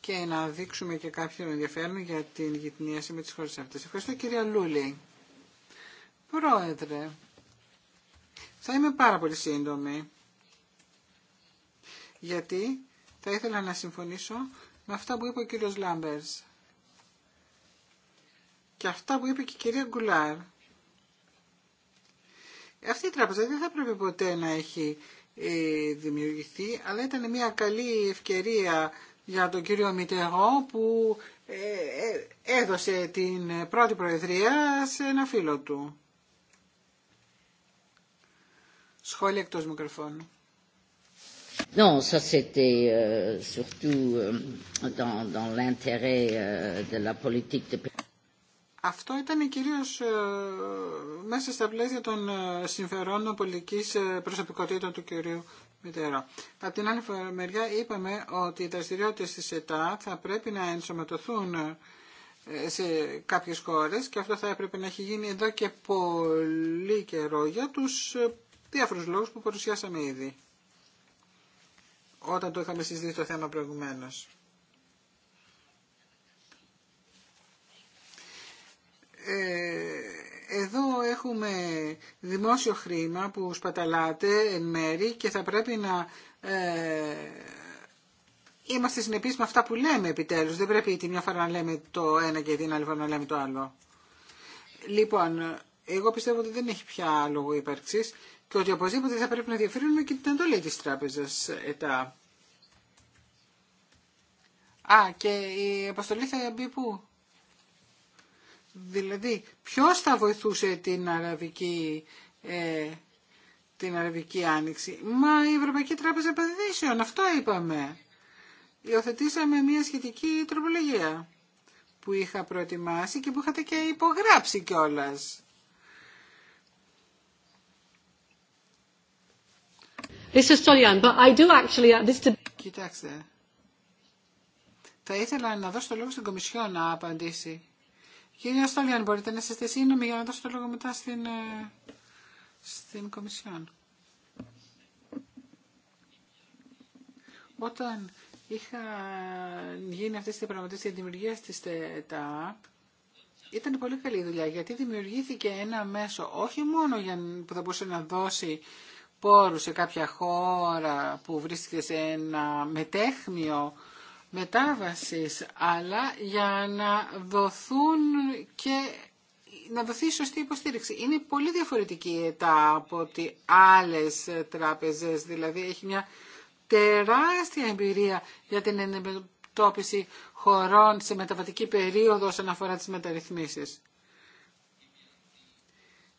και να δείξουμε και κάποιον ενδιαφέρον για την γειτονίαση με τις χώρες αυτές. Ευχαριστώ κυρία Λούλη. Πρόεδρε, θα είμαι πάρα πολύ σύντομη γιατί θα ήθελα να συμφωνήσω με αυτά που είπε ο κύριος Λάμπερς και αυτά που είπε και η κυρία Γκουλάρ. Αυτή η τράπεζα δεν θα πρέπει ποτέ να έχει ε, δημιουργηθεί, αλλά ήταν μια καλή ευκαιρία για τον κύριο Μητερό που ε, ε, έδωσε την πρώτη προεδρία σε ένα φίλο του. Σχόλια εκτός μικροφώνου. Non, ça c'était euh, surtout euh, dans, dans l'intérêt euh, de la politique αυτό ήταν κυρίως ε, μέσα στα πλαίσια των ε, συμφερόντων πολιτικής ε, προσωπικότητας του κυρίου Μητέρα. Από την άλλη μεριά είπαμε ότι οι δραστηριότητε της ΕΤΑ θα πρέπει να ενσωματωθούν σε κάποιες χώρες και αυτό θα έπρεπε να έχει γίνει εδώ και πολύ καιρό για τους διάφορους λόγους που παρουσιάσαμε ήδη όταν το είχαμε συζητήσει το θέμα προηγουμένως. Ε, εδώ έχουμε δημόσιο χρήμα που σπαταλάται εν μέρη και θα πρέπει να ε, είμαστε συνεπείς με αυτά που λέμε επιτέλους. Δεν πρέπει τη μια φορά να λέμε το ένα και την άλλη φορά να λέμε το άλλο. Λοιπόν, εγώ πιστεύω ότι δεν έχει πια λόγο ύπαρξης και ότι οπωσδήποτε θα πρέπει να διαφέρουμε και την εντολή της τράπεζας ΕΤΑ. Α, και η αποστολή θα μπει πού? Δηλαδή, ποιος θα βοηθούσε την αραβική, ε, την αραβική άνοιξη. Μα η Ευρωπαϊκή Τράπεζα Επενδύσεων, αυτό είπαμε. Υιοθετήσαμε μια σχετική τροπολογία που είχα προετοιμάσει και που είχατε και υπογράψει κιόλα. Uh, Κοιτάξτε, θα ήθελα να δώσω το λόγο στην Κομισιό να απαντήσει. Κύριε Αστολιάν, μπορείτε να είστε σύνομοι για να δώσω το λόγο μετά στην, ε, στην Κομισιόν. Όταν είχα γίνει αυτές τις πραγματικές για δημιουργία της ήταν πολύ καλή δουλειά, γιατί δημιουργήθηκε ένα μέσο όχι μόνο για, που θα μπορούσε να δώσει πόρους σε κάποια χώρα που βρίσκεται σε ένα μετέχνιο μετάβασης, αλλά για να δοθούν και να δοθεί σωστή υποστήριξη. Είναι πολύ διαφορετική η ΕΤΑ από ότι άλλες τράπεζες, δηλαδή έχει μια τεράστια εμπειρία για την αντιμετώπιση χωρών σε μεταβατική περίοδο όσον αφορά τις μεταρρυθμίσεις.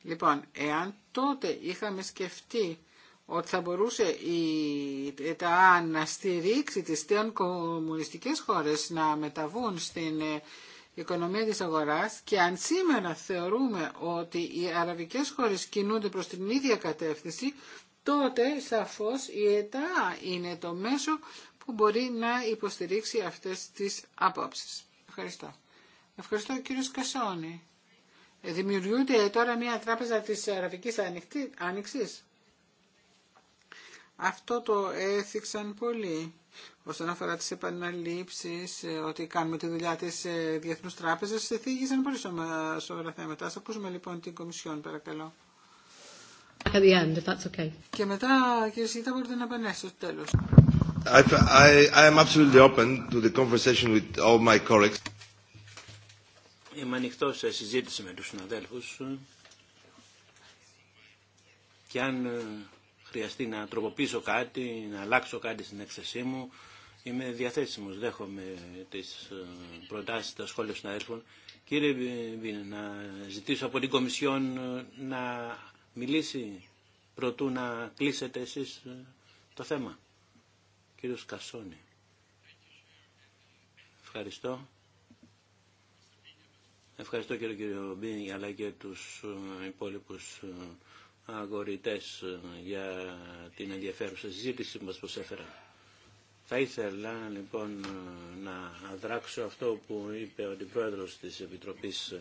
Λοιπόν, εάν τότε είχαμε σκεφτεί ότι θα μπορούσε η ΤΑ να στηρίξει τις τέων κομμουνιστικές χώρες να μεταβούν στην ε, οικονομία της αγοράς και αν σήμερα θεωρούμε ότι οι αραβικές χώρες κινούνται προς την ίδια κατεύθυνση, τότε σαφώς η ΕΤΑ είναι το μέσο που μπορεί να υποστηρίξει αυτές τις απόψεις. Ευχαριστώ. Ευχαριστώ κύριο Κασόνη. Ε, δημιουργούνται τώρα μια τράπεζα της Αραβικής Άνοιξης. Αυτό το έθιξαν πολλοί όσον αφορά τις επαναλήψεις, ε, ότι κάνουμε τη δουλειά της ε, Διεθνούς Τράπεζας, θίγησαν πολύ σοβαρά θέματα. Ας ακούσουμε λοιπόν την Κομισιόν, παρακαλώ. At the end, if that's okay. Και μετά, κύριε Σιγητά, μπορείτε να επανέλθετε στο τέλος. I, I, I am absolutely open to the conversation with all my colleagues. Είμαι ανοιχτό σε συζήτηση με τους συναδέλφους και αν ε, χρειαστεί να τροποποιήσω κάτι, να αλλάξω κάτι στην έκθεσή μου, είμαι διαθέσιμος, δέχομαι τις ε, προτάσεις, τα σχόλια συναδέλφων. Κύριε Μπίνε, να ζητήσω από την Κομισιόν ε, να μιλήσει προτού να κλείσετε εσείς ε, το θέμα. Κύριος Κασόνη. Ευχαριστώ. Ευχαριστώ κύριο κύριο Μπίνη αλλά και τους υπόλοιπους αγορητές ε, για την ενδιαφέρουσα συζήτηση που μας προσέφεραν. Θα ήθελα λοιπόν ε, να αδράξω αυτό που είπε ο Αντιπρόεδρος της Επιτροπής.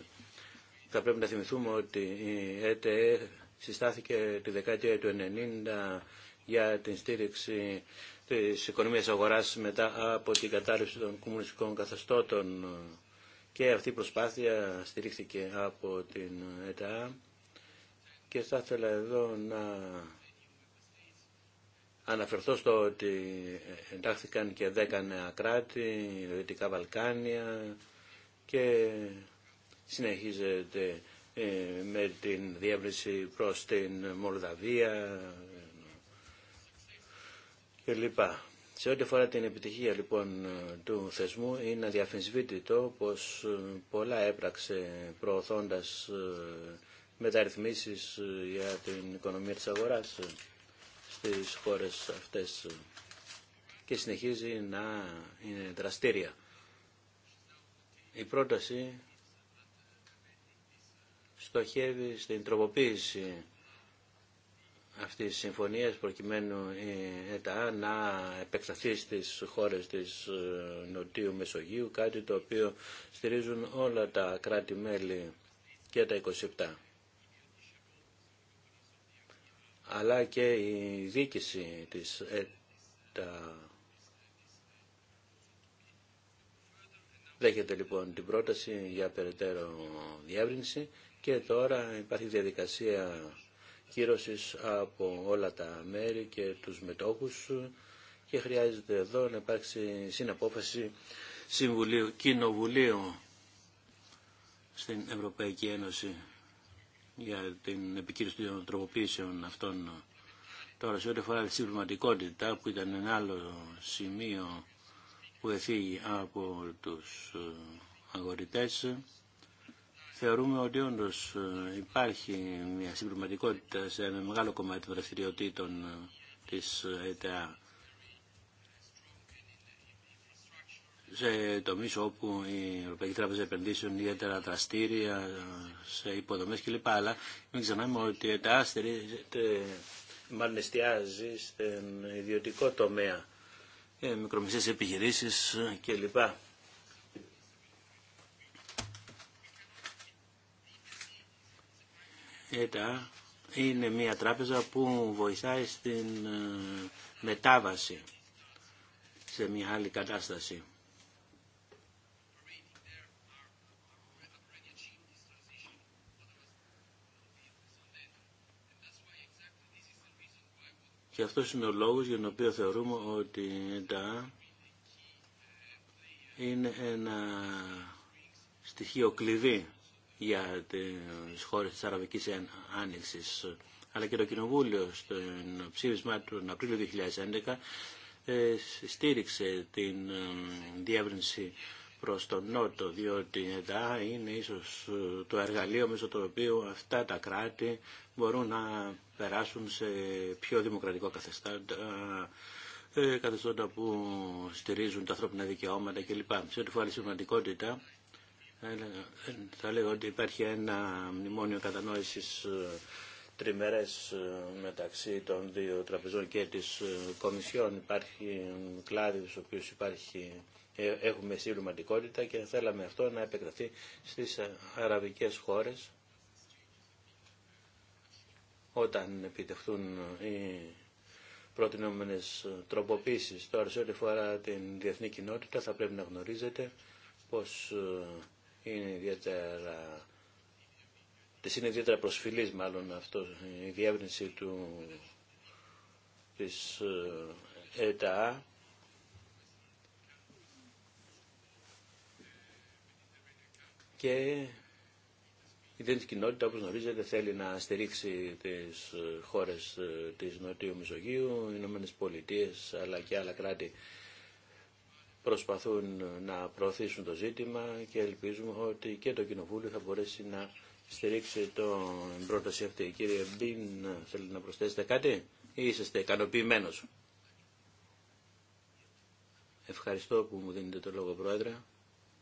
Θα πρέπει να θυμηθούμε ότι η ΕΤΕ συστάθηκε τη δεκαετία του 1990 για την στήριξη της οικονομίας αγοράς μετά από την κατάρρευση των κομμουνιστικών καθεστώτων και αυτή η προσπάθεια στηρίχθηκε από την ΕΤΑ και θα ήθελα εδώ να αναφερθώ στο ότι εντάχθηκαν και δέκα νέα κράτη, Δυτικά Βαλκάνια και συνεχίζεται ε, με την διεύρυνση προς την Μολδαβία ε, κλπ. Σε ό,τι αφορά την επιτυχία λοιπόν του θεσμού είναι αδιαφεσβήτητο πως ε, πολλά έπραξε προωθώντας μεταρρυθμίσεις ε, για την οικονομία της αγοράς ε, στις χώρες αυτές ε, και συνεχίζει να είναι δραστήρια. Η πρόταση στοχεύει στην τροποποίηση αυτής της συμφωνίας προκειμένου η ΕΤΑ να επεκταθεί στις χώρες της Νοτιού Μεσογείου, κάτι το οποίο στηρίζουν όλα τα κράτη-μέλη και τα 27 αλλά και η διοίκηση της ΕΤΑ. Δέχεται λοιπόν την πρόταση για περαιτέρω διεύρυνση και τώρα υπάρχει διαδικασία κύρωσης από όλα τα μέρη και τους μετόχους και χρειάζεται εδώ να υπάρξει συναπόφαση Συμβουλίου, Κοινοβουλίου στην Ευρωπαϊκή Ένωση για την επικύρωση των τροποποίησεων αυτών. Τώρα, σε ό,τι αφορά τη συμπληρωματικότητα, που ήταν ένα άλλο σημείο που εφήγει από τους ε, αγορητές, θεωρούμε ότι όντω ε, υπάρχει μια συμπληρωματικότητα σε ένα μεγάλο κομμάτι των δραστηριοτήτων ε, της ΕΤΑ. σε τομεί όπου η Ευρωπαϊκή Τράπεζα Επενδύσεων ιδιαίτερα δραστήρια σε υποδομές κλπ. Αλλά μην ξεχνάμε ότι η άστερη μάλλον εστιάζει ιδιωτικό τομέα, ε, μικρομεσαίες επιχειρήσεις κλπ. ΕΤΑ είναι μια τράπεζα που βοηθάει στην ε, μετάβαση σε μια άλλη κατάσταση. Και αυτός είναι ο λόγος για τον οποίο θεωρούμε ότι τα είναι ένα στοιχείο κλειδί για τις χώρες της Αραβικής Άνοιξης. Αλλά και το Κοινοβούλιο στο ψήφισμά του τον Απρίλιο 2011 ε, στήριξε την ε, διεύρυνση προς τον Νότο, διότι η είναι ίσως ε, το εργαλείο μέσω το οποίο αυτά τα κράτη μπορούν να περάσουν σε πιο δημοκρατικό καθεστώτα ε, καθεστώτα που στηρίζουν τα ανθρώπινα δικαιώματα κλπ. Σε ό,τι φορά σημαντικότητα, θα λέγω ότι υπάρχει ένα μνημόνιο κατανόησης ε, τριμερές μεταξύ των δύο τραπεζών και της Κομισιόν. Υπάρχει κλάδι στους οποίους υπάρχει ε, έχουμε συλλογματικότητα και θέλαμε αυτό να επεκταθεί στις ε, αραβικές χώρες όταν επιτευχθούν ε, οι προτινόμενες τροποποίησεις. Τώρα σε ό,τι φορά την διεθνή κοινότητα θα πρέπει να γνωρίζετε πως είναι ιδιαίτερα της είναι ιδιαίτερα προσφυλής μάλλον αυτό η διεύρυνση του, της ΕΤΑ και η διεθνή κοινότητα, όπως γνωρίζετε, θέλει να στηρίξει τις ε, χώρες ε, της Νοτιού Μεσογείου, οι Ηνωμένες Πολιτείες, αλλά και άλλα κράτη προσπαθούν να προωθήσουν το ζήτημα και ελπίζουμε ότι και το Κοινοβούλιο θα μπορέσει να στηρίξει την πρόταση αυτή. Κύριε Μπίν, θέλετε να προσθέσετε κάτι ή είσαστε ικανοποιημένος. Ευχαριστώ που μου δίνετε το λόγο, Πρόεδρε.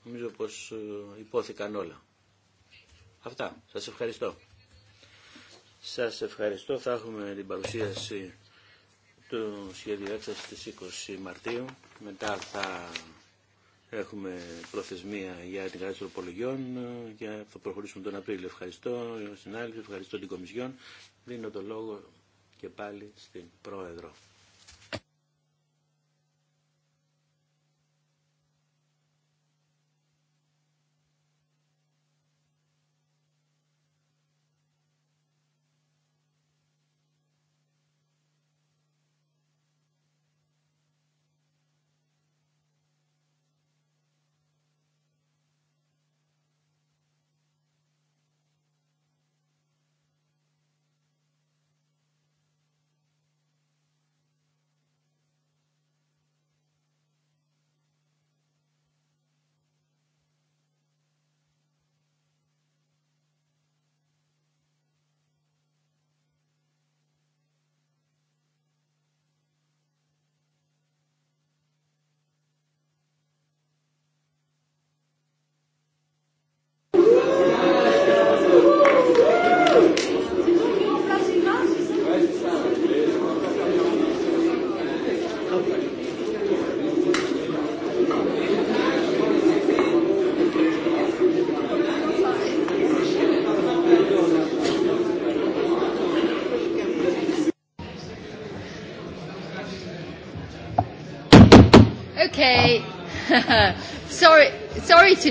Νομίζω πως ε, υπόθηκαν όλα. Αυτά. Σας ευχαριστώ. Σας ευχαριστώ. Θα έχουμε την παρουσίαση του σχέδιου έκθεση της 20 Μαρτίου. Μετά θα έχουμε προθεσμία για την κατάσταση πολιγίων ε, και θα προχωρήσουμε τον Απρίλιο. Ευχαριστώ, συνάδελφοι, ευχαριστώ την Κομισιόν. Δίνω το λόγο και πάλι στην Πρόεδρο.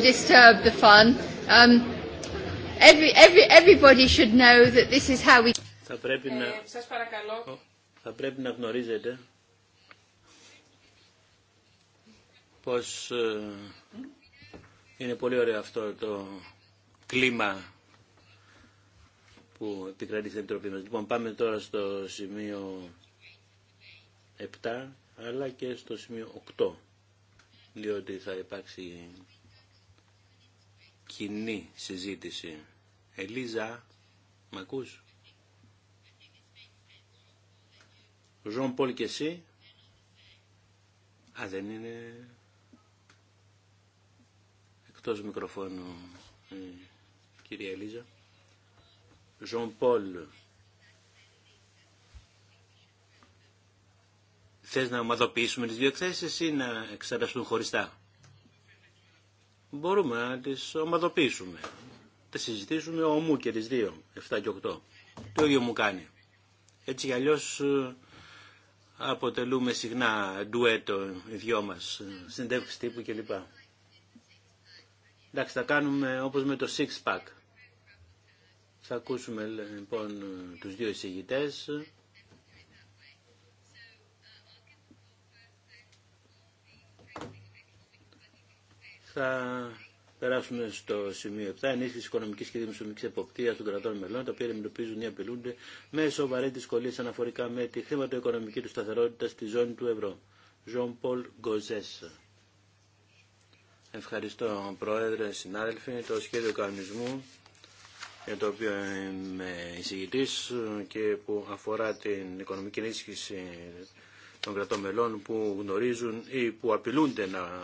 disturb the fun. Um, every, every, everybody should know that this is how we... Θα πρέπει να... Ε, σας παρακαλώ. Θα πρέπει να γνωρίζετε πως ε, είναι πολύ ωραίο αυτό το κλίμα που επικρατεί στην Επιτροπή μας. Λοιπόν, πάμε τώρα στο σημείο 7, αλλά και στο σημείο 8, διότι θα υπάρξει κοινή συζήτηση. Ελίζα, με ακούς? Ζων Πολ και εσύ. Α, δεν είναι εκτός μικροφώνου ε, κυρία Ελίζα. Ζων Πολ. Θες να ομαδοποιήσουμε τις δύο εκθέσεις ή να εξεταστούν χωριστά μπορούμε να τις ομαδοποιήσουμε. Τις συζητήσουμε ομού και τις δύο, 7 και 8. Το ίδιο μου κάνει. Έτσι κι αλλιώς ε, αποτελούμε συχνά ντουέτο οι δυο μας, ε, συντεύξεις τύπου κλπ. Εντάξει, θα κάνουμε όπως με το six pack. Θα ακούσουμε λοιπόν ε, τους δύο εισηγητές θα περάσουμε στο σημείο 7, ενίσχυση οικονομική και δημοσιονομική εποπτεία των κρατών μελών, τα οποία αντιμετωπίζουν ή απειλούνται με σοβαρέ δυσκολίε αναφορικά με τη χρηματοοικονομική του σταθερότητα στη ζώνη του ευρώ. Ζων Πολ Γκοζέ. Ευχαριστώ, Πρόεδρε, συνάδελφοι. Το σχέδιο κανονισμού για το οποίο είμαι εισηγητή και που αφορά την οικονομική ενίσχυση των κρατών μελών που γνωρίζουν ή που απειλούνται να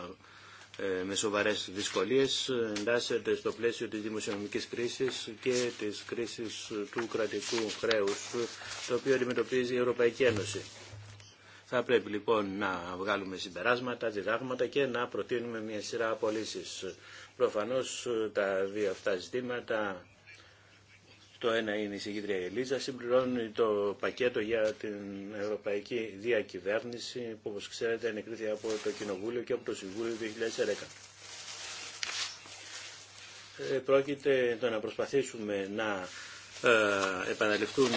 ε, με σοβαρές δυσκολίες ε, εντάσσεται στο πλαίσιο της δημοσιονομικής κρίσης και της κρίσης του κρατικού χρέους το οποίο αντιμετωπίζει η Ευρωπαϊκή Ένωση. Θα πρέπει λοιπόν να βγάλουμε συμπεράσματα, διδάγματα και να προτείνουμε μια σειρά απολύσεις. Προφανώς ε, τα δύο αυτά ζητήματα το ένα είναι η συγκίτρια Ελίζα, συμπληρώνει το πακέτο για την Ευρωπαϊκή Διακυβέρνηση που όπως ξέρετε ενεκρίθηκε από το Κοινοβούλιο και από το Συμβούλιο 2011. Ε, πρόκειται το να προσπαθήσουμε να ε, επαναληφθούν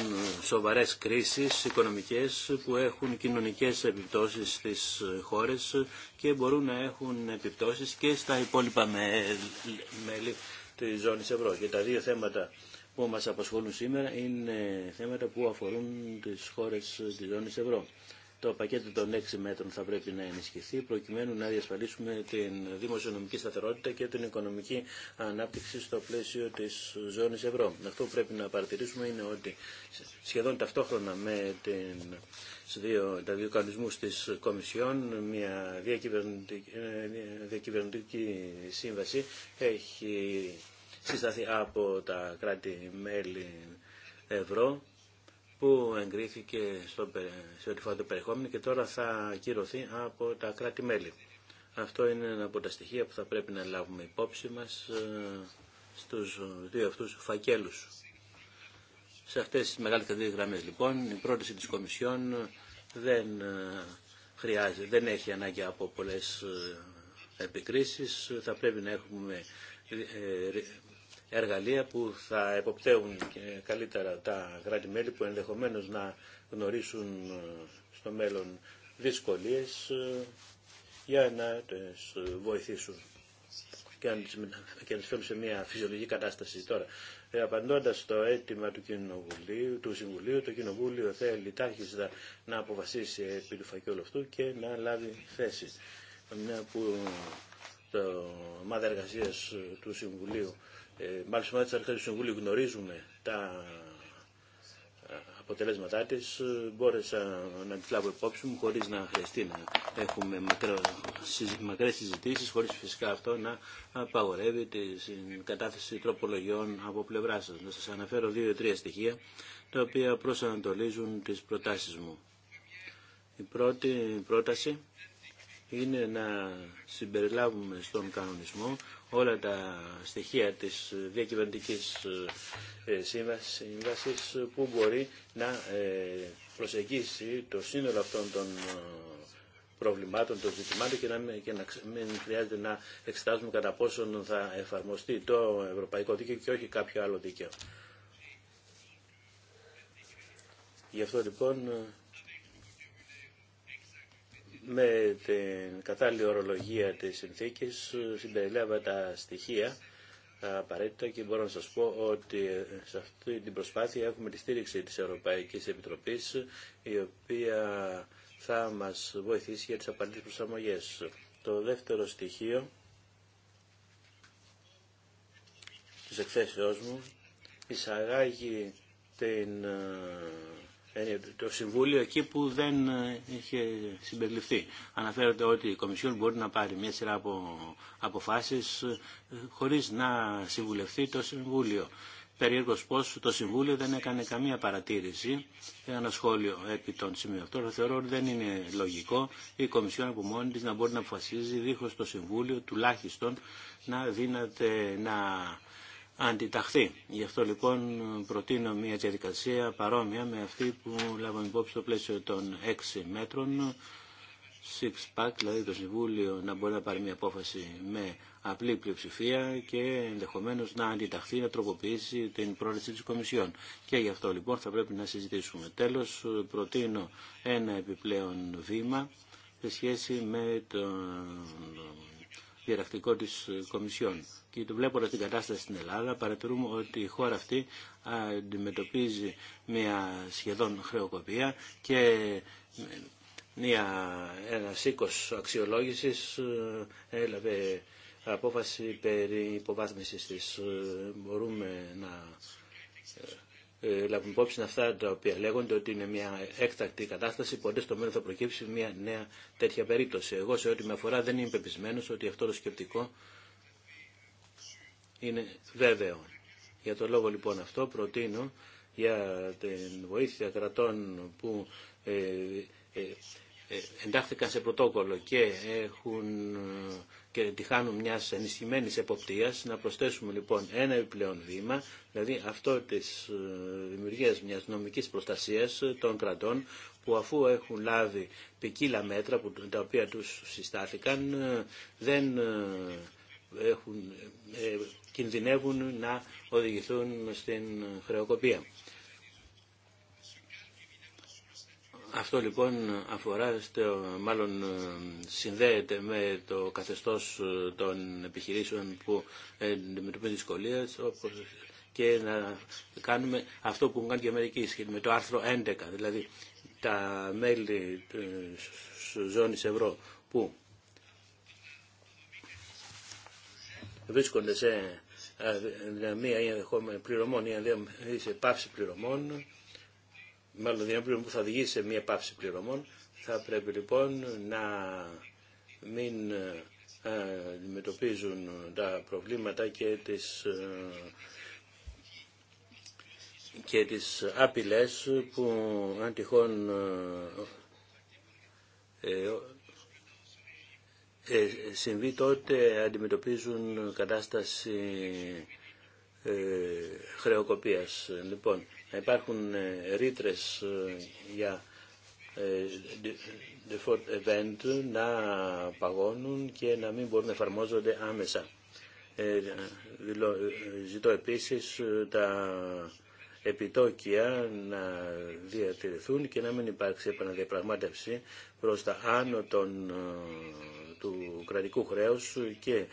σοβαρές κρίσεις οικονομικές που έχουν κοινωνικές επιπτώσεις στις χώρες και μπορούν να έχουν επιπτώσεις και στα υπόλοιπα μέλη της ζώνης ευρώ. Και τα δύο θέματα που μας απασχολούν σήμερα είναι θέματα που αφορούν τις χώρες της ζώνης ευρώ. Το πακέτο των έξι μέτρων θα πρέπει να ενισχυθεί προκειμένου να διασφαλίσουμε την δημοσιονομική σταθερότητα και την οικονομική ανάπτυξη στο πλαίσιο της ζώνης ευρώ. Αυτό που πρέπει να παρατηρήσουμε είναι ότι σχεδόν ταυτόχρονα με τα δύο κανονισμούς της Κομισιόν, μια διακυβερνητική, διακυβερνητική σύμβαση έχει συσταθεί από τα κράτη-μέλη ευρώ που εγκρίθηκε στο, σε ό,τι το και τώρα θα κυρωθεί από τα κράτη-μέλη. Αυτό είναι ένα από τα στοιχεία που θα πρέπει να λάβουμε υπόψη μας ε, στους δύο αυτούς φακέλους. Σε αυτές τις μεγάλες δύο γραμμές λοιπόν η πρόταση της Κομισιόν δεν ε, χρειάζεται, δεν έχει ανάγκη από πολλές ε, επικρίσεις. Θα πρέπει να έχουμε εργαλεία που θα εποπτεύουν καλύτερα τα κράτη-μέλη που ενδεχομένως να γνωρίσουν ε, στο μέλλον δυσκολίες ε, για να τις βοηθήσουν και να τις φέρουν σε μια φυσιολογική κατάσταση τώρα. Απαντώντα ε, απαντώντας στο αίτημα του, κοινοβουλίου, του Συμβουλίου, το Κοινοβούλιο θέλει τάχιστα να αποφασίσει επί του φακέλου αυτού και να λάβει θέση. Μια που το ομάδα εργασίας του Συμβουλίου ε, μάλιστα τις αρχές του Συμβούλου γνωρίζουμε τα αποτελέσματά της, ε, μπόρεσα να τις λάβω υπόψη μου χωρίς να χρειαστεί να έχουμε μακρές συζητήσεις, χωρίς φυσικά αυτό να απαγορεύει την κατάθεση τροπολογιών από πλευρά σα. Να σας αναφέρω δύο-τρία στοιχεία τα οποία προσανατολίζουν τις προτάσεις μου. Η πρώτη πρόταση είναι να συμπεριλάβουμε στον κανονισμό όλα τα στοιχεία της διακυβερνητικής ε, ε, σύμβασης που μπορεί να ε, προσεγγίσει το σύνολο αυτών των προβλημάτων, των ζητημάτων και να, μην, να χρειάζεται να εξετάσουμε κατά πόσον θα εφαρμοστεί το ευρωπαϊκό δίκαιο και όχι κάποιο άλλο δίκαιο. Γι' αυτό λοιπόν με την κατάλληλη ορολογία της συνθήκης συμπεριλάβα τα στοιχεία απαραίτητα και μπορώ να σας πω ότι σε αυτή την προσπάθεια έχουμε τη στήριξη της Ευρωπαϊκής Επιτροπής η οποία θα μας βοηθήσει για τις απαραίτητες προσαρμογές. Το δεύτερο στοιχείο της εκθέσεώς μου εισαγάγει την ε, ε, το Συμβούλιο εκεί που δεν ε, είχε συμπεριληφθεί. Αναφέρεται ότι η Κομισιόν μπορεί να πάρει μια σειρά από αποφάσεις ε, χωρίς να συμβουλευτεί το Συμβούλιο. Περίεργος πως το Συμβούλιο δεν έκανε καμία παρατήρηση, ένα σχόλιο επί των σημείων αυτών. Θεωρώ ότι δεν είναι λογικό η Κομισιόν από μόνη της να μπορεί να αποφασίζει δίχως το Συμβούλιο τουλάχιστον να δίνεται να αντιταχθεί. Γι' αυτό λοιπόν προτείνω μια διαδικασία παρόμοια με αυτή που λάβαμε υπόψη στο πλαίσιο των 6 μέτρων, six pack, δηλαδή το Συμβούλιο να μπορεί να πάρει μια απόφαση με απλή πλειοψηφία και ενδεχομένω να αντιταχθεί, να τροποποιήσει την πρόληψη τη Κομισιόν. Και γι' αυτό λοιπόν θα πρέπει να συζητήσουμε. Τέλο, προτείνω ένα επιπλέον βήμα σε σχέση με τον διδακτικό της ε, Κομισιόν. Και το βλέποντα την κατάσταση στην Ελλάδα παρατηρούμε ότι η χώρα αυτή αντιμετωπίζει μια σχεδόν χρεοκοπία και μια, ένας οίκος αξιολόγησης ε, έλαβε απόφαση περί υποβάθμισης της. Ε, μπορούμε να ε, λάβουμε υπόψη αυτά τα οποία λέγονται ότι είναι μια έκτακτη κατάσταση. Ποτέ στο μέλλον θα προκύψει μια νέα τέτοια περίπτωση. Εγώ σε ό,τι με αφορά δεν είμαι πεπισμένο ότι αυτό το σκεπτικό είναι βέβαιο. Για το λόγο λοιπόν αυτό προτείνω για την βοήθεια κρατών που ε, ε, ε, εντάχθηκαν σε πρωτόκολλο και έχουν ε, και τη χάνουν μιας να προσθέσουμε λοιπόν ένα επιπλέον βήμα, δηλαδή αυτό τη ε, δημιουργία μια νομική προστασίας των κρατών, που αφού έχουν λάβει ποικίλα μέτρα που, τα οποία του συστάθηκαν, δεν έχουν, κινδυνεύουν να οδηγηθούν στην χρεοκοπία. Αυτό λοιπόν αφορά, μάλλον ε, συνδέεται με το καθεστώς ε, των επιχειρήσεων που ε, αντιμετωπίζουν δυσκολίε όπως και να κάνουμε αυτό που κάνει και μερικοί με το άρθρο 11, δηλαδή τα μέλη της ζώνης ευρώ που βρίσκονται σε μία πληρωμών ή σε πάυση πληρωμών μάλλον που θα οδηγήσει σε μία πάυση πληρωμών, θα πρέπει λοιπόν να μην ε, αντιμετωπίζουν τα προβλήματα και τις ε, και τις άπειλες που αν τυχόν ε, ε, συμβεί τότε αντιμετωπίζουν κατάσταση ε, χρεοκοπίας. Λοιπόν, να υπάρχουν ε, ρήτρε ε, για ε, default event να παγώνουν και να μην μπορούν να εφαρμόζονται άμεσα. Ζητώ επίσης τα επιτόκια να διατηρηθούν και να μην υπάρξει επαναδιαπραγμάτευση προς τα άνω των, του κρατικού χρέους και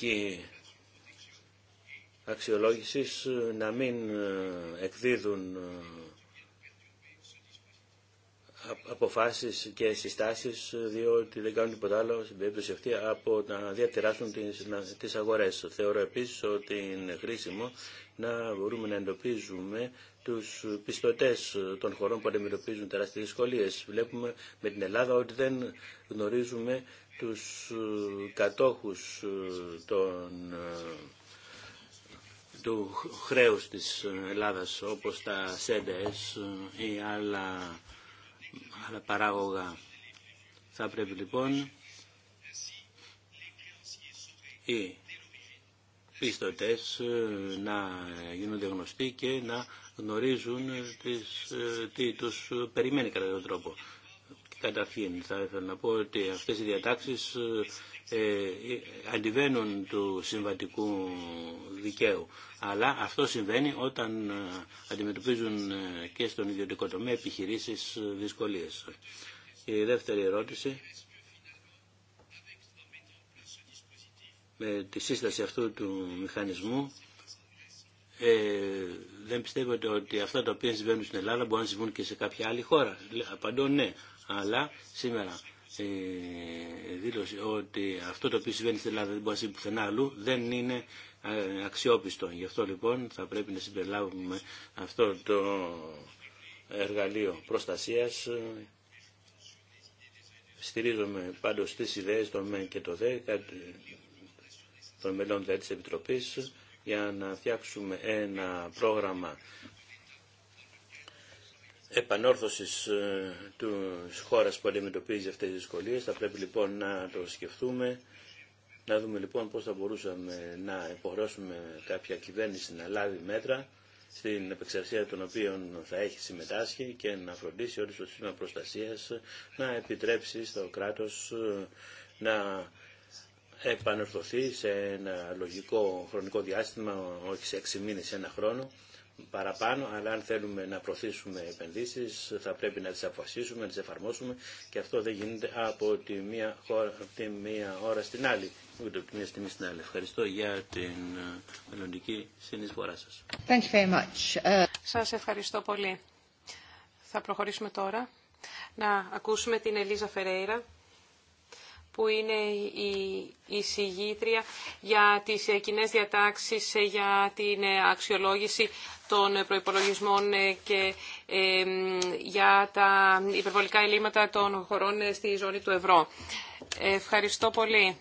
η αξιολόγησης ε, να μην ε, εκδίδουν ε, αποφάσεις και συστάσεις διότι δεν κάνουν τίποτα άλλο στην περίπτωση αυτή από να διατηράσουν τις, τις αγορές. Θεωρώ επίσης ότι είναι χρήσιμο να μπορούμε να εντοπίζουμε τους πιστωτές των χωρών που αντιμετωπίζουν τεράστιες δυσκολίες. Βλέπουμε με την Ελλάδα ότι δεν γνωρίζουμε τους κατόχους των του χρέους της Ελλάδας όπως τα ΣΕΝΤΕΣ ε, ή άλλα, άλλα παράγωγα. Θα πρέπει λοιπόν οι πιστωτές ε, να γίνονται γνωστοί και να γνωρίζουν ε, τι τους περιμένει κατά τον τρόπο. Καταρχήν θα ήθελα να πω ότι αυτές οι διατάξεις αντιβαίνουν του συμβατικού δικαίου αλλά αυτό συμβαίνει όταν ε, αντιμετωπίζουν ε, και στον ιδιωτικό τομέα επιχειρήσεις ε, δυσκολίες. Η δεύτερη ερώτηση με τη σύσταση αυτού του μηχανισμού δεν πιστεύετε ότι αυτά τα οποία συμβαίνουν στην Ελλάδα μπορούν να συμβούν και σε κάποια άλλη χώρα. Απαντώ ναι, αλλά σήμερα η δήλωση ότι αυτό το οποίο συμβαίνει στην Ελλάδα δεν μπορεί να συμβεί πουθενά αλλού δεν είναι ε, αξιόπιστο. Γι' αυτό λοιπόν θα πρέπει να συμπεριλάβουμε αυτό το εργαλείο προστασίας. Στηρίζομαι πάντως τις ιδέες των ΜΕΝ και το ΔΕ, των μελών της Επιτροπής, για να φτιάξουμε ένα πρόγραμμα επανόρθωσης ε, του χώρας που αντιμετωπίζει αυτές τις δυσκολίες. Θα πρέπει λοιπόν να το σκεφτούμε να δούμε λοιπόν πώς θα μπορούσαμε να υποχρεώσουμε κάποια κυβέρνηση να λάβει μέτρα στην επεξεργασία των οποίων θα έχει συμμετάσχει και να φροντίσει όλο το σύστημα προστασίας να επιτρέψει στο κράτος ε, να επανορθωθεί σε ένα λογικό χρονικό διάστημα, όχι σε έξι μήνες, σε ένα χρόνο παραπάνω, αλλά αν θέλουμε να προωθήσουμε επενδύσεις θα πρέπει να τις αποφασίσουμε, να τις εφαρμόσουμε και αυτό δεν γίνεται από τη μία, χώρα, από τη μία ώρα στην άλλη. Ευχαριστώ για την ε, μελλοντική συνεισφορά σας. Thank ε, Σας ευχαριστώ πολύ. Θα προχωρήσουμε τώρα να ακούσουμε την Ελίζα Φερέιρα που είναι η εισηγήτρια για τις ε, κοινέ διατάξεις για την αξιολόγηση των προϋπολογισμών και για τα υπερβολικά ελλείμματα των χωρών στη ζώνη του ευρώ. Ευχαριστώ πολύ.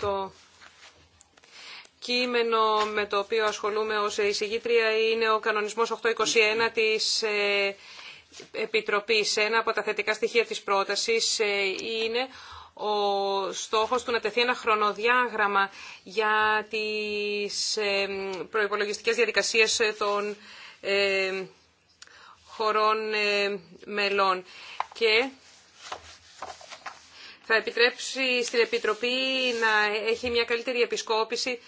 Το κείμενο με το οποίο ασχολούμαι ως εισηγήτρια είναι ο κανονισμός 821 της ε, Επιτροπής. Ένα από τα θετικά στοιχεία της πρότασης ε, είναι ο στόχος του να τεθεί ένα χρονοδιάγραμμα για τις ε, προϋπολογιστικές διαδικασίες των χωρών μελών. Και θα επιτρέψει στην Επιτροπή να έχει μια καλύτερη επισκόπηση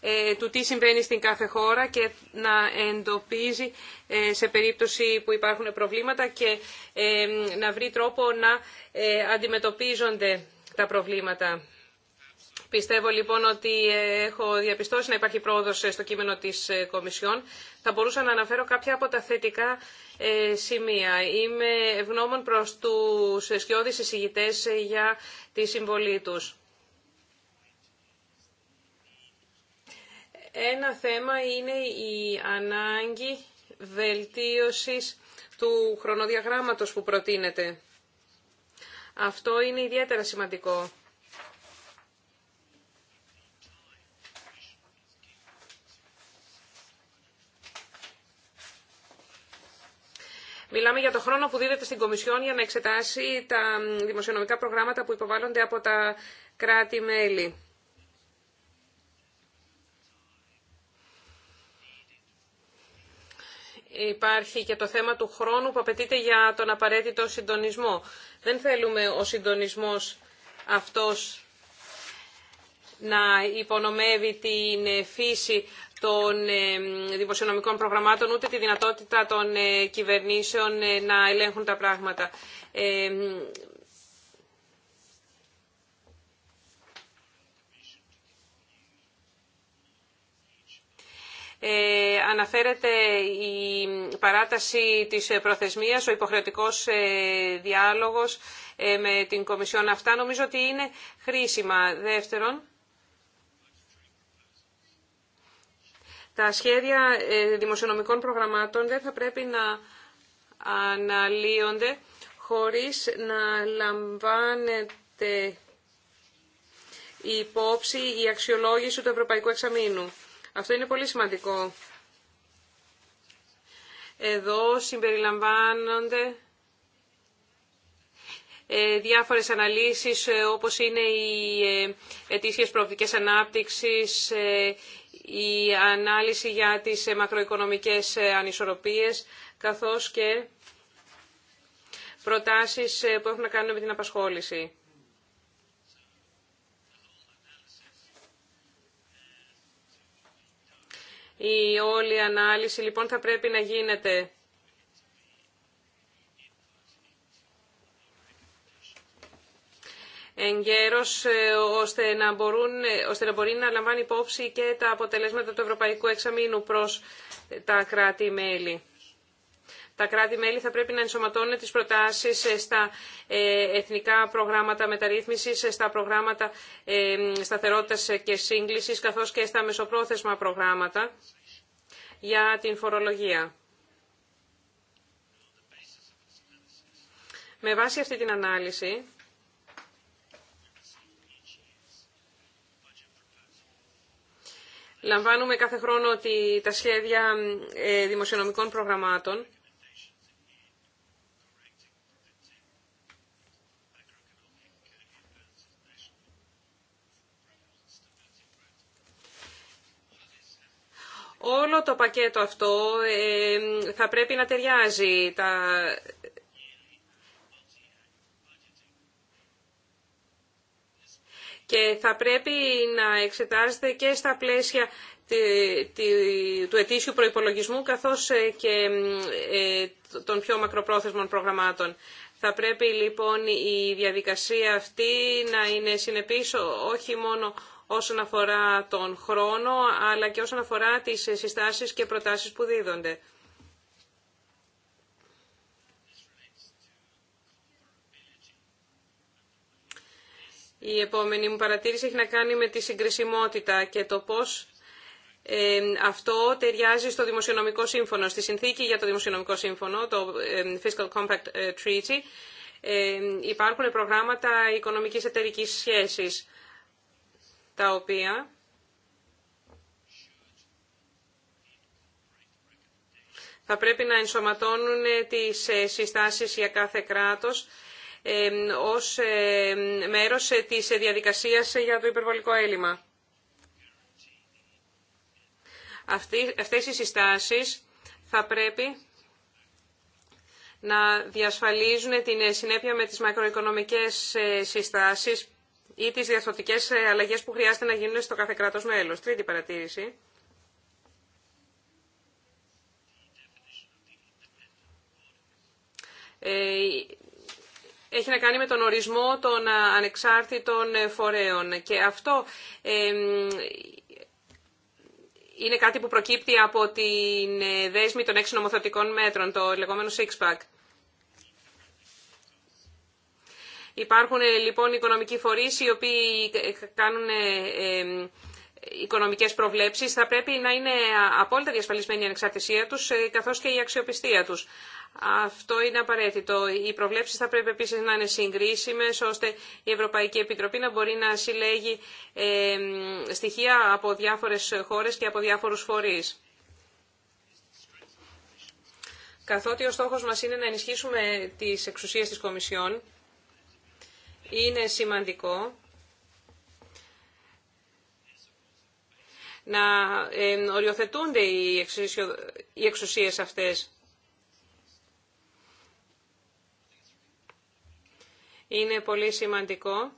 ε, του τι συμβαίνει στην κάθε χώρα και να εντοπίζει ε, σε περίπτωση που υπάρχουν προβλήματα και ε, να βρει τρόπο να αντιμετωπίζονται τα προβλήματα. Πιστεύω λοιπόν ότι ε, έχω διαπιστώσει να υπάρχει πρόοδος ε, στο κείμενο της ε, Κομισιόν. Θα μπορούσα να αναφέρω κάποια από τα θετικά σημεία. Είμαι ευγνώμων προς τους σκιώδεις εισηγητές για τη συμβολή τους. Ένα θέμα είναι η ανάγκη βελτίωσης του χρονοδιαγράμματος που προτείνεται. Αυτό είναι ιδιαίτερα σημαντικό. Μιλάμε για το χρόνο που δίδεται στην Κομισιόν για να εξετάσει τα δημοσιονομικά προγράμματα που υποβάλλονται από τα κράτη-μέλη. Υπάρχει και το θέμα του χρόνου που απαιτείται για τον απαραίτητο συντονισμό. Δεν θέλουμε ο συντονισμός αυτός να υπονομεύει την ε, φύση των ε, δημοσιονομικών προγραμμάτων, ούτε τη δυνατότητα των ε, κυβερνήσεων να ελέγχουν τα πράγματα. Ε, αναφέρεται η παράταση της προθεσμίας, ο υποχρεωτικός ε, διάλογος με την Κομισιόν. Αυτά νομίζω ότι είναι χρήσιμα. Δεύτερον, Τα σχέδια ε, δημοσιονομικών προγραμμάτων δεν θα πρέπει να αναλύονται χωρίς να λαμβάνεται η υπόψη η αξιολόγηση του Ευρωπαϊκού Εξαμήνου. Αυτό είναι πολύ σημαντικό. Εδώ συμπεριλαμβάνονται ε, διάφορες αναλύσεις ε, όπως είναι οι ετήσιες προοπτικές ανάπτυξης, η ανάλυση για τις ε, μακροοικονομικές ε, ανισορροπίες, καθώς και προτάσεις ε, που έχουν να κάνουν με την απασχόληση. Η όλη ανάλυση λοιπόν θα πρέπει να γίνεται εγκαίρως ε, ώστε να, μπορούν, ε, ώστε να μπορεί να λαμβάνει υπόψη και τα αποτελέσματα του Ευρωπαϊκού Εξαμήνου προς τα κράτη-μέλη. Τα κράτη-μέλη θα πρέπει να ενσωματώνουν τις προτάσεις ε, στα εθνικά προγράμματα μεταρρύθμισης, στα προγράμματα σταθερότητας και σύγκλησης, καθώς και στα μεσοπρόθεσμα προγράμματα για την φορολογία. Με βάση αυτή την ανάλυση, Λαμβάνουμε κάθε χρόνο ότι τα σχέδια ε, δημοσιονομικών προγραμμάτων Όλο το πακέτο αυτό ε, θα πρέπει να ταιριάζει. Τα και θα πρέπει να εξετάζεται και στα πλαίσια του ετήσιου προϋπολογισμού καθώς ε, και ε, των πιο μακροπρόθεσμων προγραμμάτων. Θα πρέπει λοιπόν η διαδικασία αυτή να είναι συνεπής όχι μόνο όσον αφορά τον χρόνο αλλά και όσον αφορά τις συστάσεις και προτάσεις που δίδονται. Η επόμενη μου παρατήρηση έχει να κάνει με τη συγκρισιμότητα και το πώς ε, αυτό ταιριάζει στο Δημοσιονομικό Σύμφωνο. Στη συνθήκη για το Δημοσιονομικό Σύμφωνο, το ε, Fiscal Compact ε, Treaty, υπάρχουν προγράμματα οικονομικής εταιρικής σχέσης, τα οποία θα πρέπει να ενσωματώνουν τις συστάσεις για κάθε κράτος ως μέρος της διαδικασίας για το υπερβολικό έλλειμμα. Αυτές οι συστάσεις θα πρέπει να διασφαλίζουν την συνέπεια με τις μακροοικονομικές ε, συστάσεις ή τις διαθωτικές ε, αλλαγές που χρειάζεται να γίνουν στο κάθε κράτος μέλος. Τρίτη παρατήρηση. Ε, έχει να κάνει με τον ορισμό των ανεξάρτητων ε, φορέων. Και αυτό είναι κάτι που προκύπτει από την ε, δέσμη των έξι νομοθετικών μέτρων, το λεγόμενο six-pack. Υπάρχουν ε, λοιπόν οικονομικοί φορείς οι οποίοι κάνουν οικονομικές προβλέψεις. Θα πρέπει να είναι απόλυτα διασφαλισμένη η ανεξαρτησία τους καθώς και η αξιοπιστία τους. Αυτό είναι απαραίτητο. Οι προβλέψεις θα πρέπει επίσης να είναι συγκρίσιμες, ώστε η Ευρωπαϊκή Επιτροπή να μπορεί να συλλέγει στοιχεία από διάφορες χώρες και από διάφορους φορείς. Καθότι ο στόχος μας είναι να ενισχύσουμε τις εξουσίες της Κομισιόν, είναι σημαντικό να οριοθετούνται οι εξουσίες αυτές. Είναι πολύ σημαντικό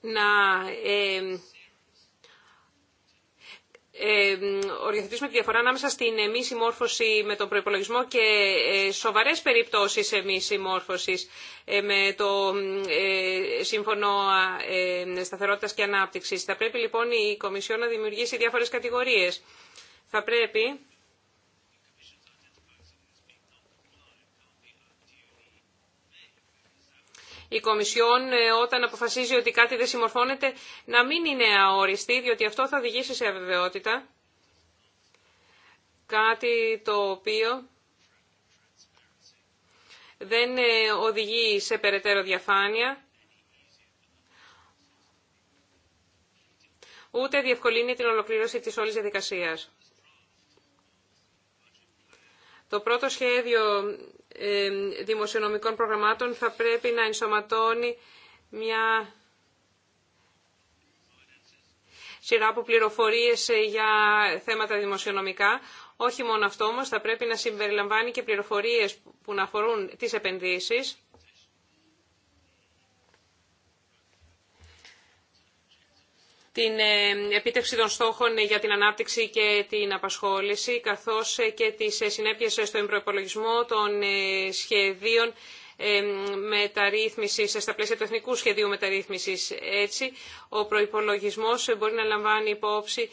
να ε, ε, οριοθετήσουμε τη διαφορά ανάμεσα στην ε, μη συμμόρφωση με τον προϋπολογισμό και ε, σοβαρές περιπτώσεις ε, μη συμμόρφωσης με το Σύμφωνο Σταθερότητας και Ανάπτυξης. Θα πρέπει λοιπόν η Κομισιό να δημιουργήσει διάφορες κατηγορίες. Θα πρέπει η Κομισιόν ε, όταν αποφασίζει ότι κάτι δεν συμμορφώνεται να μην είναι αόριστη, διότι αυτό θα οδηγήσει σε αβεβαιότητα. Κάτι το οποίο δεν ε, οδηγεί σε περαιτέρω διαφάνεια, ούτε διευκολύνει την ολοκλήρωση της όλης διαδικασίας. Το πρώτο σχέδιο δημοσιονομικών προγραμμάτων θα πρέπει να ενσωματώνει μια σειρά από πληροφορίες ε, για θέματα δημοσιονομικά. Όχι μόνο αυτό όμως, θα πρέπει να συμπεριλαμβάνει και πληροφορίες που να αφορούν τις επενδύσεις την ε, επίτευξη των στόχων για την ανάπτυξη και την απασχόληση, καθώς ε, και τις ε, συνέπειες στον προπολογισμό των σχεδίων μεταρρύθμισης, στα πλαίσια του Εθνικού Σχεδίου Μεταρρύθμισης. Έτσι, ο προϋπολογισμός μπορεί να λαμβάνει υπόψη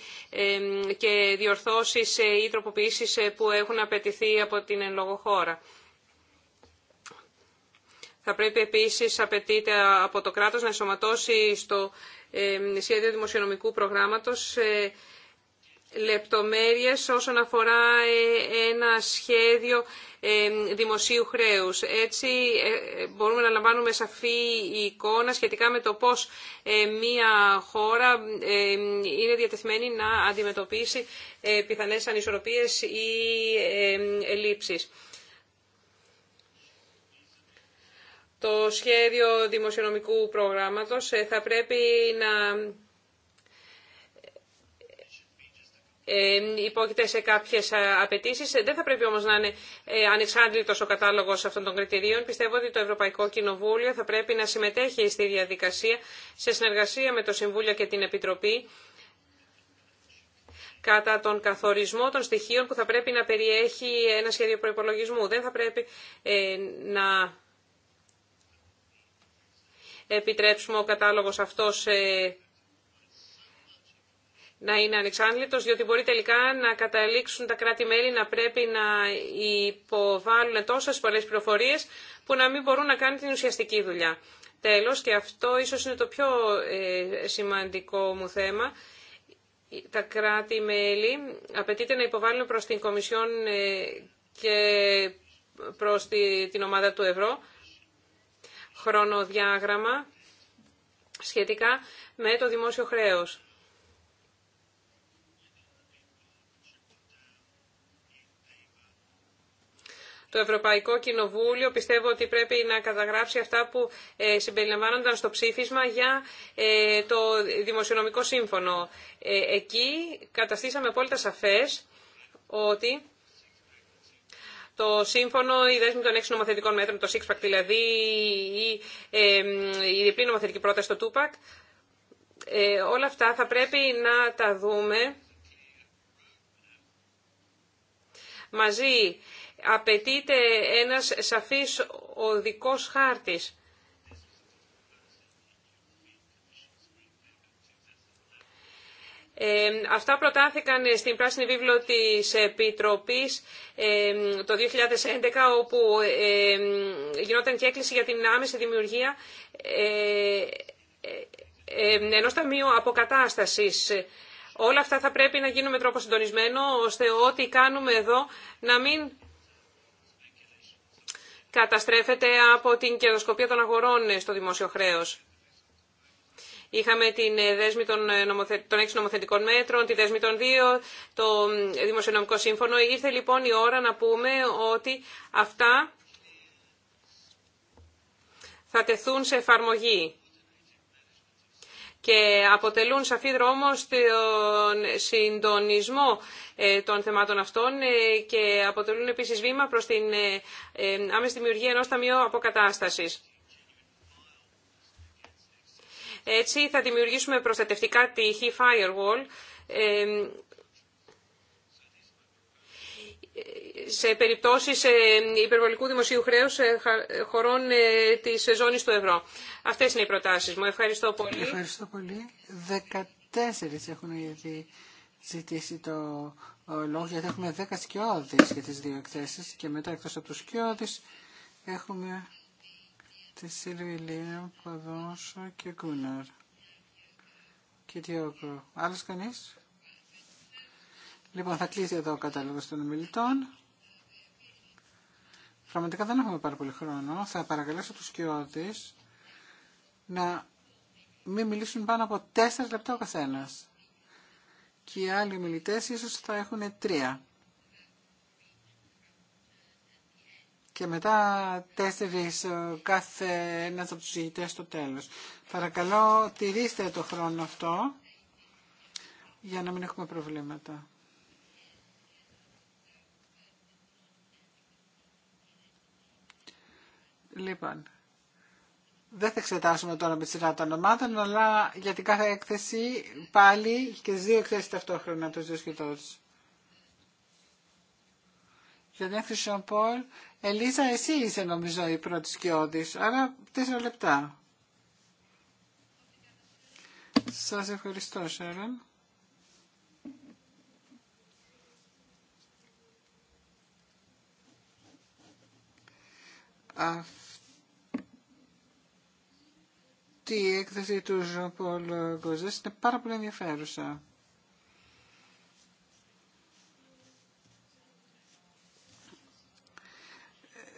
και διορθώσεις ή τροποποιήσεις που έχουν απαιτηθεί από την εν λόγω χώρα. Θα πρέπει επίσης απαιτείται από το κράτος να ενσωματώσει στο ε, σχέδιο δημοσιονομικού προγράμματος ε, λεπτομέρειες όσον αφορά ε, ένα σχέδιο δημοσίου χρέους. Έτσι μπορούμε να λαμβάνουμε σαφή εικόνα σχετικά με το πώς μία χώρα είναι διατεθειμένη να αντιμετωπίσει πιθανές ανισορροπίες ή ελλείψεις. το σχέδιο δημοσιονομικού προγράμματος ε, θα πρέπει να ε, υπόκειται σε κάποιες απαιτήσεις. Ε, δεν θα πρέπει όμως να είναι ανεξάντλητος ο κατάλογος αυτών των κριτηρίων. Πιστεύω ότι το Ευρωπαϊκό Κοινοβούλιο θα πρέπει να συμμετέχει στη διαδικασία σε συνεργασία με το Συμβούλιο και την Επιτροπή κατά τον καθορισμό των στοιχείων που θα πρέπει να περιέχει ένα σχέδιο προϋπολογισμού. Δεν θα πρέπει να επιτρέψουμε ο κατάλογος αυτός ε, να είναι ανεξάντλητος, διότι μπορεί τελικά να καταλήξουν τα κράτη-μέλη να πρέπει να υποβάλουν τόσες πολλές πληροφορίες που να μην μπορούν να κάνουν την ουσιαστική δουλειά. Τέλος, και αυτό ίσως είναι το πιο ε, σημαντικό μου θέμα, τα κράτη-μέλη απαιτείται να υποβάλουν προς την Κομισιόν ε, και προς την ομάδα του Ευρώ χρονοδιάγραμμα σχετικά με το δημόσιο χρέος. Το Ευρωπαϊκό Κοινοβούλιο πιστεύω ότι πρέπει να καταγράψει αυτά που ε, συμπεριλαμβάνονταν στο ψήφισμα για ε, το Δημοσιονομικό Σύμφωνο. Ε, εκεί καταστήσαμε απόλυτα σαφές ότι το σύμφωνο, η δέσμη των έξι νομοθετικών μέτρων, το ΣΥΚΣΠΑΚ δηλαδή, η, η διπλή νομοθετική πρόταση, το ΤΟΥΠΑΚ. Ε, όλα αυτά θα πρέπει να τα δούμε μαζί. Απαιτείται ένας σαφής οδικός χάρτης. αυτά προτάθηκαν στην Πράσινη Βίβλο της Επιτροπής το 2011, όπου γινόταν και έκκληση για την άμεση δημιουργία ε, ε, ενός ταμείου αποκατάστασης. Όλα αυτά θα πρέπει να γίνουν με τρόπο συντονισμένο, ώστε ό,τι κάνουμε εδώ να μην καταστρέφεται από την κερδοσκοπία των αγορών στο δημόσιο χρέος. Είχαμε την ε, δέσμη των, ε, των έξι νομοθετικών μέτρων, τη δέσμη των δύο, το δημοσιονομικό σύμφωνο. Ήρθε λοιπόν η ώρα να πούμε ότι αυτά θα τεθούν σε εφαρμογή και αποτελούν σαφή δρόμο στον συντονισμό ε, των θεμάτων αυτών και αποτελούν επίσης βήμα προς την άμεση δημιουργία ενός ταμείου αποκατάστασης. Έτσι θα δημιουργήσουμε προστατευτικά τυχή firewall, σε περιπτώσεις ε, υπερβολικού δημοσίου χρέους ε, χωρών ε, της ζώνης του ευρώ. Αυτές είναι οι προτάσεις μου. Ευχαριστώ πολύ. Ευχαριστώ πολύ. 14 έχουν ήδη ζητήσει το λόγο, γιατί έχουμε δέκα σκιώδεις για τις δύο εκθέσεις και μετά εκτός από τους σκιώδεις έχουμε τη Σίλβη Λία, και Κούναρ. Και Τιόκο. Άλλος κανείς? Λοιπόν, θα κλείσει εδώ ο κατάλογος των ομιλητών. Πραγματικά δεν έχουμε πάρα πολύ χρόνο. Θα παρακαλέσω τους κοιότης να μην μιλήσουν πάνω από τέσσερα λεπτά ο καθένας. Και οι άλλοι ομιλητές ίσως θα έχουν τρία. και μετά τέσσερις ε, κάθε ένας από τους ηγητές στο τέλος. Παρακαλώ τηρήστε το χρόνο αυτό για να μην έχουμε προβλήματα. Λοιπόν, δεν θα εξετάσουμε τώρα με τη σειρά των ομάδων, αλλά για την κάθε έκθεση πάλι και δύο εκθέσεις ταυτόχρονα του τους δύο σχεδόν. Για την έκθεση Πολ Ελίζα, εσύ είσαι νομίζω η πρώτη σκιώδης, άρα τέσσερα λεπτά. Σας ευχαριστώ, Σέραν. Αυτή η έκθεση του Ζωοπόλ Γκοζές είναι πάρα πολύ ενδιαφέρουσα.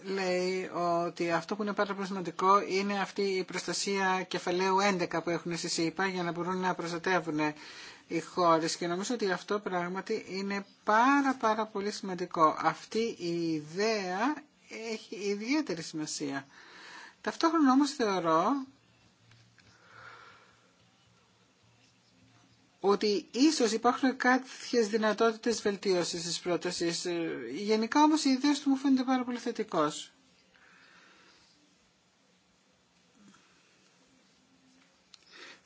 λέει ότι αυτό που είναι πάρα πολύ σημαντικό είναι αυτή η προστασία κεφαλαίου 11 που έχουν στη ΣΥΠΑ για να μπορούν να προστατεύουν οι χώρες και νομίζω ότι αυτό πράγματι είναι πάρα πάρα πολύ σημαντικό. Αυτή η ιδέα έχει ιδιαίτερη σημασία. Ταυτόχρονα όμως θεωρώ ότι ίσως υπάρχουν κάποιες δυνατότητες βελτίωσης της πρότασης. Ε, γενικά όμως η ιδέα του μου φαίνεται πάρα πολύ θετικός.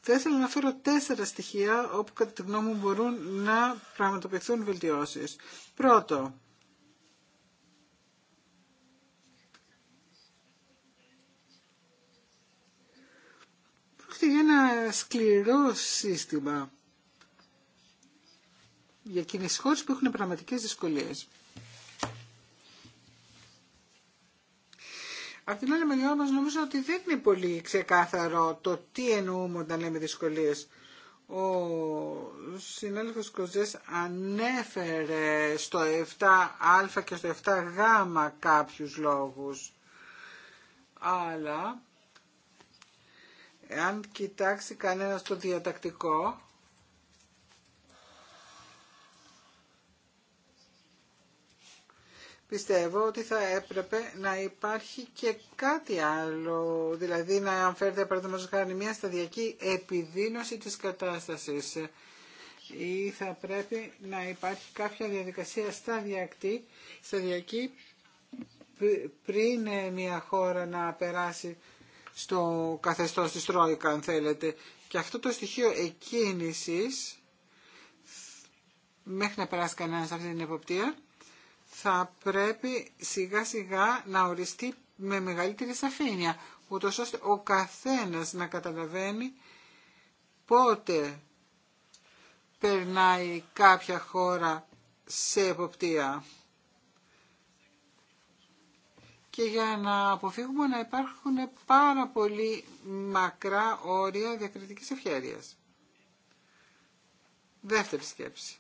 Θα ήθελα να φέρω τέσσερα στοιχεία όπου κατά τη γνώμη μου μπορούν να πραγματοποιηθούν βελτιώσεις. Πρώτο, πρόκειται για ένα σκληρό σύστημα για εκείνες τις χώρες που έχουν πραγματικές δυσκολίες. Απ' την άλλη μεριά όμως νομίζω ότι δεν είναι πολύ ξεκάθαρο το τι εννοούμε όταν λέμε δυσκολίες. Ο συνάδελφος Κοζές ανέφερε στο 7α και στο 7γ κάποιους λόγους. Αλλά, εάν κοιτάξει κανένα το διατακτικό, πιστεύω ότι θα έπρεπε να υπάρχει και κάτι άλλο, δηλαδή να φέρτε, παραδείγματος χάρη μια σταδιακή επιδείνωση της κατάστασης ή θα πρέπει να υπάρχει κάποια διαδικασία σταδιακή, σταδιακή πριν ε, μια χώρα να περάσει στο καθεστώς της Τρόικα αν θέλετε και αυτό το στοιχείο εκκίνησης μέχρι να περάσει κανένα αυτή την εποπτεία θα πρέπει σιγά σιγά να οριστεί με μεγαλύτερη σαφήνεια, ούτως ώστε ο καθένας να καταλαβαίνει πότε περνάει κάποια χώρα σε εποπτεία. Και για να αποφύγουμε να υπάρχουν πάρα πολύ μακρά όρια διακριτικής ευχέρειας. Δεύτερη σκέψη.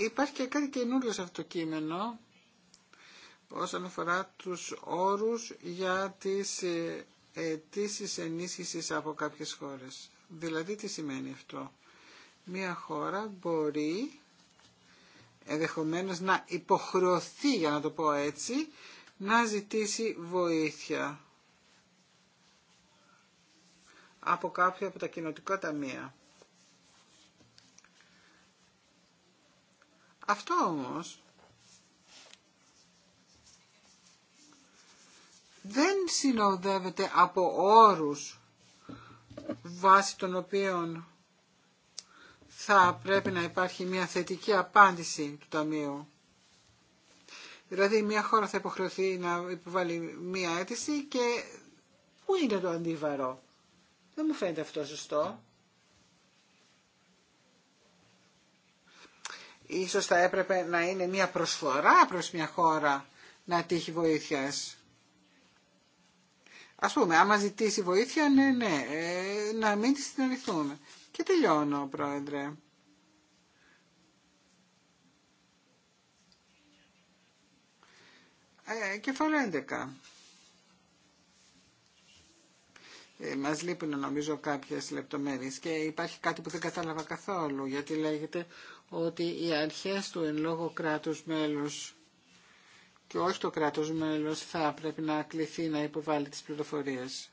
Υπάρχει και κάτι καινούριο σε αυτό το κείμενο όσον αφορά τους όρους για τις ε, αιτήσει ενίσχυσης από κάποιες χώρες. Δηλαδή τι σημαίνει αυτό. Μία χώρα μπορεί ενδεχομένω να υποχρεωθεί, για να το πω έτσι, να ζητήσει βοήθεια από κάποια από τα κοινοτικά ταμεία. Αυτό όμως δεν συνοδεύεται από όρους βάσει των οποίων θα πρέπει να υπάρχει μια θετική απάντηση του Ταμείου. Δηλαδή μια χώρα θα υποχρεωθεί να υποβάλει μια αίτηση και πού είναι το αντίβαρο. Δεν μου φαίνεται αυτό σωστό. Ίσως θα έπρεπε να είναι μια προσφορά προς μια χώρα να τύχει βοήθειας. Ας πούμε, άμα ζητήσει βοήθεια, ναι, ναι, ε, να μην τη συνεννηθούμε. Και τελειώνω, πρόεδρε. Ε, κεφάλαιο 11. Ε, μας λείπουν νομίζω κάποιες λεπτομέρειες και υπάρχει κάτι που δεν κατάλαβα καθόλου γιατί λέγεται ότι οι αρχές του εν λόγω κράτους μέλους και όχι το κράτος μέλος θα πρέπει να κληθεί να υποβάλει τις πληροφορίες.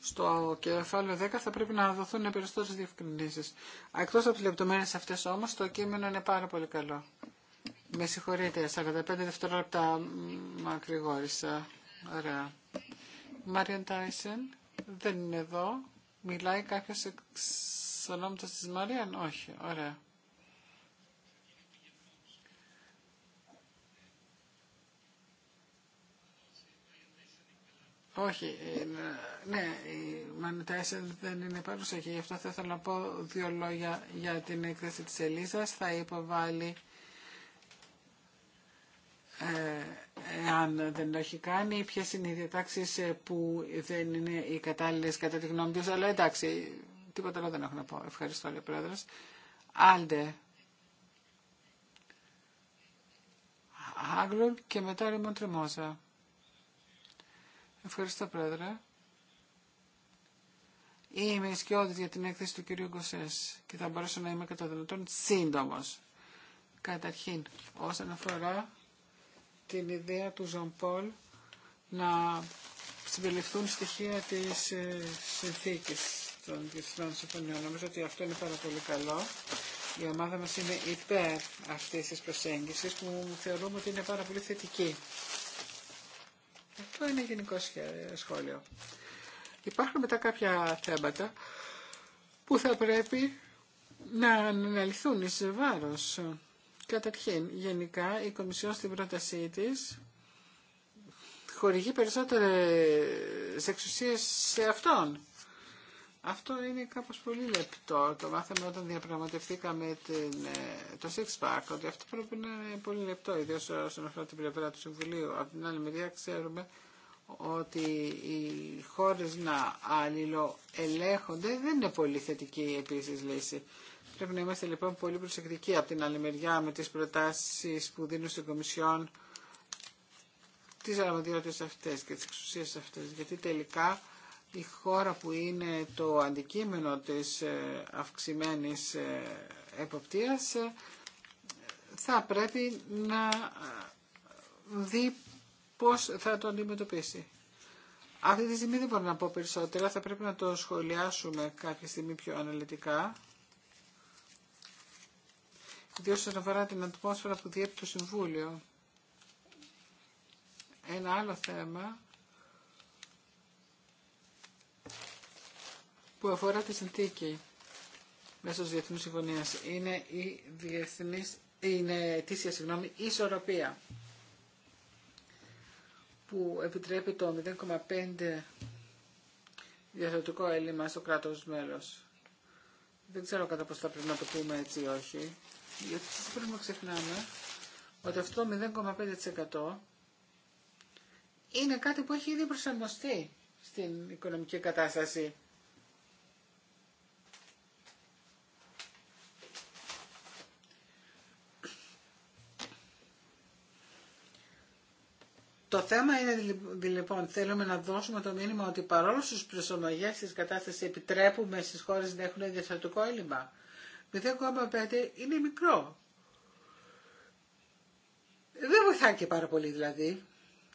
Στο κεφάλαιο 10 θα πρέπει να δοθούν περισσότερες διευκρινήσεις. Εκτός από τις λεπτομέρειες αυτές όμως το κείμενο είναι πάρα πολύ καλό. Με συγχωρείτε, 45 δευτερόλεπτα μακρηγόρησα. Ωραία. Μάριον Τάισεν. Δεν είναι εδώ. Μιλάει κάποιος εξ ονόματος της Μαρίαν. Όχι. Ωραία. Όχι, ε, ναι, η Μανιτά δεν είναι παρούσα γι' αυτό θα ήθελα να πω δύο λόγια για την έκθεση της Ελίζας. Θα υποβάλει ε, αν δεν το έχει κάνει, ποιε είναι οι διατάξει ε, που δεν είναι οι κατάλληλε κατά τη γνώμη του. Αλλά εντάξει, τίποτα άλλο δεν έχω να πω. Ευχαριστώ, λέει πρόεδρος. Άλντε. Άγγλων και μετά Ρήμον Τρεμόζα. Ευχαριστώ, πρόεδρε. Είμαι ισχυώδης για την έκθεση του κυρίου Γκοσέ και θα μπορέσω να είμαι κατά δυνατόν σύντομο. Καταρχήν, όσον αφορά την ιδέα του Ζαν Πολ να συμπεριληφθούν στοιχεία της ε, συνθήκης των διεθνών συμφωνιών. Νομίζω ότι αυτό είναι πάρα πολύ καλό. Η ομάδα μας είναι υπέρ αυτή τη προσέγγιση που θεωρούμε ότι είναι πάρα πολύ θετική. Αυτό είναι γενικό σχόλιο. Υπάρχουν μετά κάποια θέματα που θα πρέπει να αναλυθούν εις βάρος Καταρχήν, γενικά η Κομισιόν στην πρότασή της χορηγεί περισσότερες εξουσίες σε αυτόν. Αυτό είναι κάπως πολύ λεπτό. Το μάθαμε όταν διαπραγματευτήκαμε ε, το Six Pack, ότι αυτό πρέπει να είναι πολύ λεπτό, ιδίω όσον αφορά την πλευρά του Συμβουλίου. Από την άλλη μεριά ξέρουμε ότι οι χώρες να αλληλοελέγχονται δεν είναι πολύ θετική επίσης λύση. Πρέπει να είμαστε λοιπόν πολύ προσεκτικοί από την άλλη μεριά με τις προτάσεις που δίνουν στην Κομισιόν τις αρμοδιότητες αυτές και τις εξουσίες αυτές. Γιατί τελικά η χώρα που είναι το αντικείμενο της ε, αυξημένης ε, εποπτείας ε, θα πρέπει να δει πώς θα το αντιμετωπίσει. Αυτή τη στιγμή δεν μπορώ να πω περισσότερα, θα πρέπει να το σχολιάσουμε κάποια στιγμή πιο αναλυτικά ιδίως όσον αφορά την ατμόσφαιρα που διέπει το Συμβούλιο. Ένα άλλο θέμα που αφορά τη συνθήκη μέσω της Διεθνούς Συμφωνίας είναι η διεθνής, είναι αιτήσια, συγγνώμη, ισορροπία που επιτρέπει το 0,5 διαθετικό έλλειμμα στο κράτος μέλος. Δεν ξέρω κατά πώς θα πρέπει να το πούμε έτσι ή όχι γιατί δεν πρέπει να ξεχνάμε ότι αυτό 0,5% είναι κάτι που έχει ήδη προσαρμοστεί στην οικονομική κατάσταση. Το θέμα είναι λοιπόν, θέλουμε να δώσουμε το μήνυμα ότι παρόλο στους προσωμαγές της κατάστασης επιτρέπουμε στις χώρες να έχουν διαστατικό έλλειμμα. 0,5 είναι μικρό. Δεν βοηθάει και πάρα πολύ δηλαδή.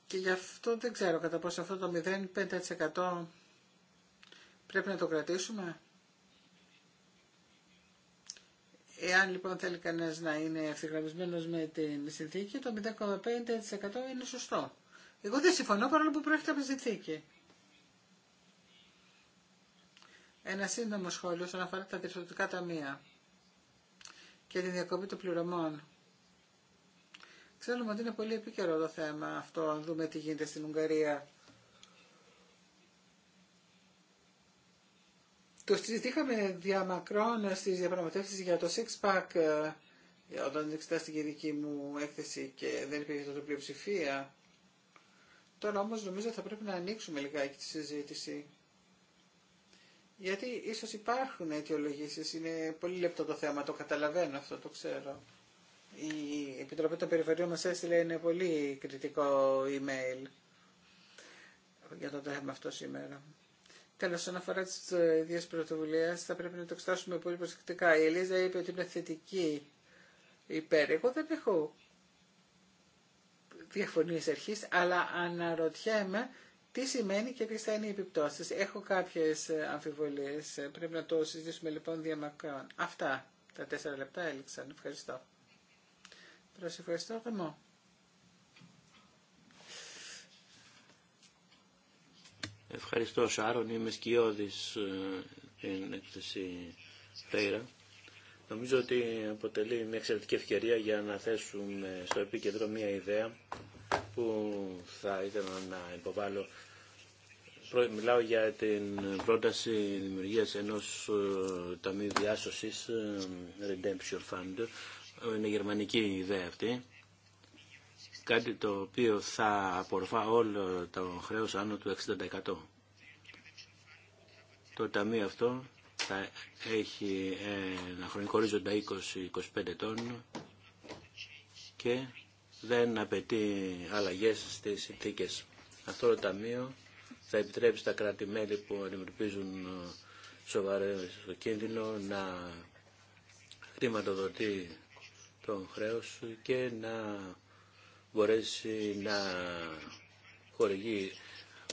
Και γι' αυτό δεν ξέρω κατά πόσο αυτό το 0,5% πρέπει να το κρατήσουμε. Εάν λοιπόν θέλει κανένας να είναι ευθυγραμμισμένος με την συνθήκη, το 0,5% είναι σωστό. Εγώ δεν συμφωνώ παρόλο που πρόκειται από τη συνθήκη. Ένα σύντομο σχόλιο όσον αφορά τα διευθυντικά ταμεία και την διακοπή των πληρωμών. Ξέρουμε ότι είναι πολύ επίκαιρο το θέμα αυτό, αν δούμε τι γίνεται στην Ουγγαρία. Το συζητήκαμε διαμακρών στις διαπραγματεύσεις για το Six Pack ε, όταν εξετάστηκε η δική μου έκθεση και δεν υπήρχε τότε πλειοψηφία. Τώρα όμως νομίζω θα πρέπει να ανοίξουμε λιγάκι τη συζήτηση. Γιατί ίσω υπάρχουν αιτιολογήσεις, είναι πολύ λεπτό το θέμα, το καταλαβαίνω αυτό, το ξέρω. Η Επιτροπή των Περιφερειών μας έστειλε ένα πολύ κριτικό email για το θέμα αυτό σήμερα. Τέλο, όσον αφορά τι δύο πρωτοβουλίε, θα πρέπει να το εξετάσουμε πολύ προσεκτικά. Η Ελίζα είπε ότι είναι θετική υπέρ. Εγώ δεν έχω διαφωνίε αρχή, αλλά αναρωτιέμαι τι σημαίνει και ποιες θα είναι οι επιπτώσεις. Έχω κάποιες ε, αμφιβολίες. Ε, πρέπει να το συζητήσουμε λοιπόν διαμακρον Αυτά τα τέσσερα λεπτά έληξαν. Ευχαριστώ. Προς ευχαριστώ Ευχαριστώ Σάρων. Είμαι σκιώδης ε, στην έκθεση Φέιρα. Νομίζω ότι αποτελεί μια εξαιρετική ευκαιρία για να θέσουμε στο επίκεντρο μια ιδέα που θα ήθελα να υποβάλω. Μιλάω για την πρόταση δημιουργίας ενός ε, ταμείου διάσωσης, ε, Redemption Fund. Είναι γερμανική ιδέα αυτή. Κάτι το οποίο θα απορροφά όλο το χρέος άνω του 60%. Το ταμείο αυτό θα έχει ε, ένα χρονικό ορίζοντα 20-25 ετών και δεν απαιτεί αλλαγές στι συνθήκε. Αυτό το Ταμείο θα επιτρέψει τα κράτη-μέλη που αντιμετωπίζουν ε, σοβαρό κίνδυνο να χρηματοδοτεί το χρέος και να μπορέσει να χορηγεί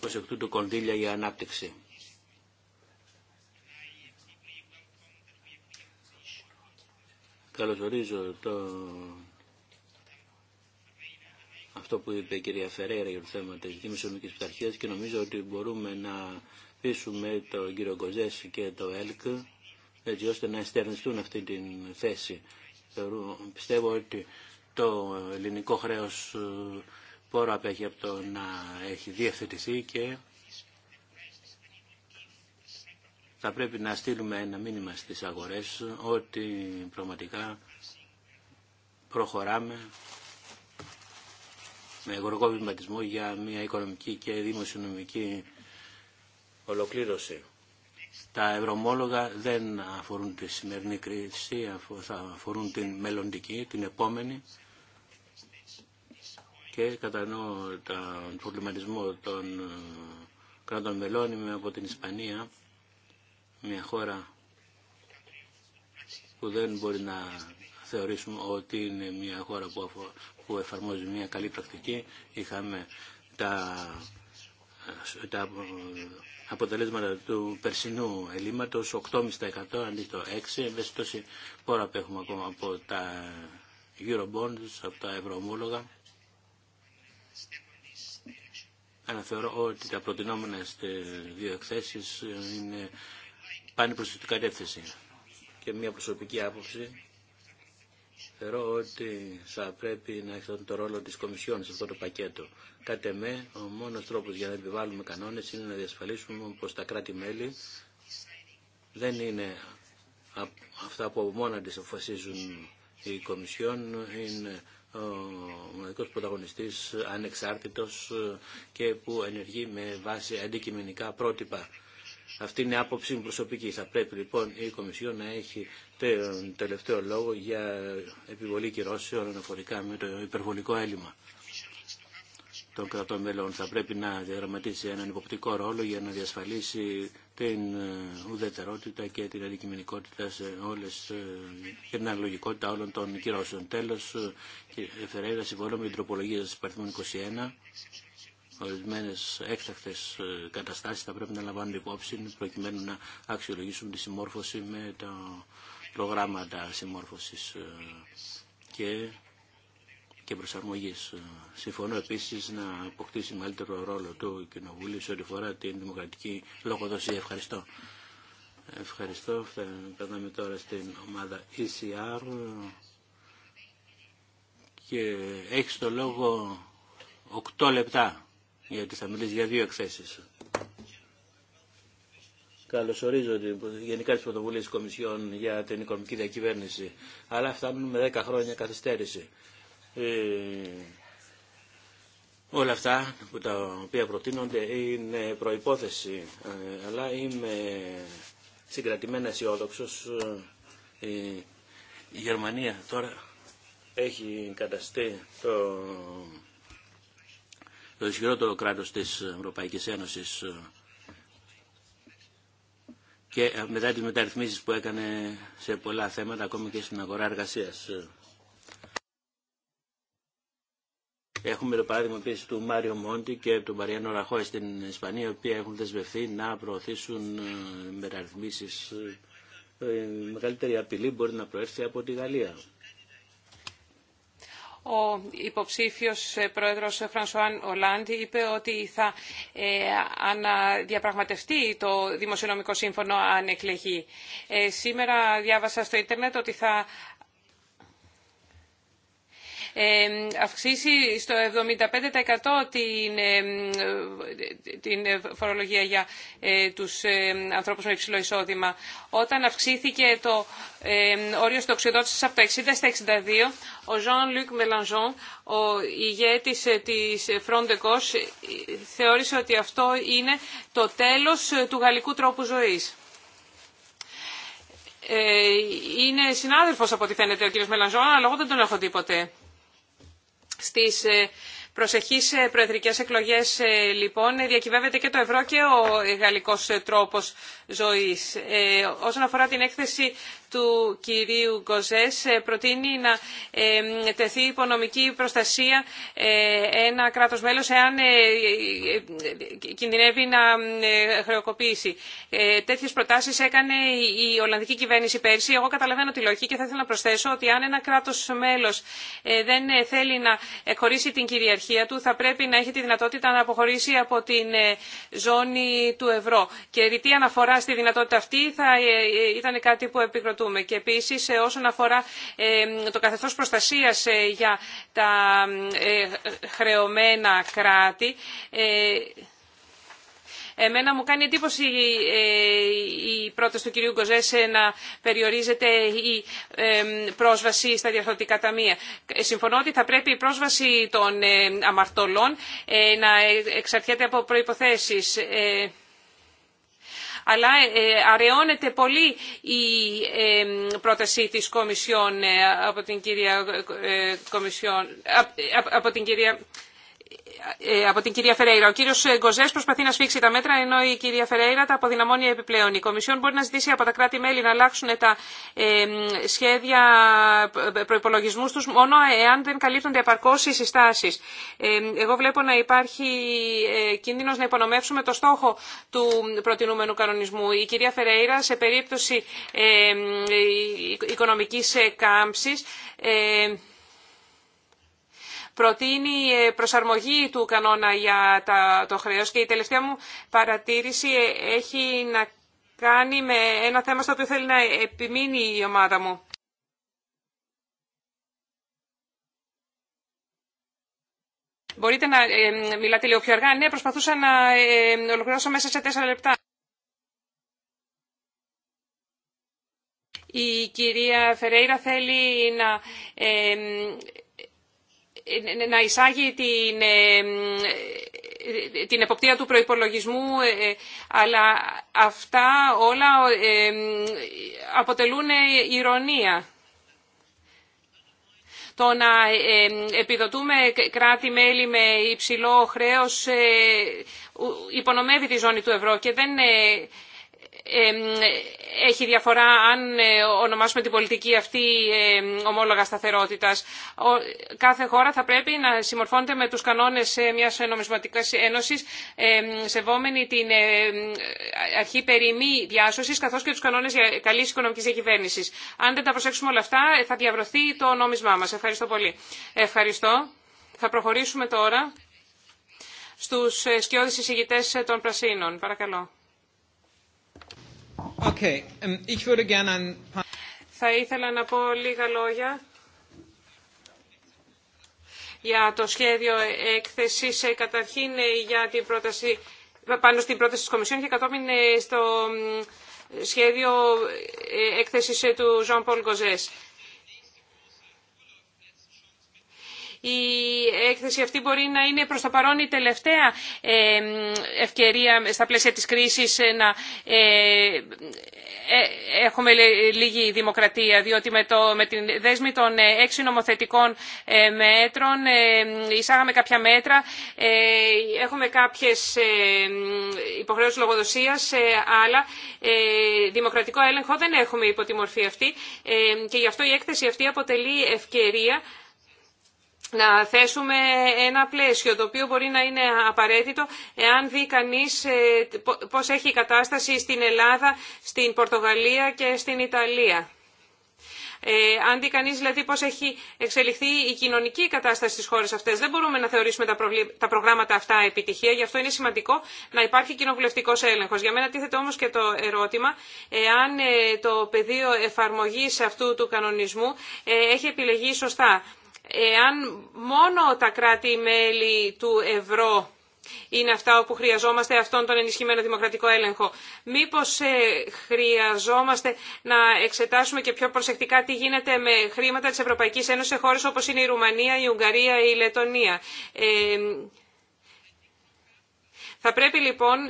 ως εκ τούτου κονδύλια για ανάπτυξη. Καλωσορίζω το αυτό που είπε η κυρία Φεραίρα για το θέμα της Δημοσιονομική Πειθαρχία και νομίζω ότι μπορούμε να πείσουμε τον κύριο Γκοζές και το ΕΛΚ έτσι ώστε να εστερνιστούν αυτή την θέση. Πιστεύω ότι το ελληνικό χρέος ε, πόρο απέχει από το να έχει διευθετηθεί και θα πρέπει να στείλουμε ένα μήνυμα στις αγορές ότι πραγματικά προχωράμε με εγωργό βηματισμό για μια οικονομική και δημοσιονομική ολοκλήρωση. Τα ευρωμόλογα δεν αφορούν τη σημερινή κρίση, θα αφορούν την μελλοντική, την επόμενη και κατανοώ τον προβληματισμό των ε, κράτων μελών. Είμαι από την Ισπανία, μια χώρα που δεν μπορεί να θεωρήσουμε ότι είναι μια χώρα που που εφαρμόζει μια καλή πρακτική. Είχαμε τα, τα αποτελέσματα του περσινού ελλείμματος 8,5% αντί το 6%. με τόση πόρα έχουμε ακόμα από τα Eurobonds, από τα ευρωομόλογα. Αναφέρω ότι τα προτινόμενα στις ε, δύο εκθέσεις ε, είναι πάνε προς την κατεύθυνση. Και μια προσωπική άποψη θεωρώ ότι θα πρέπει να έχει το ρόλο της Κομισιόν σε αυτό το πακέτο. Κατ' εμέ, ο μόνος τρόπος για να επιβάλλουμε κανόνες είναι να διασφαλίσουμε πως τα κράτη-μέλη δεν είναι αυτά που μόνα τη αποφασίζουν η Κομισιόν, είναι ο μοναδικός πρωταγωνιστής ανεξάρτητος και που ενεργεί με βάση αντικειμενικά πρότυπα. Αυτή είναι η άποψή μου προσωπική. Θα πρέπει λοιπόν η Κομισιόν να έχει τον τελευταίο λόγο για επιβολή κυρώσεων αναφορικά με το υπερβολικό έλλειμμα των κρατών μελών. Θα πρέπει να διαδραματίσει έναν υποπτικό ρόλο για να διασφαλίσει την ουδετερότητα και την αντικειμενικότητα σε όλες, ε, και την αναλογικότητα όλων των κυρώσεων. Τέλος, ε, και συμφωνώ με την τροπολογία σας 21 Ορισμένε έκτακτε καταστάσει θα πρέπει να λαμβάνουν υπόψη προκειμένου να αξιολογήσουν τη συμμόρφωση με τα προγράμματα συμμόρφωση ε, και, και προσαρμογή. Ε, συμφωνώ επίση να αποκτήσει μεγαλύτερο ρόλο του Κοινοβουλίου σε ό,τι φορά την δημοκρατική λογοδοσία. Ευχαριστώ. Ευχαριστώ. Περνάμε τώρα στην ομάδα ECR και έχει το λόγο 8 λεπτά γιατί θα μιλήσει για δύο εκθέσεις. Καλωσορίζω γενικά τη πρωτοβουλία τη Κομισιόν για την οικονομική διακυβέρνηση, αλλά φτάνουν με 10 χρόνια καθυστέρηση. Ε, όλα αυτά που τα οποία προτείνονται είναι προπόθεση, ε, αλλά είμαι συγκρατημένα αισιόδοξο. Ε, η Γερμανία τώρα έχει καταστεί το το ισχυρότερο κράτος της Ευρωπαϊκής Ένωσης και ε, μετά τις μεταρρυθμίσεις που έκανε σε πολλά θέματα, ακόμη και στην αγορά εργασίας. Έχουμε το παράδειγμα επίση του Μάριο Μόντι και του Μαριάνο Ραχώη στην Ισπανία, οι οποίοι έχουν δεσμευθεί να προωθήσουν ε, μεταρρυθμίσει. Η ε, μεγαλύτερη απειλή μπορεί να προέρχεται από τη Γαλλία. Ο υποψήφιος πρόεδρος Φρανσουάν Ολάντ είπε ότι θα ε, αναδιαπραγματευτεί το Δημοσιονομικό Σύμφωνο αν εκλεγεί. Ε, σήμερα διάβασα στο ίντερνετ ότι θα αυξήσει στο 75% την, την φορολογία για ε, τους ανθρώπους με υψηλό εισόδημα. Όταν αυξήθηκε το όριο στο από το 60 στα 62, ο jean Λουκ Μελανζόν, ο ηγέτης ε, της Front de θεώρησε ότι αυτό είναι το τέλος ε, του γαλλικού τρόπου ζωής. Είναι συνάδελφος από ό,τι φαίνεται ο κ. Μελανζόν, αλλά εγώ δεν τον έχω τίποτε. Στις ε, προσεχείς ε, προεδρικές εκλογές ε, λοιπόν διακυβεύεται και το ευρώ και ο γαλλικός τρόπος ζωής. Ε, όσον αφορά την έκθεση του κυρίου Γκοζές, ε, προτείνει να ε, τεθεί υπονομική προστασία ένα κράτος μέλος εάν κινδυνεύει να χρεοκοπήσει. Τέτοιες προτάσεις έκανε η Ολλανδική κυβέρνηση πέρσι. Εγώ καταλαβαίνω τη λογική και θα ήθελα να προσθέσω ότι αν ένα κράτος μέλος δεν θέλει να χωρίσει την κυριαρχία του, θα πρέπει να έχει τη δυνατότητα να αποχωρήσει από την ζώνη του ευρώ. Και ρητή αναφορά στη δυνατότητα αυτή θα ε, ε, ήταν κάτι που επικροτούμε. Και επίσης ε, όσον αφορά το καθεστώς προστασίας για τα χρεωμένα κράτη, Εμένα μου κάνει εντύπωση η πρόταση του κυρίου Γκοζέσε να περιορίζεται η πρόσβαση στα διαφορετικά ταμεία. Συμφωνώ ότι θα πρέπει η πρόσβαση των αμαρτωλών να εξαρτιέται από προϋποθέσεις αλλά ε, ε, αραιώνεται πολύ η ε, πρότασή της Κομισιόν από την κυρία, Κομισιόν, από την κυρία ε, από την κυρία Φερέιρα. Ο κύριο ε, Γκοζέ προσπαθεί να σφίξει τα μέτρα, ενώ η κυρία Φερέιρα τα αποδυναμώνει επιπλέον. Η Κομισιόν μπορεί να ζητήσει από τα κράτη-μέλη να αλλάξουν τα σχέδια ε, προπολογισμού του μόνο εάν δεν καλύπτονται επαρκώ οι συστάσει. εγώ βλέπω να υπάρχει ε, κίνδυνο να υπονομεύσουμε το στόχο του προτινούμενου κανονισμού. Η κυρία Φερέιρα, σε περίπτωση ε, οικονομική κάμψη, προτείνει ε, προσαρμογή του κανόνα για το χρέος και η τελευταία μου παρατήρηση ε, έχει να κάνει με ένα θέμα στο οποίο θέλει να επιμείνει η ομάδα μου. Μπορείτε να ε, μιλάτε λίγο πιο αργά. Ναι, προσπαθούσα να ολοκληρώσω μέσα σε τέσσερα λεπτά. Η κυρία Φερέιρα θέλει να να εισάγει την, ε, την εποπτεία του προϋπολογισμού, ε, ε, αλλά αυτά όλα αποτελούν ηρωνία. Το να επιδοτούμε κράτη-μέλη με υψηλό χρέος υπονομεύει τη ζώνη του ευρώ και δεν έχει διαφορά αν ε, ονομάσουμε την πολιτική αυτή ομόλογα σταθερότητας. Κάθε χώρα θα πρέπει να συμμορφώνεται με τους κανόνες ε, μιας νομισματικής ένωσης σεβόμενη την ε, αρχή περί μη διάσωσης καθώς και τους κανόνες καλή οικονομική διακυβέρνησης. Αν δεν τα προσέξουμε όλα αυτά θα διαβρωθεί το νόμισμά μας. Ευχαριστώ πολύ. Ευχαριστώ. Θα προχωρήσουμε τώρα στους σκιώδεις εισηγητές των Πρασίνων. Παρακαλώ. Um, Θα ήθελα να πω λίγα λόγια για το σχέδιο έκθεσης, ε, καταρχήν ε, για την πρόταση, ε, πάνω στην πρόταση της Κομισιόν και κατόπιν στο σχέδιο έκθεσης του jean Πολ Gauzès. Η έκθεση αυτή μπορεί να είναι προς το παρόν η τελευταία ε, ευκαιρία στα πλαίσια της κρίσης ε, να ε, έχουμε λίγη δημοκρατία, διότι με, το, με την δέσμη των έξι νομοθετικών μέτρων εισάγαμε κάποια μέτρα, έχουμε κάποιες υποχρεώσεις λογοδοσίας, αλλά δημοκρατικό έλεγχο δεν έχουμε υπό τη μορφή αυτή και γι' αυτό η έκθεση αυτή αποτελεί ευκαιρία να θέσουμε ένα πλαίσιο το οποίο μπορεί να είναι απαραίτητο εάν δει κανείς ε, πώς έχει η κατάσταση στην Ελλάδα, στην Πορτογαλία και στην Ιταλία. Ε, αν δει κανεί δηλαδή πώ έχει εξελιχθεί η κοινωνική κατάσταση στι χώρε αυτέ, δεν μπορούμε να θεωρήσουμε τα, τα προγράμματα αυτά επιτυχία. Γι' αυτό είναι σημαντικό να υπάρχει κοινοβουλευτικό έλεγχο. Για μένα τίθεται όμω και το ερώτημα εάν ε, το πεδίο εφαρμογή αυτού του κανονισμού ε, έχει επιλεγεί σωστά. Εάν μόνο τα κράτη-μέλη του ευρώ είναι αυτά όπου χρειαζόμαστε αυτόν τον ενισχυμένο δημοκρατικό έλεγχο. Μήπως ε, χρειαζόμαστε να εξετάσουμε και πιο προσεκτικά τι γίνεται με χρήματα της Ευρωπαϊκής Ένωσης σε χώρες όπως είναι η Ρουμανία, η Ουγγαρία, η Λετωνία. Ε, θα πρέπει λοιπόν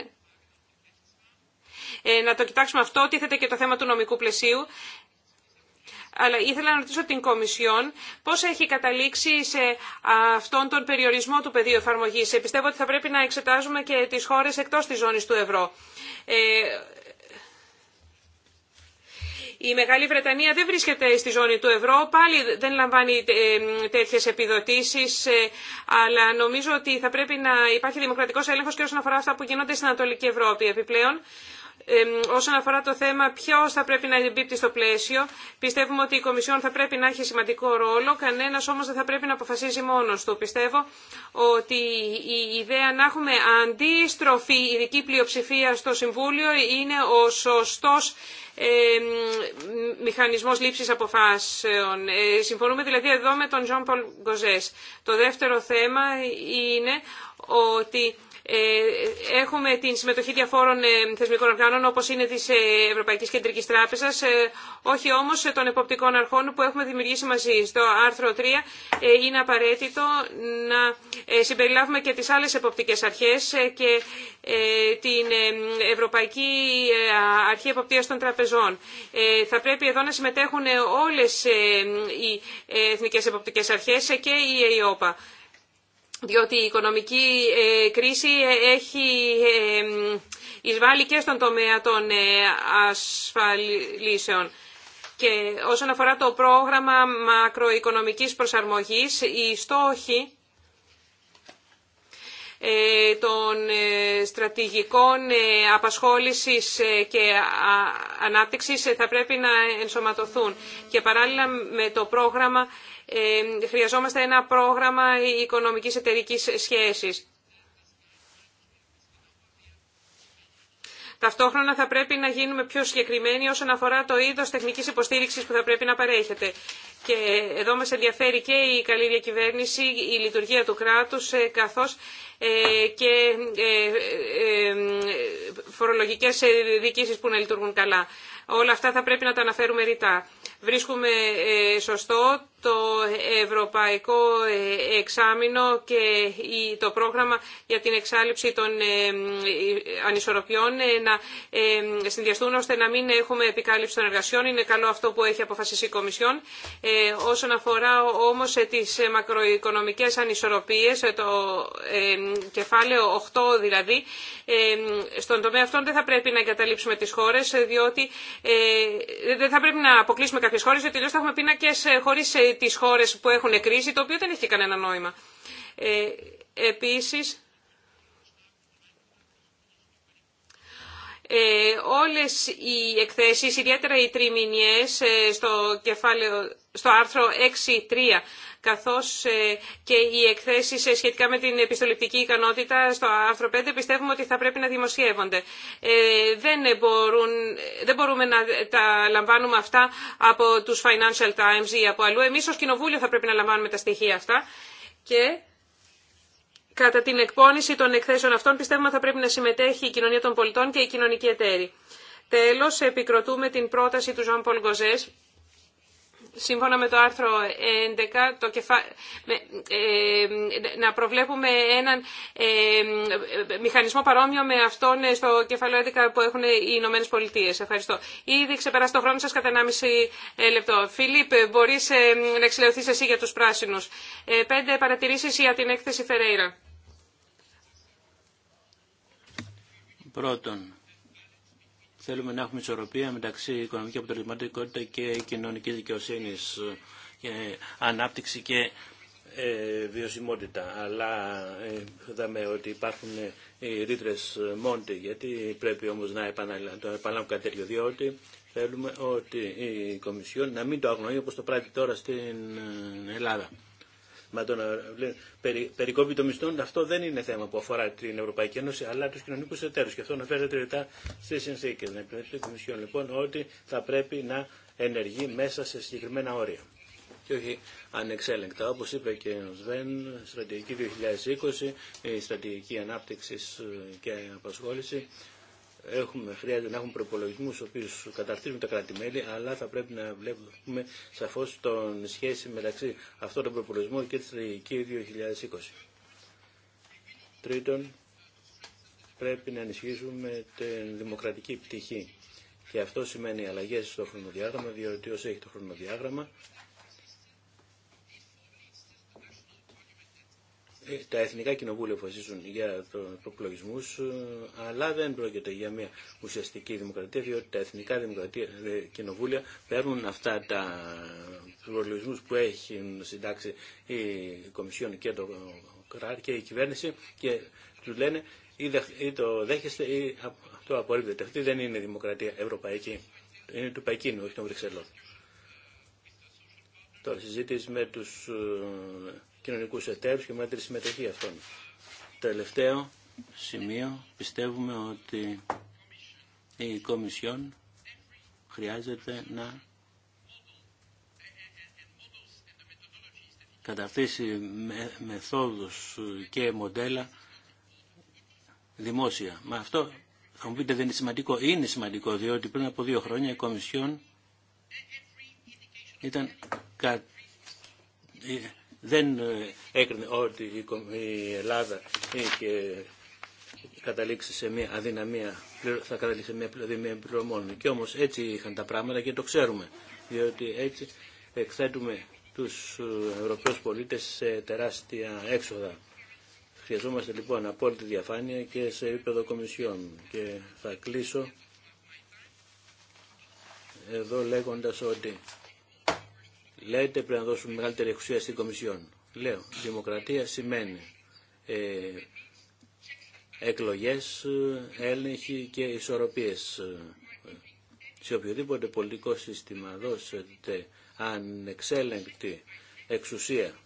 ε, να το κοιτάξουμε αυτό. Τίθεται και το θέμα του νομικού πλαισίου αλλά ήθελα να ρωτήσω την Κομισιόν πώς έχει καταλήξει σε αυτόν τον περιορισμό του πεδίου εφαρμογής. Ε, πιστεύω ότι θα πρέπει να εξετάζουμε και τις χώρες εκτός της ζώνης του ευρώ. Ε, η Μεγάλη Βρετανία δεν βρίσκεται στη ζώνη του ευρώ, πάλι δεν λαμβάνει ε, τέτοιες επιδοτήσεις, αλλά νομίζω ότι θα πρέπει να υπάρχει δημοκρατικός έλεγχος και όσον αφορά αυτά που γίνονται στην Ανατολική Ευρώπη. Επιπλέον, όσον αφορά το θέμα ποιο θα πρέπει να εμπίπτει στο πλαίσιο, πιστεύουμε ότι η Κομισιόν θα πρέπει να έχει σημαντικό ρόλο, κανένα όμω δεν θα πρέπει να αποφασίζει μόνο του. Πιστεύω ότι η ιδέα να έχουμε αντίστροφη ειδική πλειοψηφία στο Συμβούλιο είναι ο σωστό ε, μηχανισμός λήψης αποφάσεων. Ε, συμφωνούμε δηλαδή εδώ με τον Τζον Πολ Γκοζές. Το δεύτερο θέμα είναι ότι ε, έχουμε την συμμετοχή διαφόρων ε, θεσμικών οργάνων όπως είναι της ε, Ευρωπαϊκής Κεντρικής Τράπεζας, όχι όμως των εποπτικών αρχών που έχουμε δημιουργήσει μαζί. Στο άρθρο 3 είναι απαραίτητο να συμπεριλάβουμε και τις άλλες εποπτικές αρχές και την Ευρωπαϊκή Αρχή Εποπτείας των Τραπεζών. Θα πρέπει εδώ να συμμετέχουν όλες οι εθνικές εποπτικές αρχές και η ΕΙΟΠΑ διότι η οικονομική ε, κρίση ε, έχει ε, εισβάλλει και στον τομέα των ασφαλίσεων. Και όσον αφορά το πρόγραμμα μακροοικονομικής προσαρμογής, οι στόχοι των στρατηγικών απασχόλησης και ανάπτυξης θα πρέπει να ενσωματωθούν. Και παράλληλα με το πρόγραμμα χρειαζόμαστε ένα πρόγραμμα οικονομικής εταιρικής σχέσης. Ταυτόχρονα θα πρέπει να γίνουμε πιο συγκεκριμένοι όσον αφορά το είδος τεχνικής υποστήριξης που θα πρέπει να παρέχεται. Και εδώ μας ενδιαφέρει και η καλή διακυβέρνηση, η λειτουργία του κράτους, ε, καθώς ε, και ε, φορολογικές διοικήσεις που να λειτουργούν καλά. Όλα αυτά θα πρέπει να τα αναφέρουμε ρητά. Βρίσκουμε σωστό το Ευρωπαϊκό ε, Εξάμεινο και το πρόγραμμα για την εξάλληψη των ε, ανισορροπιών ε, να συνδυαστούν ώστε να μην έχουμε επικάλυψη των εργασιών. Είναι καλό αυτό που έχει αποφασίσει η Κομισιόν. Όσον αφορά όμως τις μακροοικονομικές ανισορροπίες, το κεφάλαιο 8 δηλαδή, στον τομέα αυτών δεν θα πρέπει να εγκαταλείψουμε τις χώρες, διότι δεν θα πρέπει να αποκλείσουμε κάποιες χώρες, διότι θα έχουμε πίνακες τις χώρες που έχουν κρίση, το οποίο δεν έχει κανένα νόημα. Ε, επίσης, ε, όλες οι εκθέσεις, ιδιαίτερα οι τριμηνιές, ε, στο, κεφάλαιο, στο άρθρο 6.3 καθώς ε, και οι εκθέσεις ε, σχετικά με την επιστοληπτική ικανότητα στο άρθρο 5 πιστεύουμε ότι θα πρέπει να δημοσιεύονται. Ε, δεν, μπορούν, δεν μπορούμε να τα λαμβάνουμε αυτά από τους Financial Times ή από αλλού. Εμείς ως Κοινοβούλιο θα πρέπει να λαμβάνουμε τα στοιχεία αυτά και... Κατά την εκπόνηση των εκθέσεων αυτών πιστεύουμε θα πρέπει να συμμετέχει η κοινωνία των πολιτών οτι και η κοινωνική εταίρη. Τέλος, επικροτούμε την πρόταση του Ζαν Πολ σύμφωνα με το άρθρο 11 το κεφα... Ε, να προβλέπουμε έναν ε, μηχανισμό παρόμοιο με αυτόν στο κεφάλαιο 11 που έχουν οι Ηνωμένε Πολιτείε. Ευχαριστώ. Ήδη ξεπεράσει το χρόνο σας κατά 1,5 ε, λεπτό. Φιλίπ, μπορείς να εξηλεωθεί εσύ για τους πράσινους. Πέντε παρατηρήσεις για την έκθεση Φερέιρα. Πρώτον, Θέλουμε να έχουμε ισορροπία μεταξύ οικονομική αποτελεσματικότητα και κοινωνική δικαιοσύνη και ανάπτυξη και ε, βιωσιμότητα. Αλλά ε, είδαμε ότι υπάρχουν ε, οι ρήτρε ε, μόντι, γιατί πρέπει όμω να επαναλάβουμε κάτι τέτοιο, διότι θέλουμε ότι η Κομισιόν να μην το αγνοεί όπω το πράττει τώρα στην Ελλάδα μα ε, το να περι, μισθών, αυτό δεν είναι θέμα που αφορά την Ευρωπαϊκή Ένωση, αλλά του κοινωνικού εταίρου. Και αυτό αναφέρεται ρητά στι συνθήκε. Να επιθυμεί η Κομισιόν λοιπόν ότι θα πρέπει να ενεργεί μέσα σε συγκεκριμένα όρια. Και όχι ανεξέλεγκτα. Όπω είπε και ο Σβέν, στρατηγική 2020, η στρατηγική ανάπτυξη ε, και απασχόληση έχουμε, χρειάζεται να έχουμε προπολογισμού στου οποίου καταρτίζουν τα κράτη-μέλη, αλλά θα πρέπει να βλέπουμε σαφώ τον σχέση μεταξύ αυτών των προπολογισμών και τη στρατηγική 2020. Τρίτον, πρέπει να ενισχύσουμε την δημοκρατική πτυχή. Και αυτό σημαίνει αλλαγέ στο χρονοδιάγραμμα, διότι όσο έχει το χρονοδιάγραμμα τα Εθνικά Κοινοβούλια αποφασίζουν για προπλογισμού, ε, αλλά δεν πρόκειται για μια ουσιαστική δημοκρατία, διότι τα Εθνικά δημοκρατία, ε, Κοινοβούλια παίρνουν αυτά τα προπλογισμού που έχει συντάξει η Κομισιόν και το ΚΡΑΡ και η κυβέρνηση και του λένε ή το δέχεστε ή το απορρίπτεται. Αυτή δεν είναι δημοκρατία ευρωπαϊκή. Είναι του Παϊκίνου, όχι των Βρυξελών. Τώρα συζήτηση με τους ε, κοινωνικούς εταίρου και με συμμετοχή αυτών. Τελευταίο σημείο πιστεύουμε ότι η Κομισιόν χρειάζεται να καταρτήσει μεθόδους και μοντέλα δημόσια. Μα αυτό θα μου πείτε δεν είναι σημαντικό. Είναι σημαντικό διότι πριν από δύο χρόνια η Κομισιόν ήταν κα... Ε, δεν ε, έκρινε ότι η Ελλάδα είχε καταλήξει σε μια αδυναμία, θα καταλήξει σε μια αδυναμία πληρωμών. Και όμως έτσι είχαν τα πράγματα και το ξέρουμε, διότι έτσι εκθέτουμε τους ε, Ευρωπαίους πολίτες σε τεράστια έξοδα. Χρειαζόμαστε λοιπόν απόλυτη διαφάνεια και σε επίπεδο κομισιών. Και θα κλείσω εδώ λέγοντας ότι Λέτε πρέπει να δώσουμε μεγαλύτερη εξουσία στην Κομισιόν. Λέω, δημοκρατία σημαίνει ε, εκλογές, ε, έλεγχη και ισορροπίες. Σε οποιοδήποτε πολιτικό σύστημα δώσετε ανεξέλεγκτη εξουσία.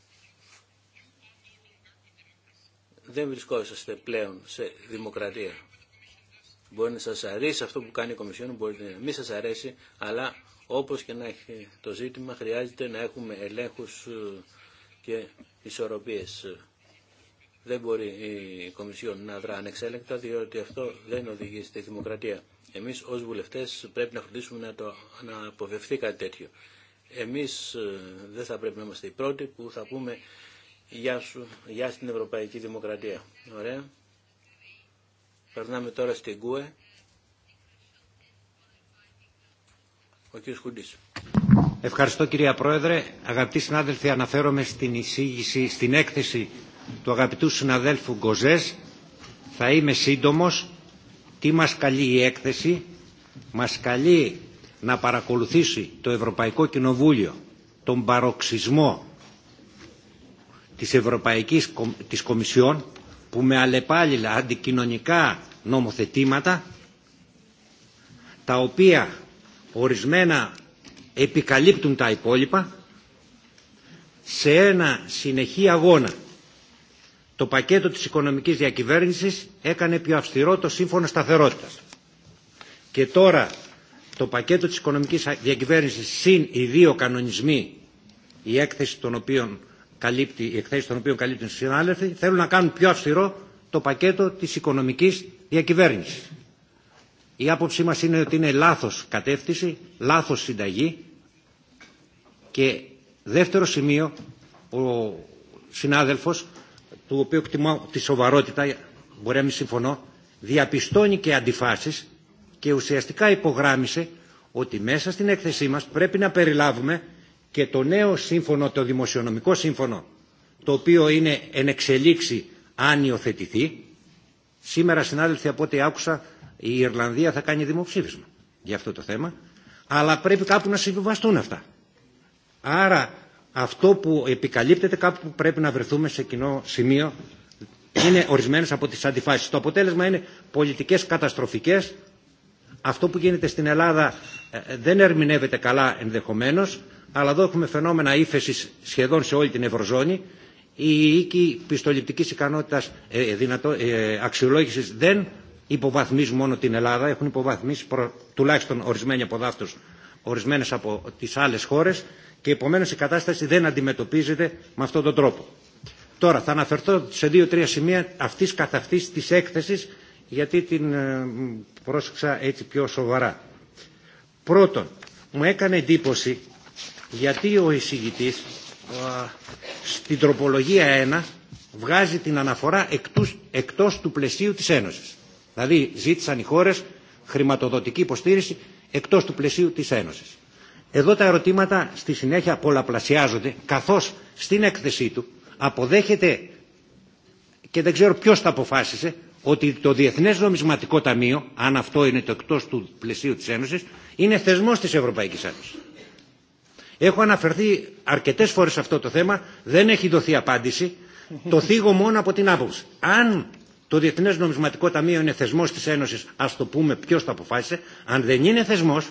Δεν βρισκόσαστε πλέον σε δημοκρατία. Μπορεί να σας αρέσει αυτό που κάνει η Κομισιόν, μπορεί να μην σας αρέσει, αλλά όπως και να έχει το ζήτημα, χρειάζεται να έχουμε ελέγχους ε, και ισορροπίες. Δεν μπορεί η Κομισιόν να δρά ανεξέλεγκτα, διότι αυτό δεν οδηγεί στη δημοκρατία. Εμείς ως βουλευτές πρέπει να φροντίσουμε να, το, να αποφευθεί κάτι τέτοιο. Εμείς ε, δεν θα πρέπει να είμαστε οι πρώτοι που θα πούμε γεια, σου, γεια στην Ευρωπαϊκή Δημοκρατία. Ωραία. Περνάμε τώρα στην ΚΟΕ. Ο κ. Ευχαριστώ κυρία Πρόεδρε. Αγαπητοί συνάδελφοι, αναφέρομαι στην εισήγηση, στην έκθεση του αγαπητού συναδέλφου Γκοζές. Θα είμαι σύντομος. Τι μας καλεί η έκθεση. Μας καλεί να παρακολουθήσει το Ευρωπαϊκό Κοινοβούλιο τον παροξισμό της Ευρωπαϊκής της Κομισιόν που με αλλεπάλληλα αντικοινωνικά νομοθετήματα τα οποία ορισμένα επικαλύπτουν τα υπόλοιπα σε ένα συνεχή αγώνα. Το πακέτο της οικονομικής διακυβέρνησης έκανε πιο αυστηρό το σύμφωνο σταθερότητας. Και τώρα το πακέτο της οικονομικής διακυβέρνησης συν οι δύο κανονισμοί, η έκθεση των οποίων καλύπτει, η εκθέση των οποίων καλύπτουν οι συνάδελφοι, θέλουν να κάνουν πιο αυστηρό το πακέτο της οικονομικής διακυβέρνησης. Η άποψή μας είναι ότι είναι λάθος κατεύθυνση, λάθος συνταγή και δεύτερο σημείο ο συνάδελφος του οποίου εκτιμώ τη σοβαρότητα, μπορεί να μην συμφωνώ, διαπιστώνει και αντιφάσεις και ουσιαστικά υπογράμισε ότι μέσα στην έκθεσή μας πρέπει να περιλάβουμε και το νέο σύμφωνο, το δημοσιονομικό σύμφωνο, το οποίο είναι εν εξελίξη αν υιοθετηθεί. Σήμερα, συνάδελφοι, από ό,τι άκουσα, η Ιρλανδία θα κάνει δημοψήφισμα για αυτό το θέμα, αλλά πρέπει κάπου να συμβιβαστούν αυτά. Άρα αυτό που επικαλύπτεται κάπου που πρέπει να βρεθούμε σε κοινό σημείο είναι ορισμένες από τις αντιφάσεις. Το αποτέλεσμα είναι πολιτικές καταστροφικές. Αυτό που γίνεται στην Ελλάδα ε, ε, δεν ερμηνεύεται καλά ενδεχομένως, αλλά εδώ έχουμε φαινόμενα ύφεση σχεδόν σε όλη την Ευρωζώνη. Η οίκη πιστοληπτικής ικανότητας ε, ε αξιολόγησης δεν υποβαθμίζουν μόνο την Ελλάδα, έχουν υποβαθμίσει τουλάχιστον ορισμένοι από δάφτου, ορισμένε από τι άλλε χώρε, και επομένω η κατάσταση δεν αντιμετωπίζεται με αυτόν τον τρόπο. Τώρα θα αναφερθώ σε δύο-τρία σημεία αυτή καθ' αυτή τη έκθεση, γιατί την ε, πρόσεξα έτσι πιο σοβαρά. Πρώτον, μου έκανε εντύπωση γιατί ο εισηγητής στην τροπολογία 1 βγάζει την αναφορά εκτός, εκτός του πλαισίου της Ένωσης. Δηλαδή ζήτησαν οι χώρες χρηματοδοτική υποστήριξη εκτός του πλαισίου της Ένωσης. Εδώ τα ερωτήματα στη συνέχεια πολλαπλασιάζονται καθώς στην έκθεσή του αποδέχεται και δεν ξέρω ποιος τα αποφάσισε ότι το Διεθνές Νομισματικό Ταμείο, αν αυτό είναι το εκτός του πλαισίου της Ένωσης, είναι θεσμός της Ευρωπαϊκής Ένωσης. Έχω αναφερθεί αρκετές φορές σε αυτό το θέμα, δεν έχει δοθεί απάντηση, το θίγω μόνο από την άποψη. Αν το Διεθνές Νομισματικό Ταμείο είναι θεσμός της Ένωσης, ας το πούμε ποιος το αποφάσισε. Αν δεν είναι θεσμός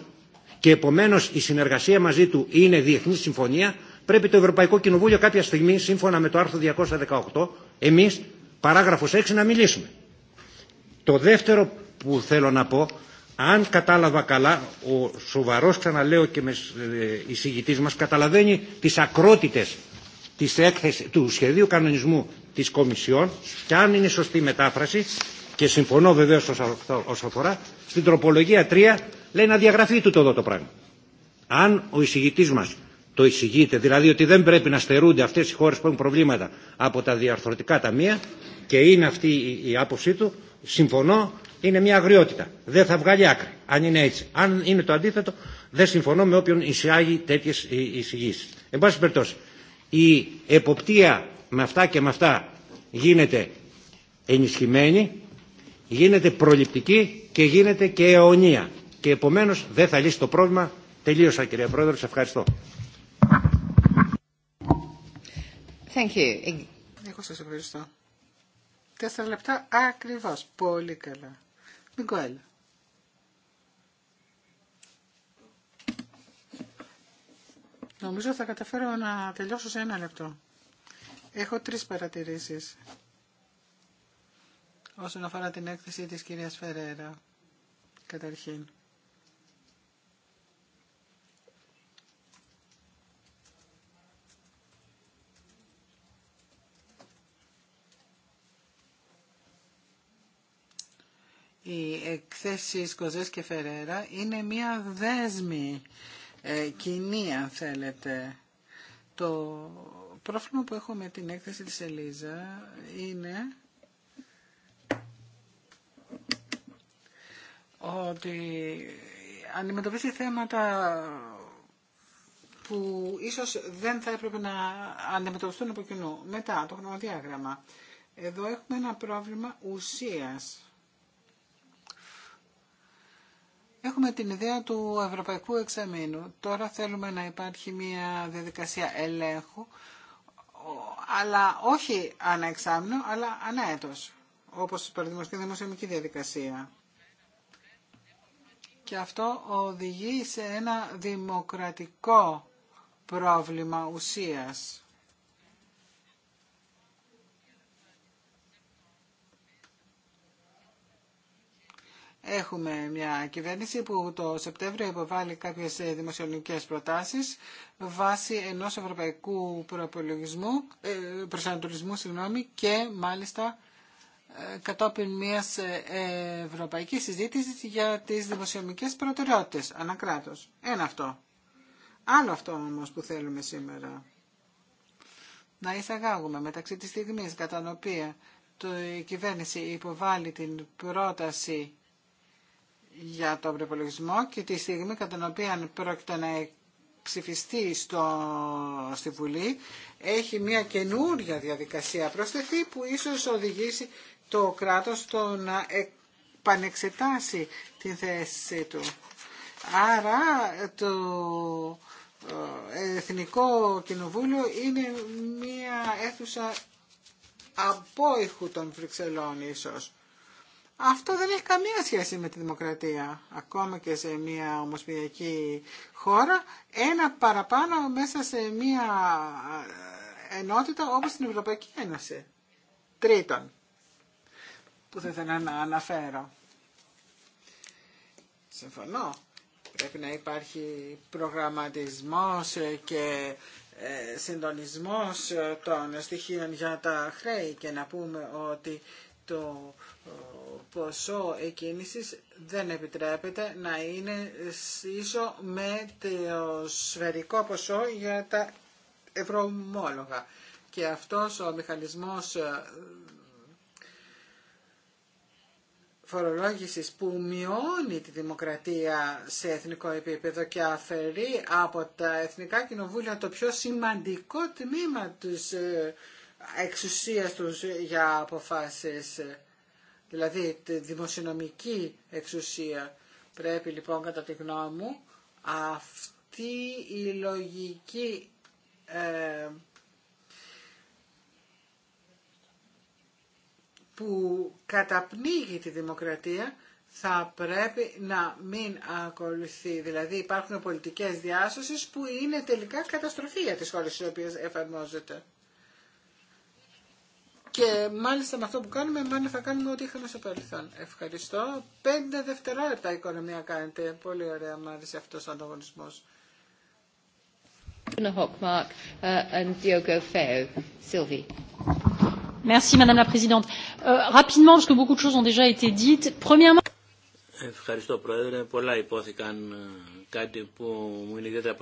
και επομένως η συνεργασία μαζί του είναι διεθνή συμφωνία, πρέπει το Ευρωπαϊκό Κοινοβούλιο κάποια στιγμή, σύμφωνα με το άρθρο 218, εμείς, παράγραφος 6, να μιλήσουμε. Το δεύτερο που θέλω να πω, αν κατάλαβα καλά, ο σοβαρός, ξαναλέω και με ε, εισηγητής μας, καταλαβαίνει τις ακρότητες της του σχεδίου κανονισμού της Κομισιόν και αν είναι σωστή μετάφραση και συμφωνώ βεβαίως όσον αφορά στην τροπολογία 3 λέει να διαγραφεί τούτο εδώ το πράγμα. Αν ο εισηγητής μας το εισηγείται, δηλαδή ότι δεν πρέπει να στερούνται αυτές οι χώρες που έχουν προβλήματα από τα διαρθρωτικά ταμεία και είναι αυτή η άποψή του, συμφωνώ, είναι μια αγριότητα. Δεν θα βγάλει άκρη, αν είναι έτσι. Αν είναι το αντίθετο, δεν συμφωνώ με όποιον εισάγει τέτοιε εισηγήσει. Εν πάση περιπτώσει, η εποπτεία με αυτά και με αυτά γίνεται ενισχυμένη, γίνεται προληπτική και γίνεται και αιωνία. Και επομένως δεν θα λύσει το πρόβλημα. Τελείωσα κύριε Πρόεδρε, ευχαριστώ. Thank you. Εγώ σας ευχαριστώ. Τέσσερα λεπτά ακριβώς. Πολύ καλά. Μικουέλ. Νομίζω θα καταφέρω να τελειώσω σε ένα λεπτό. Έχω τρεις παρατηρήσεις όσον αφορά την έκθεση της κυρίας Φερέρα, καταρχήν. Η έκθεση Κοζές και Φερέρα είναι μία δέσμη ε, κοινή, αν θέλετε. Το πρόβλημα που έχω με την έκθεση της Ελίζα είναι ότι αντιμετωπίζει θέματα που ίσως δεν θα έπρεπε να αντιμετωπιστούν από κοινού. Μετά, το χρονοδιάγραμμα. Εδώ έχουμε ένα πρόβλημα ουσίας. Έχουμε την ιδέα του Ευρωπαϊκού Εξαμήνου. Τώρα θέλουμε να υπάρχει μια διαδικασία ελέγχου αλλά όχι ανά αλλά ανά έτος, όπως παραδείγμα και δημοσιονομική διαδικασία. Και αυτό οδηγεί σε ένα δημοκρατικό πρόβλημα ουσίας. Έχουμε μια κυβέρνηση που το Σεπτέμβριο υποβάλλει κάποιες ε, δημοσιονομικές προτάσεις βάσει ενός ευρωπαϊκού ε, προσανατολισμού συγγνώμη, και μάλιστα ε, κατόπιν μιας ευρωπαϊκής συζήτησης για τις δημοσιονομικές προτεραιότητες ανακράτως. Ένα αυτό. Άλλο αυτό όμως που θέλουμε σήμερα. Να εισαγάγουμε μεταξύ της στιγμής κατά την οποία η κυβέρνηση υποβάλλει την πρόταση για τον προπολογισμό και τη στιγμή κατά την οποία πρόκειται να ψηφιστεί στο, στη Βουλή έχει μια καινούρια διαδικασία προσθεθεί που ίσως οδηγήσει το κράτος στο να επανεξετάσει την θέση του. Άρα το ε, Εθνικό Κοινοβούλιο είναι μια αίθουσα απόϊχου των Βρυξελών ίσως. Αυτό δεν έχει καμία σχέση με τη δημοκρατία. Ακόμα και σε μια ομοσπονδιακή χώρα, ένα παραπάνω μέσα σε μια ε, ενότητα όπως την Ευρωπαϊκή Ένωση. Τρίτον, που θα ήθελα να αναφέρω. Συμφωνώ. Πρέπει να υπάρχει προγραμματισμός και ε, συντονισμός των στοιχείων για τα χρέη και να πούμε ότι το ποσό εκκίνησης δεν επιτρέπεται να είναι ίσο με το σφαιρικό ποσό για τα ευρωομόλογα. Και αυτός ο μηχανισμός ε, φορολόγησης που μειώνει τη δημοκρατία σε εθνικό επίπεδο και αφαιρεί από τα εθνικά κοινοβούλια το πιο σημαντικό τμήμα της ε, εξουσίας τους για αποφάσεις δηλαδή τη δημοσιονομική εξουσία. Πρέπει λοιπόν κατά τη γνώμη μου αυτή η λογική ε, που καταπνίγει τη δημοκρατία θα πρέπει να μην ακολουθεί. Δηλαδή υπάρχουν πολιτικές διάσωσεις που είναι τελικά καταστροφή για τις χώρες στις οποίες εφαρμόζεται. Και μάλιστα με αυτό που κάνουμε, μάλλον θα κάνουμε ό,τι είχαμε στο παρελθόν. Ευχαριστώ. Πέντε δευτερόλεπτα οικονομία κάνετε. Πολύ ωραία, μου άρεσε αυτό ο ανταγωνισμό. Uh, Merci Madame la Présidente. Euh, rapidement, parce que beaucoup de choses ont déjà été dites. Premièrement. Ευχαριστώ Πρόεδρε. Πολλά υπόθηκαν ε, κάτι που μου είναι ιδιαίτερα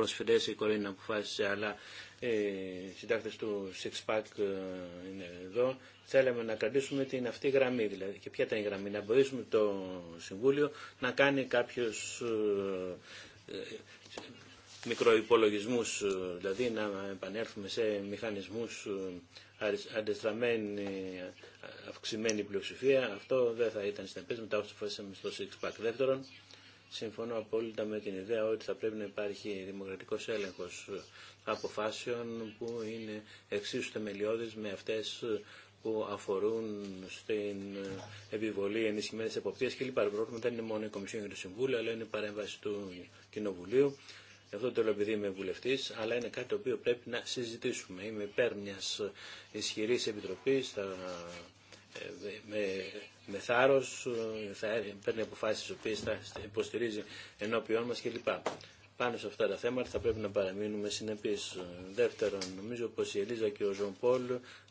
η κορίνα αποφάσισε, αλλά οι ε, συντάκτες του Pack ε, είναι εδώ, θέλαμε να κρατήσουμε την αυτή γραμμή. Δηλαδή. Και ποια ήταν η γραμμή, να βοηθήσουμε το Συμβούλιο να κάνει κάποιους ε, μικροϋπολογισμούς, δηλαδή να επανέλθουμε σε μηχανισμούς αντεστραμμένη αυξημένη πλειοψηφία. Αυτό δεν θα ήταν συνεπές τα όσο φάσαμε στο Pack. Δεύτερον, Συμφωνώ απόλυτα με την ιδέα ότι θα πρέπει να υπάρχει δημοκρατικός έλεγχος αποφάσεων που είναι εξίσου θεμελιώδης με αυτές που αφορούν στην επιβολή ενισχυμένη εποπτεία και λοιπά πρόβλημα δεν είναι μόνο η Κομισιόν και το Συμβούλιο, αλλά είναι η παρέμβαση του Κοινοβουλίου. Αυτό το λέω επειδή είμαι βουλευτή, αλλά είναι κάτι το οποίο πρέπει να συζητήσουμε. Είμαι υπέρ μια ισχυρή επιτροπή ε, με με θάρρος, ε, θα παίρνει αποφάσει τι οποίε θα υποστηρίζει ενώπιόν μας κλπ. Πάνω σε αυτά τα θέματα θα πρέπει να παραμείνουμε συνεπεί. Δεύτερον, νομίζω πως η Ελίζα και ο Ζων Πολ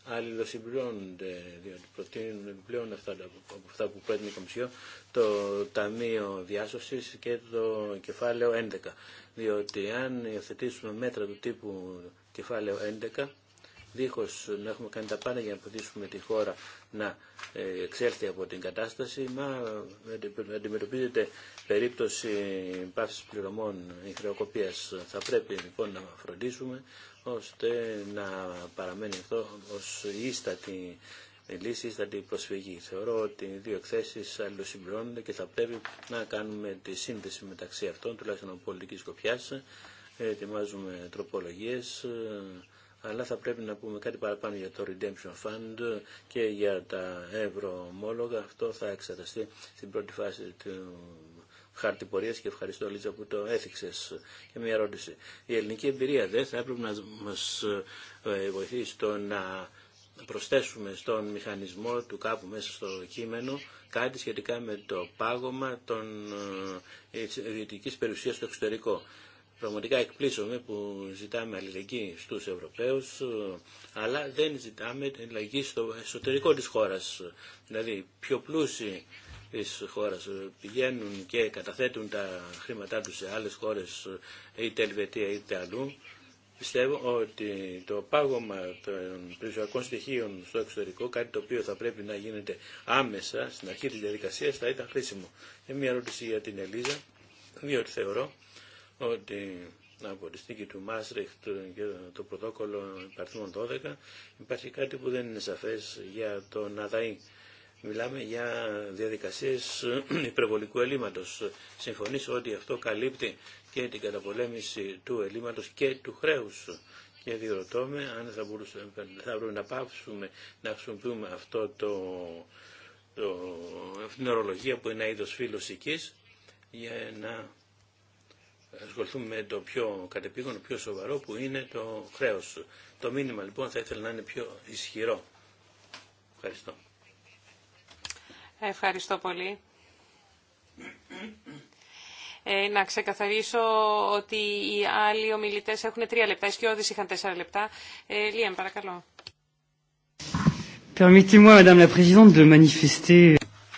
αλληλοσυμπληρώνονται, διότι προτείνουν επιπλέον αυτά, από αυτά που πρέπει η Κομισιό το Ταμείο διάσωση και το κεφάλαιο 11. Διότι αν υιοθετήσουμε μέτρα του τύπου κεφάλαιο 11, δίχως να έχουμε κάνει τα πάντα για να βοηθήσουμε τη χώρα να ε, εξέλθει από την κατάσταση, μα αντιμετωπίζεται περίπτωση πάυσης πληρωμών ή χρεοκοπίας. Θα πρέπει λοιπόν να φροντίσουμε ώστε να παραμένει αυτό ως ίστατη λύση, ίστατη προσφυγή. Θεωρώ ότι οι δύο εκθέσεις αλληλοσυμπληρώνονται και θα πρέπει να κάνουμε τη σύνδεση μεταξύ αυτών, τουλάχιστον από πολιτική σκοπιάς. Ετοιμάζουμε τροπολογίες αλλά θα πρέπει να πούμε κάτι παραπάνω για το Redemption Fund και για τα ευρωομόλογα. Αυτό θα εξαταστεί στην πρώτη φάση του χάρτη πορεία και ευχαριστώ Λίτσα που το έθιξε. Και μια ερώτηση. Η ελληνική εμπειρία δεν θα έπρεπε να μα ε, βοηθήσει στο να προσθέσουμε στον μηχανισμό του κάπου μέσα στο κείμενο κάτι σχετικά με το πάγωμα των ε, ιδιωτικής περιουσίας στο εξωτερικό. Πραγματικά εκπλήσωμε που ζητάμε αλληλεγγύη στους Ευρωπαίους, αλλά δεν ζητάμε αλληλεγγύη στο εσωτερικό της χώρας. Δηλαδή, πιο πλούσιοι της χώρας πηγαίνουν και καταθέτουν τα χρήματά τους σε άλλες χώρες, είτε Ελβετία είτε αλλού. Πιστεύω ότι το πάγωμα των περιουσιακών στοιχείων στο εξωτερικό, κάτι το οποίο θα πρέπει να γίνεται άμεσα στην αρχή της διαδικασίας, θα ήταν χρήσιμο. Και ε, μια ερώτηση για την Ελίζα, διότι θεωρώ ότι από τη στήκη του Μάστριχτ και το πρωτόκολλο υπαρθμών 12 υπάρχει κάτι που δεν είναι σαφές για το ΑΔΑΗ. Μιλάμε για διαδικασίες υπερβολικού ελλείμματος. Συμφωνήσω ότι αυτό καλύπτει και την καταπολέμηση του ελλείμματος και του χρέους. Και διερωτώ αν θα μπορούσαμε μπορούμε να πάψουμε να χρησιμοποιούμε αυτό το, το, την ορολογία που είναι ένα είδος για να ασχοληθούμε με το πιο κατεπήγον, πιο σοβαρό που είναι το χρέος. Το μήνυμα λοιπόν θα ήθελα να είναι πιο ισχυρό. Ευχαριστώ. Ευχαριστώ πολύ. Ε, να ξεκαθαρίσω ότι οι άλλοι ομιλητές έχουν τρία λεπτά, οι σκιώδεις είχαν τέσσερα λεπτά. Ε, παρακαλώ.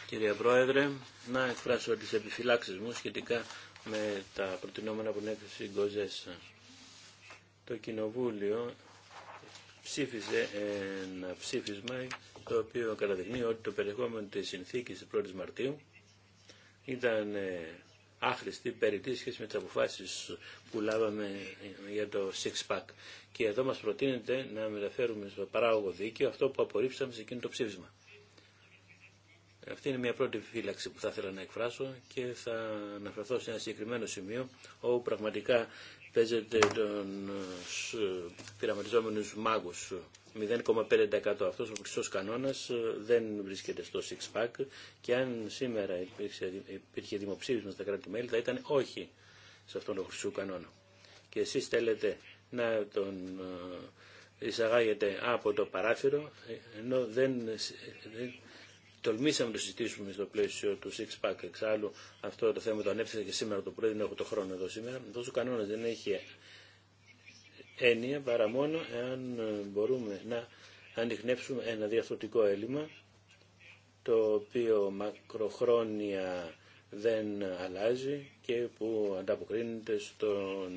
Κυρία Πρόεδρε, να εκφράσω τις επιφυλάξεις μου σχετικά με τα προτινόμενα που την έκθεση Γκοζέσα. Το Κοινοβούλιο ψήφισε ένα ψήφισμα το οποίο καταδεικνύει ότι το περιεχόμενο της συνθήκης της 1ης Μαρτίου ήταν ε, άχρηστη περιττή σχέση με τις αποφάσεις που λάβαμε για το Six Pack. Και εδώ μας προτείνεται να μεταφέρουμε στο παράγωγο δίκαιο αυτό που απορρίψαμε σε εκείνο το ψήφισμα. Αυτή είναι μια πρώτη φύλαξη που θα ήθελα να εκφράσω και θα αναφερθώ σε ένα συγκεκριμένο σημείο όπου πραγματικά παίζεται τον ε, πειραματιζόμενους μάγους 0,5%. Αυτός ο χρυσός κανόνας ε, δεν βρίσκεται στο six pack και αν σήμερα υπήρχε δημοψήφισμα στα κράτη-μέλη θα ήταν όχι σε αυτόν τον χρυσό κανόνα. Και εσείς θέλετε να τον ε, εισαγάγετε από το παράθυρο ενώ δεν τολμήσαμε να το συζητήσουμε στο πλαίσιο του Six Pack. Εξάλλου αυτό το θέμα το ανέφερε και σήμερα το πρωί, δεν έχω το χρόνο εδώ σήμερα. Τόσο κανόνα δεν έχει έννοια παρά μόνο εάν ε, μπορούμε να ανοιχνεύσουμε ένα διαθωτικό έλλειμμα το οποίο μακροχρόνια δεν αλλάζει και που ανταποκρίνεται στο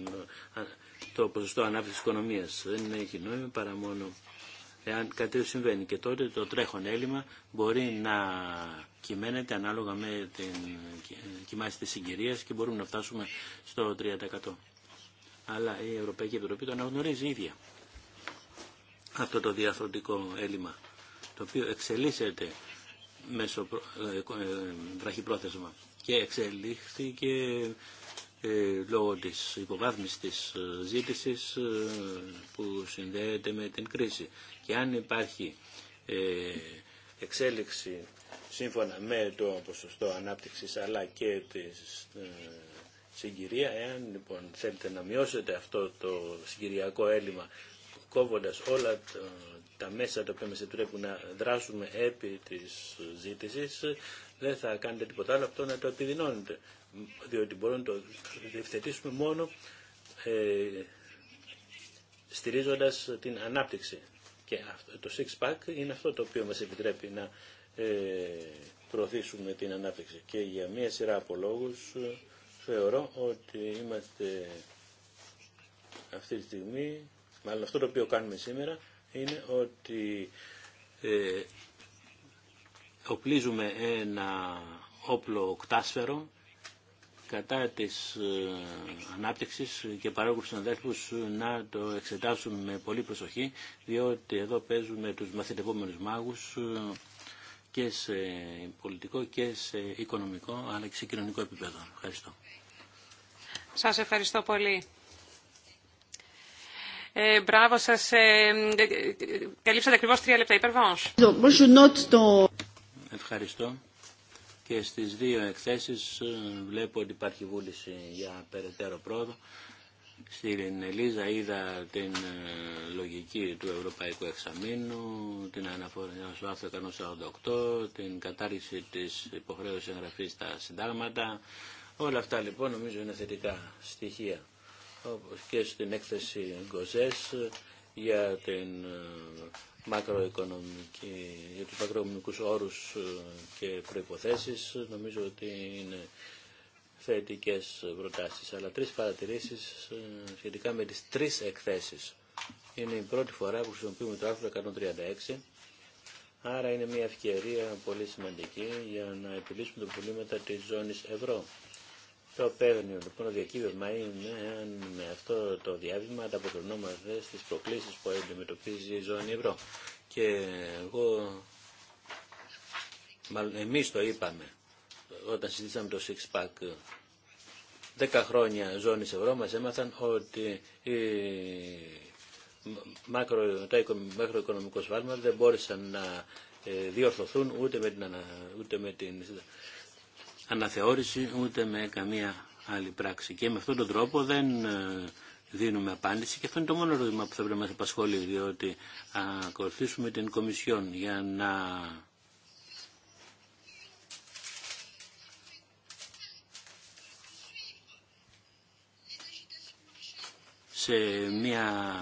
το ποσοστό ανάπτυξη οικονομίας. Δεν έχει νόημα παρά μόνο εάν κάτι συμβαίνει. Και τότε το τρέχον έλλειμμα μπορεί να κυμαίνεται ανάλογα με την κοιμάση της συγκυρίας και μπορούμε να φτάσουμε στο 30%. Αλλά η Ευρωπαϊκή Επιτροπή το αναγνωρίζει ίδια αυτό το διαφορετικό έλλειμμα, το οποίο εξελίσσεται μέσω ε, ε, ε, βραχυπρόθεσμα και εξελίχθηκε ε, λόγω της υποβάθμισης της ε, ζήτησης ε, που συνδέεται με την κρίση. Και αν υπάρχει εξέλιξη σύμφωνα με το ποσοστό ανάπτυξης αλλά και της συγκυρία, εάν λοιπόν θέλετε να μειώσετε αυτό το συγκυριακό έλλειμμα κόβοντας όλα τα μέσα τα οποία μας επιτρέπουν να δράσουμε επί της ζήτησης, δεν θα κάνετε τίποτα άλλο από το να το επιδεινώνετε. Διότι μπορούμε να το διευθετήσουμε μόνο ε, στηρίζοντας την ανάπτυξη. Και αυτό, το six pack είναι αυτό το οποίο μας επιτρέπει να ε, προωθήσουμε την ανάπτυξη. Και για μία σειρά από λόγους ε, θεωρώ ότι είμαστε αυτή τη στιγμή, μάλλον αυτό το οποίο κάνουμε σήμερα, είναι ότι ε, οπλίζουμε ένα όπλο οκτάσφαιρο κατά της ε, ανάπτυξης και παράγουν συναδέλφους να το εξετάσουμε με πολύ προσοχή διότι εδώ παίζουμε τους μαθητευόμενους μάγους ε, και σε πολιτικό και σε οικονομικό αλλά και σε κοινωνικό επίπεδο. Ευχαριστώ. Σας ευχαριστώ πολύ. Ε, μπράβο σας. Ε, καλύψατε ακριβώς τρία λεπτά υπερβάνως. Ευχαριστώ. Και στις δύο εκθέσεις ε, βλέπω ότι υπάρχει βούληση για περαιτέρω πρόοδο. Στην Ελίζα είδα την ε, λογική του Ευρωπαϊκού Εξαμήνου, την αναφορά ε, στο άρθρο 148, την κατάργηση της υποχρέωσης εγγραφής στα συντάγματα. Όλα αυτά λοιπόν νομίζω είναι θετικά στοιχεία. Όπως και στην έκθεση Γκοζές για την για τους μακροοικονομικούς όρους ε, και προϋποθέσεις νομίζω ότι είναι θετικές προτάσεις, αλλά τρεις παρατηρήσεις ε, σχετικά με τις τρεις εκθέσεις. Είναι η πρώτη φορά που χρησιμοποιούμε το άρθρο 136, άρα είναι μια ευκαιρία πολύ σημαντική για να επιλύσουμε το προβλήματα της ζώνης ευρώ. Το παίρνει λοιπόν ο διακύβευμα είναι αν με αυτό το διάβημα ανταποκρινόμαστε στι προκλήσεις που αντιμετωπίζει η ζώνη ευρώ. Και εγώ, μάλλον εμείς το είπαμε όταν συζήτησαμε το six pack, δέκα χρόνια ζώνη ευρώ μα έμαθαν ότι η μακρο, τα μακροοικονομικό δεν μπόρεσαν να ε, διορθωθούν ούτε με την, ούτε με την αναθεώρηση ούτε με καμία άλλη πράξη. Και με αυτόν τον τρόπο δεν ε, δίνουμε απάντηση και αυτό είναι το μόνο ερώτημα που θα πρέπει να μας απασχολεί διότι ακολουθήσουμε την Κομισιόν για να σε μια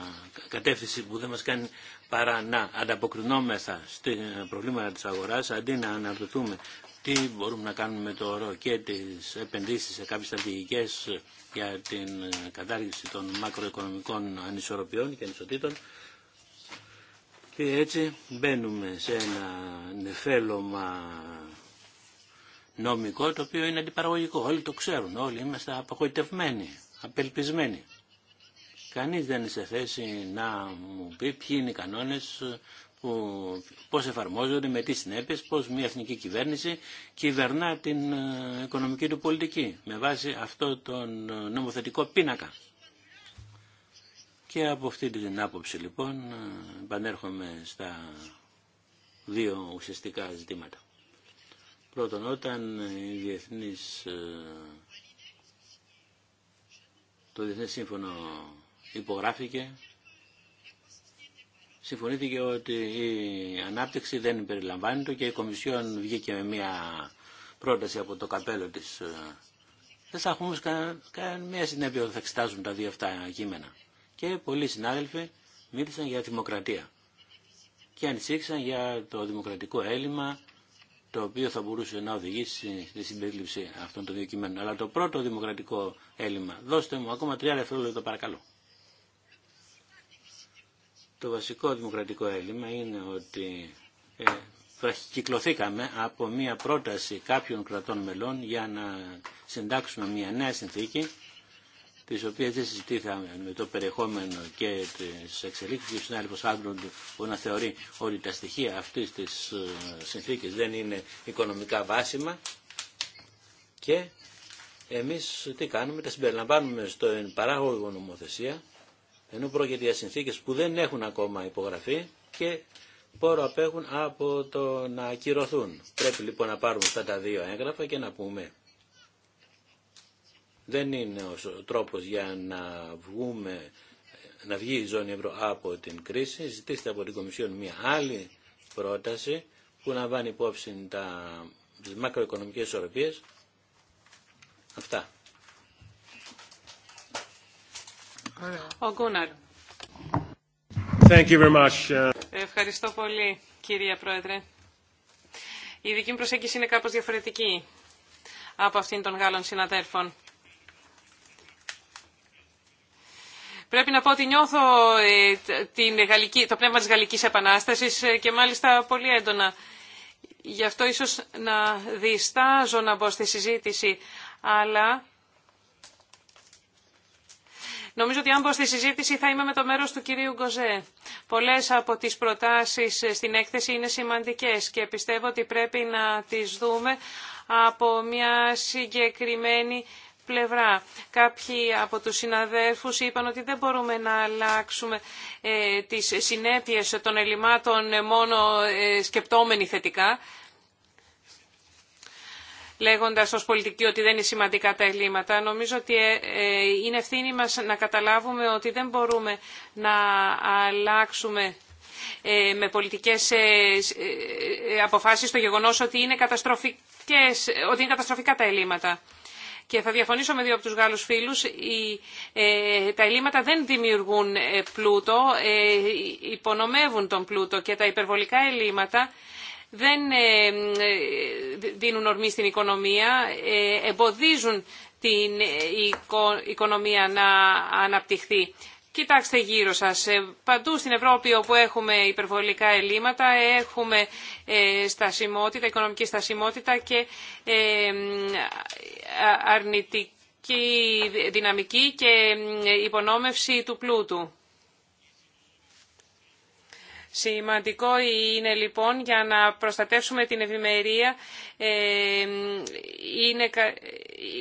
κατεύθυνση που δεν μας κάνει παρά να ανταποκρινόμεθα στην ε, προβλήματα της αγοράς αντί να αναρτηθούμε τι μπορούμε να κάνουμε τώρα και τις επενδύσεις σε κάποιες στρατηγικές για την κατάργηση των μακροοικονομικών ανισορροπιών και ανισοτήτων. Και έτσι μπαίνουμε σε ένα νεφέλωμα νομικό το οποίο είναι αντιπαραγωγικό. Όλοι το ξέρουν, όλοι είμαστε απογοητευμένοι, απελπισμένοι. Κανείς δεν είναι σε θέση να μου πει ποιοι είναι οι κανόνες που, πώς εφαρμόζονται, με τι συνέπειες, πώς μια εθνική κυβέρνηση κυβερνά την ε, οικονομική του πολιτική με βάση αυτό τον ε, νομοθετικό πίνακα. Και από αυτή την άποψη λοιπόν ε, επανέρχομαι στα δύο ουσιαστικά ζητήματα. Πρώτον, όταν η διεθνής, το Διεθνές Σύμφωνο υπογράφηκε συμφωνήθηκε ότι η ανάπτυξη δεν περιλαμβάνεται και η Κομισιόν βγήκε με μια πρόταση από το καπέλο της. Ε, δεν θα έχουμε καμία συνέπεια ότι θα εξετάζουν τα δύο αυτά κείμενα. Και πολλοί συνάδελφοι μίλησαν για δημοκρατία και ανησύχησαν για το δημοκρατικό έλλειμμα το οποίο θα μπορούσε να οδηγήσει στη συμπερίληψη αυτών των δύο κειμένων. Αλλά το πρώτο δημοκρατικό έλλειμμα, δώστε μου ακόμα τρία το παρακαλώ. Το βασικό δημοκρατικό έλλειμμα είναι ότι ε, κυκλωθήκαμε από μία πρόταση κάποιων κρατών μελών για να συντάξουμε μία νέα συνθήκη τις οποίες δεν συζητήθαμε με το περιεχόμενο και τις εξελίξεις. του συνάδελφος Άγκροντ που να θεωρεί ότι τα στοιχεία αυτής της ε, συνθήκης δεν είναι οικονομικά βάσιμα και εμείς τι κάνουμε, τα συμπεριλαμβάνουμε στο παράγωγο νομοθεσία ενώ πρόκειται για συνθήκες που δεν έχουν ακόμα υπογραφεί και πόρο απέχουν από το να ακυρωθούν. Πρέπει λοιπόν να πάρουμε αυτά τα δύο έγγραφα και να πούμε. Δεν είναι ο τρόπος για να, βγούμε, να βγει η ζώνη ευρώ από την κρίση. Ζητήστε από την Κομισιόν μια άλλη πρόταση που να βάνει υπόψη τα, τις μακροοικονομικές Αυτά. Ο Γκούναρ. Uh, Ευχαριστώ πολύ, κυρία Πρόεδρε. Η δική μου προσέγγιση είναι κάπως διαφορετική από αυτήν των Γάλλων συναδέρφων. Πρέπει να πω ότι νιώθω ε, την γαλλική, το πνεύμα της Γαλλικής Επανάστασης ε, και μάλιστα πολύ έντονα. Γι' αυτό ίσως να διστάζω να μπω στη συζήτηση, αλλά Νομίζω ότι αν μπω στη συζήτηση θα είμαι με το μέρος του κυρίου Γκοζέ. Πολλές από τις προτάσεις στην έκθεση είναι σημαντικές και πιστεύω ότι πρέπει να τις δούμε από μια συγκεκριμένη πλευρά. Κάποιοι από τους συναδέρφους είπαν ότι δεν μπορούμε να αλλάξουμε ε, τις συνέπειες των ελλημάτων μόνο ε, σκεπτόμενοι θετικά λέγοντας ως πολιτική ότι δεν είναι σημαντικά τα ελλείμματα. Νομίζω ότι ε, ε, είναι ευθύνη μας να καταλάβουμε ότι δεν μπορούμε να αλλάξουμε ε, με πολιτικές αποφάσεις το γεγονός ότι είναι, καταστροφικές, ότι είναι καταστροφικά τα ελλείμματα. Και θα διαφωνήσω με δύο από τους Γάλλους φίλους, οι, τα ελλείμματα δεν δημιουργούν πλούτο, υπονομεύουν τον πλούτο και τα υπερβολικά ελλείμματα δεν ε, ε, δίνουν ορμή στην οικονομία, ε, εμποδίζουν την οικονομία να αναπτυχθεί. Κοιτάξτε γύρω σας. Παντού στην Ευρώπη όπου έχουμε υπερβολικά ελλείμματα, έχουμε στασιμότητα, οικονομική στασιμότητα και αρνητική δυναμική και υπονόμευση του πλούτου. Σημαντικό είναι λοιπόν για να προστατεύσουμε την ευημερία. Ε, είναι,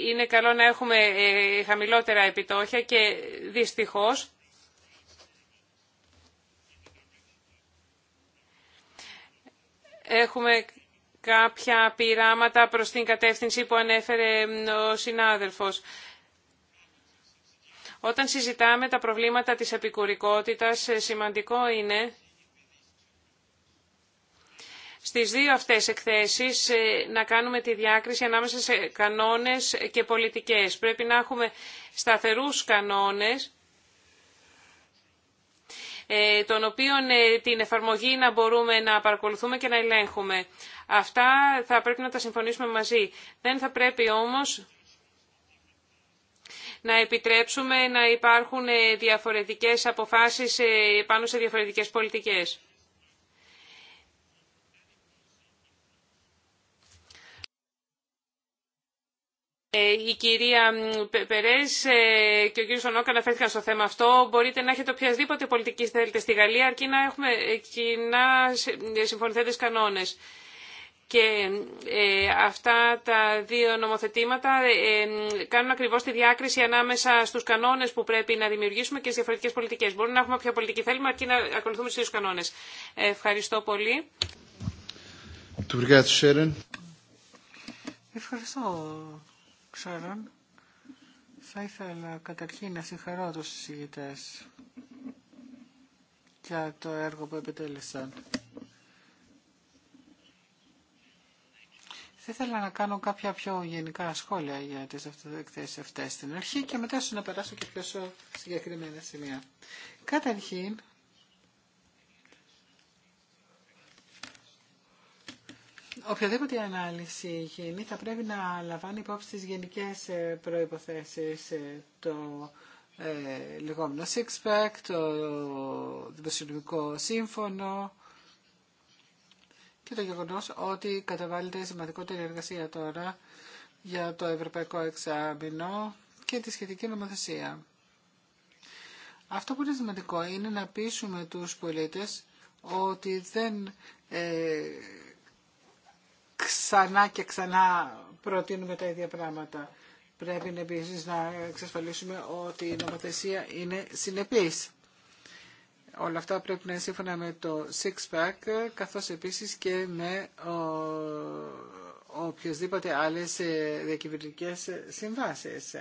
είναι καλό να έχουμε ε, χαμηλότερα επιτόχια και δυστυχώς έχουμε κάποια πειράματα προς την κατεύθυνση που ανέφερε ο συνάδελφος. Όταν συζητάμε τα προβλήματα της επικουρικότητας, ε, σημαντικό είναι στις δύο αυτές εκθέσεις ε, να κάνουμε τη διάκριση ανάμεσα σε κανόνες και πολιτικές. Πρέπει να έχουμε σταθερούς κανόνες ε, τον οποίων ε, την εφαρμογή να μπορούμε να παρακολουθούμε και να ελέγχουμε. Αυτά θα πρέπει να τα συμφωνήσουμε μαζί. Δεν θα πρέπει όμως να επιτρέψουμε να υπάρχουν διαφορετικές αποφάσεις πάνω σε διαφορετικές πολιτικές. Ε, η κυρία Περέ ε, και ο κύριο Ονόκα αναφέρθηκαν στο θέμα αυτό. Μπορείτε να έχετε οποιασδήποτε πολιτική θέλετε στη Γαλλία, αρκεί να έχουμε ε, κοινά συμφωνηθέντε κανόνε. Και ε, αυτά τα δύο νομοθετήματα ε, κάνουν ακριβώς τη διάκριση ανάμεσα στους κανόνες που πρέπει να δημιουργήσουμε και στις διαφορετικές πολιτικές. Μπορούμε να έχουμε όποια πολιτική θέλουμε, αρκεί να ακολουθούμε στους ίδιου κανόνες. Ε, ευχαριστώ πολύ. Ευχαριστώ, ξέρουν. θα ήθελα καταρχήν να συγχαρώ τους συζητητές για το έργο που επιτέλεσαν. Θα ήθελα να κάνω κάποια πιο γενικά σχόλια για τις εκθέσεις αυτές στην αρχή και μετά σου να περάσω και πιο συγκεκριμένα σημεία. Καταρχήν, οποιαδήποτε ανάλυση γίνει θα πρέπει να λαμβάνει υπόψη τις γενικές ε, προϋποθέσεις ε, το ε, λεγόμενο six-pack, το δημοσιονομικό σύμφωνο και το γεγονός ότι καταβάλλεται σημαντικότερη εργασία τώρα για το Ευρωπαϊκό Εξάμεινο και τη σχετική νομοθεσία. Αυτό που είναι σημαντικό είναι να πείσουμε τους πολίτες ότι δεν ε, ξανά και ξανά προτείνουμε τα ίδια πράγματα. Πρέπει επίση να εξασφαλίσουμε ότι η νομοθεσία είναι συνεπής. Όλα αυτά πρέπει να είναι σύμφωνα με το six-pack, καθώς επίσης και με ο... οποιασδήποτε άλλες ε, διακυβερνικές συμβάσεις.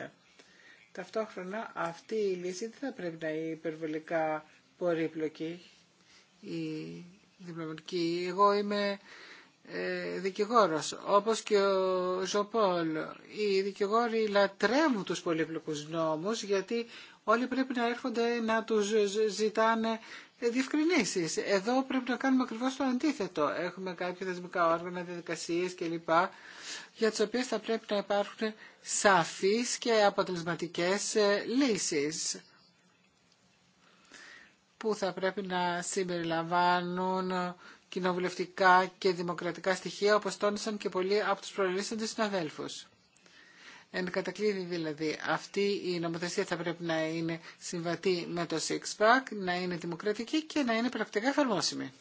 Ταυτόχρονα αυτή η λύση δεν θα πρέπει να είναι υπερβολικά πολύπλοκη ή διπλωματική. Εγώ είμαι ε, δικηγόρος, όπως και ο Ζοπόλ. Οι δικηγόροι λατρεύουν τους πολύπλοκους νόμους γιατί όλοι πρέπει να έρχονται να τους ζητάνε διευκρινήσεις. Εδώ πρέπει να κάνουμε ακριβώς το αντίθετο. Έχουμε κάποια δεσμικά όργανα, διαδικασίες κλπ. για τις οποίες θα πρέπει να υπάρχουν σαφείς και αποτελεσματικές ε, λύσεις που θα πρέπει να συμπεριλαμβάνουν κοινοβουλευτικά και δημοκρατικά στοιχεία, όπως τόνισαν και πολλοί από τους προελίσσοντες συναδέλφους. Εν κατακλείδη δηλαδή, αυτή η νομοθεσία θα πρέπει να είναι συμβατή με το six-pack, να είναι δημοκρατική και να είναι πρακτικά εφαρμόσιμη.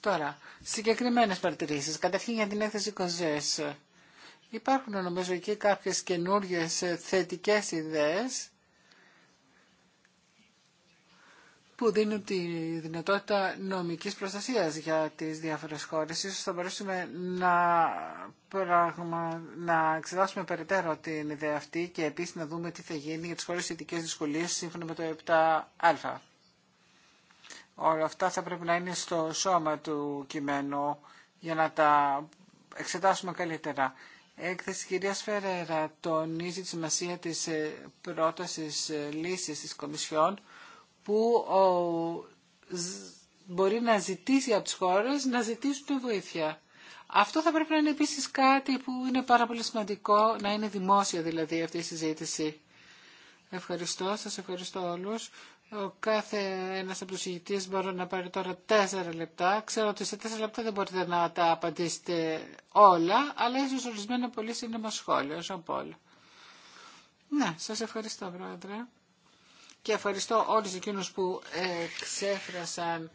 Τώρα, συγκεκριμένε παρατηρήσει. Καταρχήν για την έκθεση Κοζέ. Υπάρχουν νομίζω εκεί κάποιε καινούριε θετικέ ιδέε. που δίνουν τη δυνατότητα νομικής προστασίας για τις διάφορες χώρες. Ίσως θα μπορούσαμε να, πραγμα... να εξετάσουμε περαιτέρω την ιδέα αυτή και επίσης να δούμε τι θα γίνει για τις χώρες ειδικές δυσκολίες σύμφωνα με το 7α. Όλα αυτά θα πρέπει να είναι στο σώμα του κειμένου για να τα εξετάσουμε καλύτερα. Έκθεση κυρία Φερέρα τονίζει τη σημασία της ε, πρότασης ε, λύσης της Κομισιόν που μπορεί να ζητήσει από τις χώρες να ζητήσουν τη βοήθεια. Αυτό θα πρέπει να είναι επίσης κάτι που είναι πάρα πολύ σημαντικό, να είναι δημόσια δηλαδή αυτή η συζήτηση. Ευχαριστώ, σας ευχαριστώ όλους. Ο κάθε ένας από τους ηγητές μπορεί να πάρει τώρα τέσσερα λεπτά. Ξέρω ότι σε τέσσερα λεπτά δεν μπορείτε να τα απαντήσετε όλα, αλλά ίσως ορισμένα πολύ σύντομα σχόλια, από όλα. Ναι, σας ευχαριστώ, Πρόεδρε και ευχαριστώ όλους εκείνους που εξέφρασαν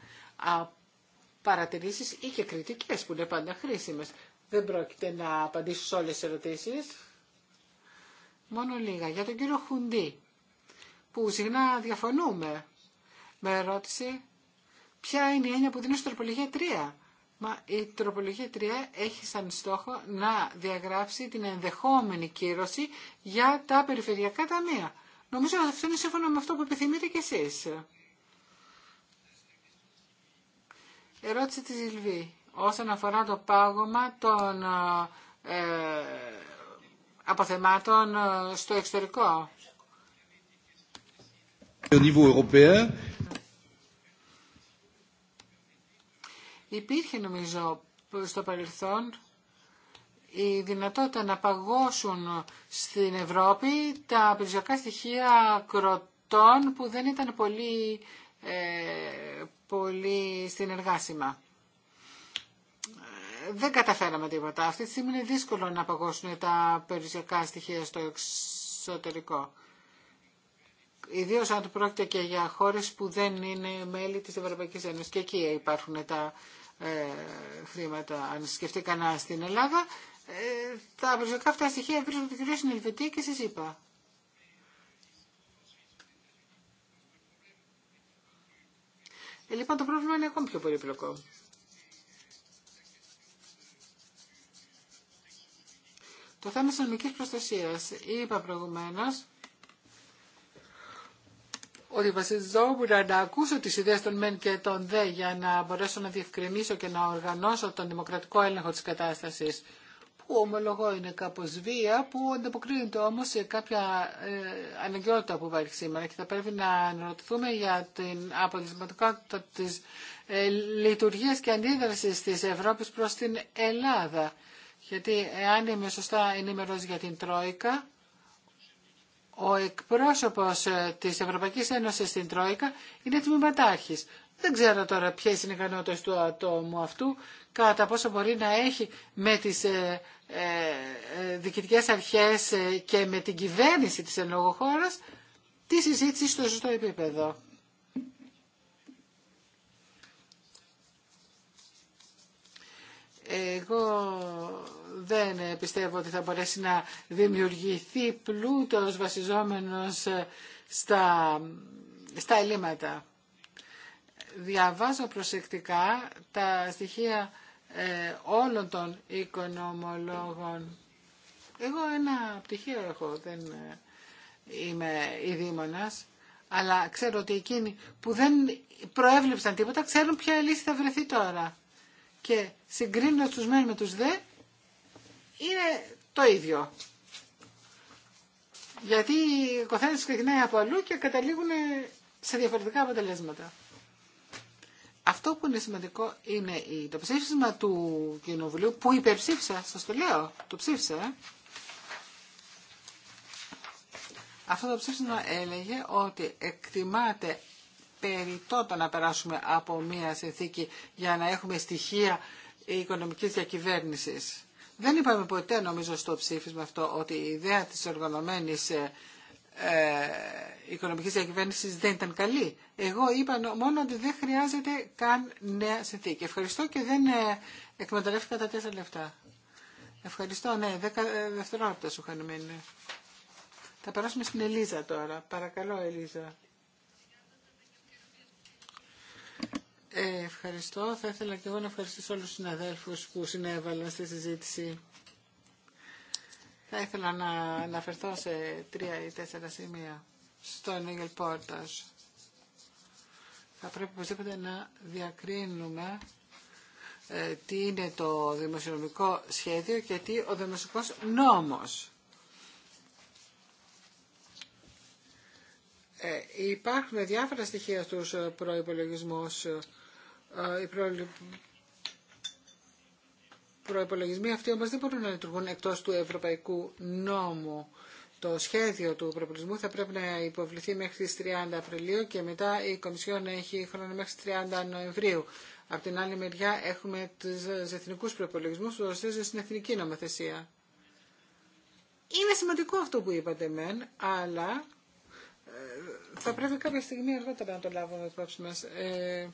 παρατηρήσεις ή και κριτικές που είναι πάντα χρήσιμες. Δεν πρόκειται να απαντήσω σε όλες τις ερωτήσεις. Μόνο λίγα. Για τον κύριο Χουντή, που συχνά διαφωνούμε, με ερώτηση ποια είναι η έννοια που δίνει στην τροπολογία 3. Μα η τροπολογία 3 έχει σαν στόχο να διαγράψει την ενδεχόμενη κύρωση για τα περιφερειακά ταμεία. Νομίζω ότι αυτό είναι σύμφωνα με αυτό που επιθυμείτε κι εσείς. Ερώτηση της Ιλβή. Όσον αφορά το πάγωμα των ε, ε αποθεμάτων ε, στο εξωτερικό. Υπήρχε νομίζω στο παρελθόν η δυνατότητα να παγώσουν στην Ευρώπη τα περιουσιακά στοιχεία κροτών που δεν ήταν πολύ, ε, πολύ συνεργάσιμα. Δεν καταφέραμε τίποτα. Αυτή τη στιγμή είναι δύσκολο να παγώσουν τα περιουσιακά στοιχεία στο εξωτερικό. Ιδίως αν πρόκειται και για χώρες που δεν είναι μέλη της Ευρωπαϊκής Ένωσης και εκεί υπάρχουν τα ε, χρήματα. Αν σκεφτεί κανένα στην Ελλάδα, ε, τα προσωπικά αυτά στοιχεία βρίσκονται κυρίως στην Ελβετία και στη είπα. Ε, λοιπόν, το πρόβλημα είναι ακόμη πιο πολύπλοκο. Το θέμα της νομικής προστασίας. Είπα προηγουμένως ότι βασιζόμουν να ακούσω τις ιδέες των ΜΕΝ και των ΔΕ για να μπορέσω να διευκρινίσω και να οργανώσω τον δημοκρατικό έλεγχο της κατάστασης που ομολογώ είναι κάπως βία, που ανταποκρίνεται όμω σε κάποια ε, αναγκαιότητα που υπάρχει σήμερα και θα πρέπει να αναρωτηθούμε για την αποτελεσματικότητα τη ε, λειτουργίας και αντίδραση τη Ευρώπη προς την Ελλάδα. Γιατί εάν είμαι σωστά ενήμερο για την Τρόικα, ο εκπρόσωπος ε, της Ευρωπαϊκής Ένωσης στην Τρόικα είναι τμήματάρχης. Δεν ξέρω τώρα ποιες είναι οι ικανότητες του ατόμου αυτού, κατά πόσο μπορεί να έχει με τις ε, ε, ε αρχές ε, και με την κυβέρνηση της εν λόγω χώρας τη συζήτηση στο σωστό επίπεδο. Εγώ δεν πιστεύω ότι θα μπορέσει να δημιουργηθεί πλούτος βασιζόμενος ε, στα, στα ελλείμματα διαβάζω προσεκτικά τα στοιχεία ε, όλων των οικονομολόγων. Εγώ ένα πτυχίο έχω, δεν ε, είμαι ειδήμονας, αλλά ξέρω ότι εκείνοι που δεν προέβλεψαν τίποτα ξέρουν ποια λύση θα βρεθεί τώρα. Και συγκρίνοντας τους μεν με τους δε, είναι το ίδιο. Γιατί ο καθένας ξεκινάει από αλλού και καταλήγουν σε διαφορετικά αποτελέσματα. Αυτό που είναι σημαντικό είναι το ψήφισμα του Κοινοβουλίου που υπερψήφισα, σας το λέω, το ψήφισα. Αυτό το ψήφισμα έλεγε ότι εκτιμάται περιττό να περάσουμε από μία συνθήκη για να έχουμε στοιχεία οικονομικής διακυβέρνησης. Δεν είπαμε ποτέ νομίζω στο ψήφισμα αυτό ότι η ιδέα της οργανωμένης ε, ε, οικονομική διακυβέρνηση δεν ήταν καλή. Εγώ είπα μόνο ότι δεν χρειάζεται καν νέα συνθήκη. Ευχαριστώ και δεν ε, εκμεταλλεύτηκα τα τέσσερα λεφτά. Ευχαριστώ, ναι, δεκα ε, δευτερόλεπτα σου είχαν μείνει. Θα περάσουμε στην Ελίζα τώρα. Παρακαλώ, Ελίζα. Ε, ευχαριστώ. Θα ήθελα και εγώ να ευχαριστήσω όλους τους συναδέλφους που συνέβαλαν στη συζήτηση. Θα ήθελα να αναφερθώ σε τρία ή τέσσερα σημεία στο Ιγελ Πόρτας. Θα πρέπει οπωσδήποτε να διακρίνουμε ε, τι είναι το δημοσιονομικό σχέδιο και τι ο δημοσιονομικός νόμος. Ε, υπάρχουν διάφορα στοιχεία στους προϋπολογισμούς. Ε, οι προπολογισμοί αυτοί όμως δεν μπορούν να λειτουργούν εκτός του ευρωπαϊκού νόμου. Το σχέδιο του προπολογισμού θα πρέπει να υποβληθεί μέχρι τις 30 Απριλίου και μετά η Κομισιόν έχει χρόνο μέχρι τις 30 Νοεμβρίου. Απ' την άλλη μεριά έχουμε τους ε, εθνικούς προπολογισμούς που βασίζονται στην εθνική νομοθεσία. Είναι σημαντικό αυτό που είπατε μεν, αλλά ε, θα πρέπει κάποια στιγμή αργότερα να το λάβουμε υπόψη μας. Ε,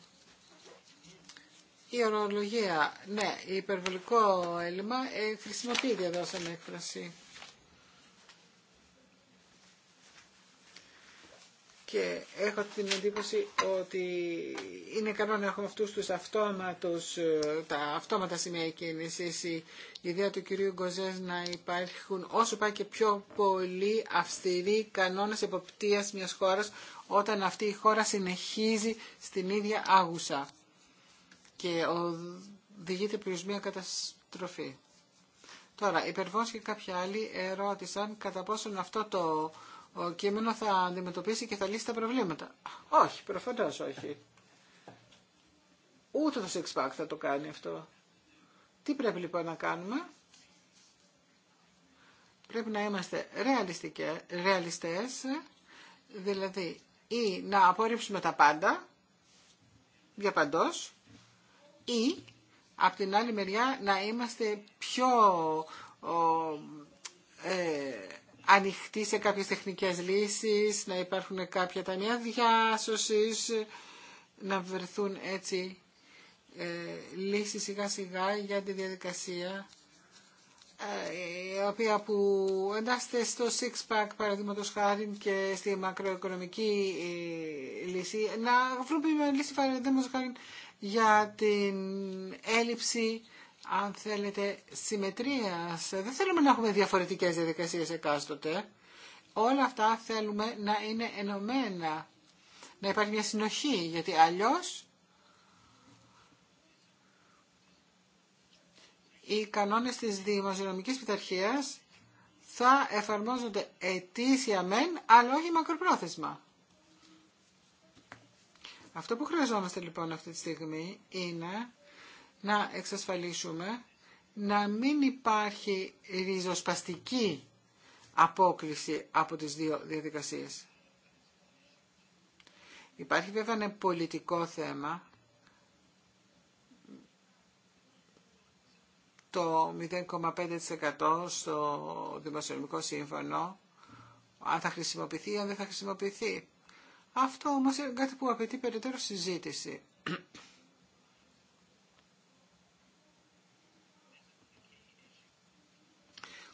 η ορολογία, ναι, η υπερβολικό έλλειμμα ε, χρησιμοποιείται εδώ σαν έκφραση. Και έχω την εντύπωση ότι είναι καλό να έχουμε αυτούς τους αυτόματους, ε, τα αυτόματα σημεία κίνησης. Η ιδέα του κυρίου Γκοζές να υπάρχουν όσο πάει και πιο πολύ αυστηροί κανόνες εποπτείας μιας χώρας όταν αυτή η χώρα συνεχίζει στην ίδια άγουσα και οδηγείται προς μια καταστροφή. Τώρα, η και κάποιοι άλλοι ερώτησαν κατά πόσον αυτό το κείμενο θα αντιμετωπίσει και θα λύσει τα προβλήματα. Όχι, προφανώς όχι. Ούτε το σεξπακ θα το κάνει αυτό. Τι πρέπει λοιπόν να κάνουμε. Πρέπει να είμαστε ρεαλιστές, δηλαδή ή να απορρίψουμε τα πάντα, για παντός, ή από την άλλη μεριά να είμαστε πιο ο, ε, ανοιχτοί σε κάποιες τεχνικές λύσεις, να υπάρχουν κάποια ταμεία διάσωσης, να βρεθούν έτσι ε, λύσεις σιγά σιγά για τη διαδικασία ε, η οποία που εντάσσεται στο six pack παραδείγματο χάρη και στη μακροοικονομική ε, λύση. Να βρούμε μια λύση παραδείγματο χάρη για την έλλειψη αν θέλετε, συμμετρίας. Δεν θέλουμε να έχουμε διαφορετικές διαδικασίες εκάστοτε. Όλα αυτά θέλουμε να είναι ενωμένα, να υπάρχει μια συνοχή, γιατί αλλιώς οι κανόνες της δημοσιονομικής πειθαρχίας θα εφαρμόζονται ετήσια μεν, αλλά όχι μακροπρόθεσμα. Αυτό που χρειαζόμαστε λοιπόν αυτή τη στιγμή είναι να εξασφαλίσουμε να μην υπάρχει ριζοσπαστική απόκληση από τις δύο διαδικασίες. Υπάρχει βέβαια ένα πολιτικό θέμα, το 0,5% στο Δημοσιονομικό Σύμφωνο, αν θα χρησιμοποιηθεί ή αν δεν θα χρησιμοποιηθεί. Αυτό όμως είναι κάτι που απαιτεί περαιτέρω συζήτηση.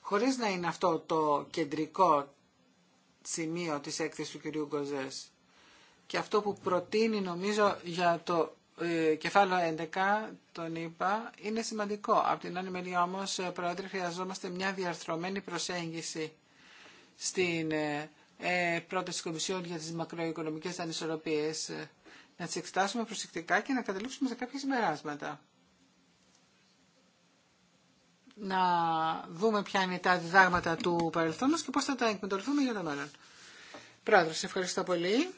Χωρίς να είναι αυτό το κεντρικό σημείο της έκθεσης του κυρίου Γκοζές. Και αυτό που προτείνει νομίζω για το ε, κεφάλαιο 11, τον είπα, είναι σημαντικό. Από την άλλη μεριά όμως, ε, πρόεδρε, χρειαζόμαστε μια διαρθρωμένη προσέγγιση στην ε, ε, πρόταση Κομισιόν για τις μακροοικονομικές ανισορροπίες. Ε, να τις εξετάσουμε προσεκτικά και να καταλήξουμε σε κάποια συμπεράσματα. Να δούμε ποια είναι τα διδάγματα του παρελθόντος και πώς θα τα εκμετωρθούμε για το μέλλον. Πρόεδρος, ευχαριστώ πολύ.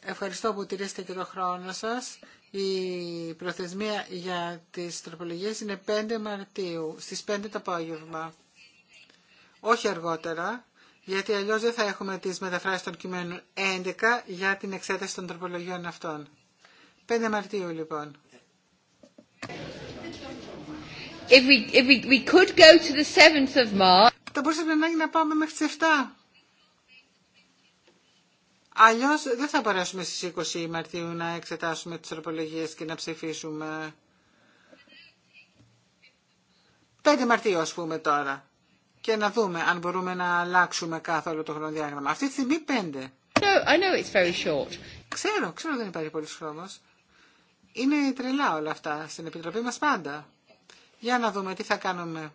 Ευχαριστώ που τηρήσετε και το χρόνο σας. Η προθεσμία για τις τροπολογίες είναι 5 Μαρτίου, στις 5 το απόγευμα. Όχι αργότερα, γιατί αλλιώς δεν θα έχουμε τις μεταφράσεις των κειμένων 11 για την εξέταση των τροπολογιών αυτών. 5 Μαρτίου λοιπόν. If we, we, could go to the 7th of March. Θα μπορούσαμε να, να πάμε μέχρι τις 7. Αλλιώς δεν θα μπορέσουμε στις 20 Μαρτίου να εξετάσουμε τις τροπολογίες και να ψηφίσουμε. 5 Μαρτίου ας πούμε τώρα και να δούμε αν μπορούμε να αλλάξουμε όλο το χρονοδιάγραμμα. Αυτή τη στιγμή πέντε. No, I know it's very short. Ξέρω, ξέρω δεν υπάρχει πολύ χρόνο. Είναι τρελά όλα αυτά στην Επιτροπή μας πάντα. Για να δούμε τι θα κάνουμε.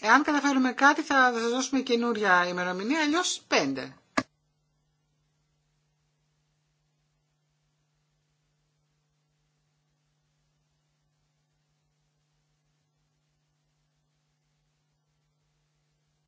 Εάν καταφέρουμε κάτι θα σας δώσουμε καινούρια ημερομηνία, αλλιώ πέντε.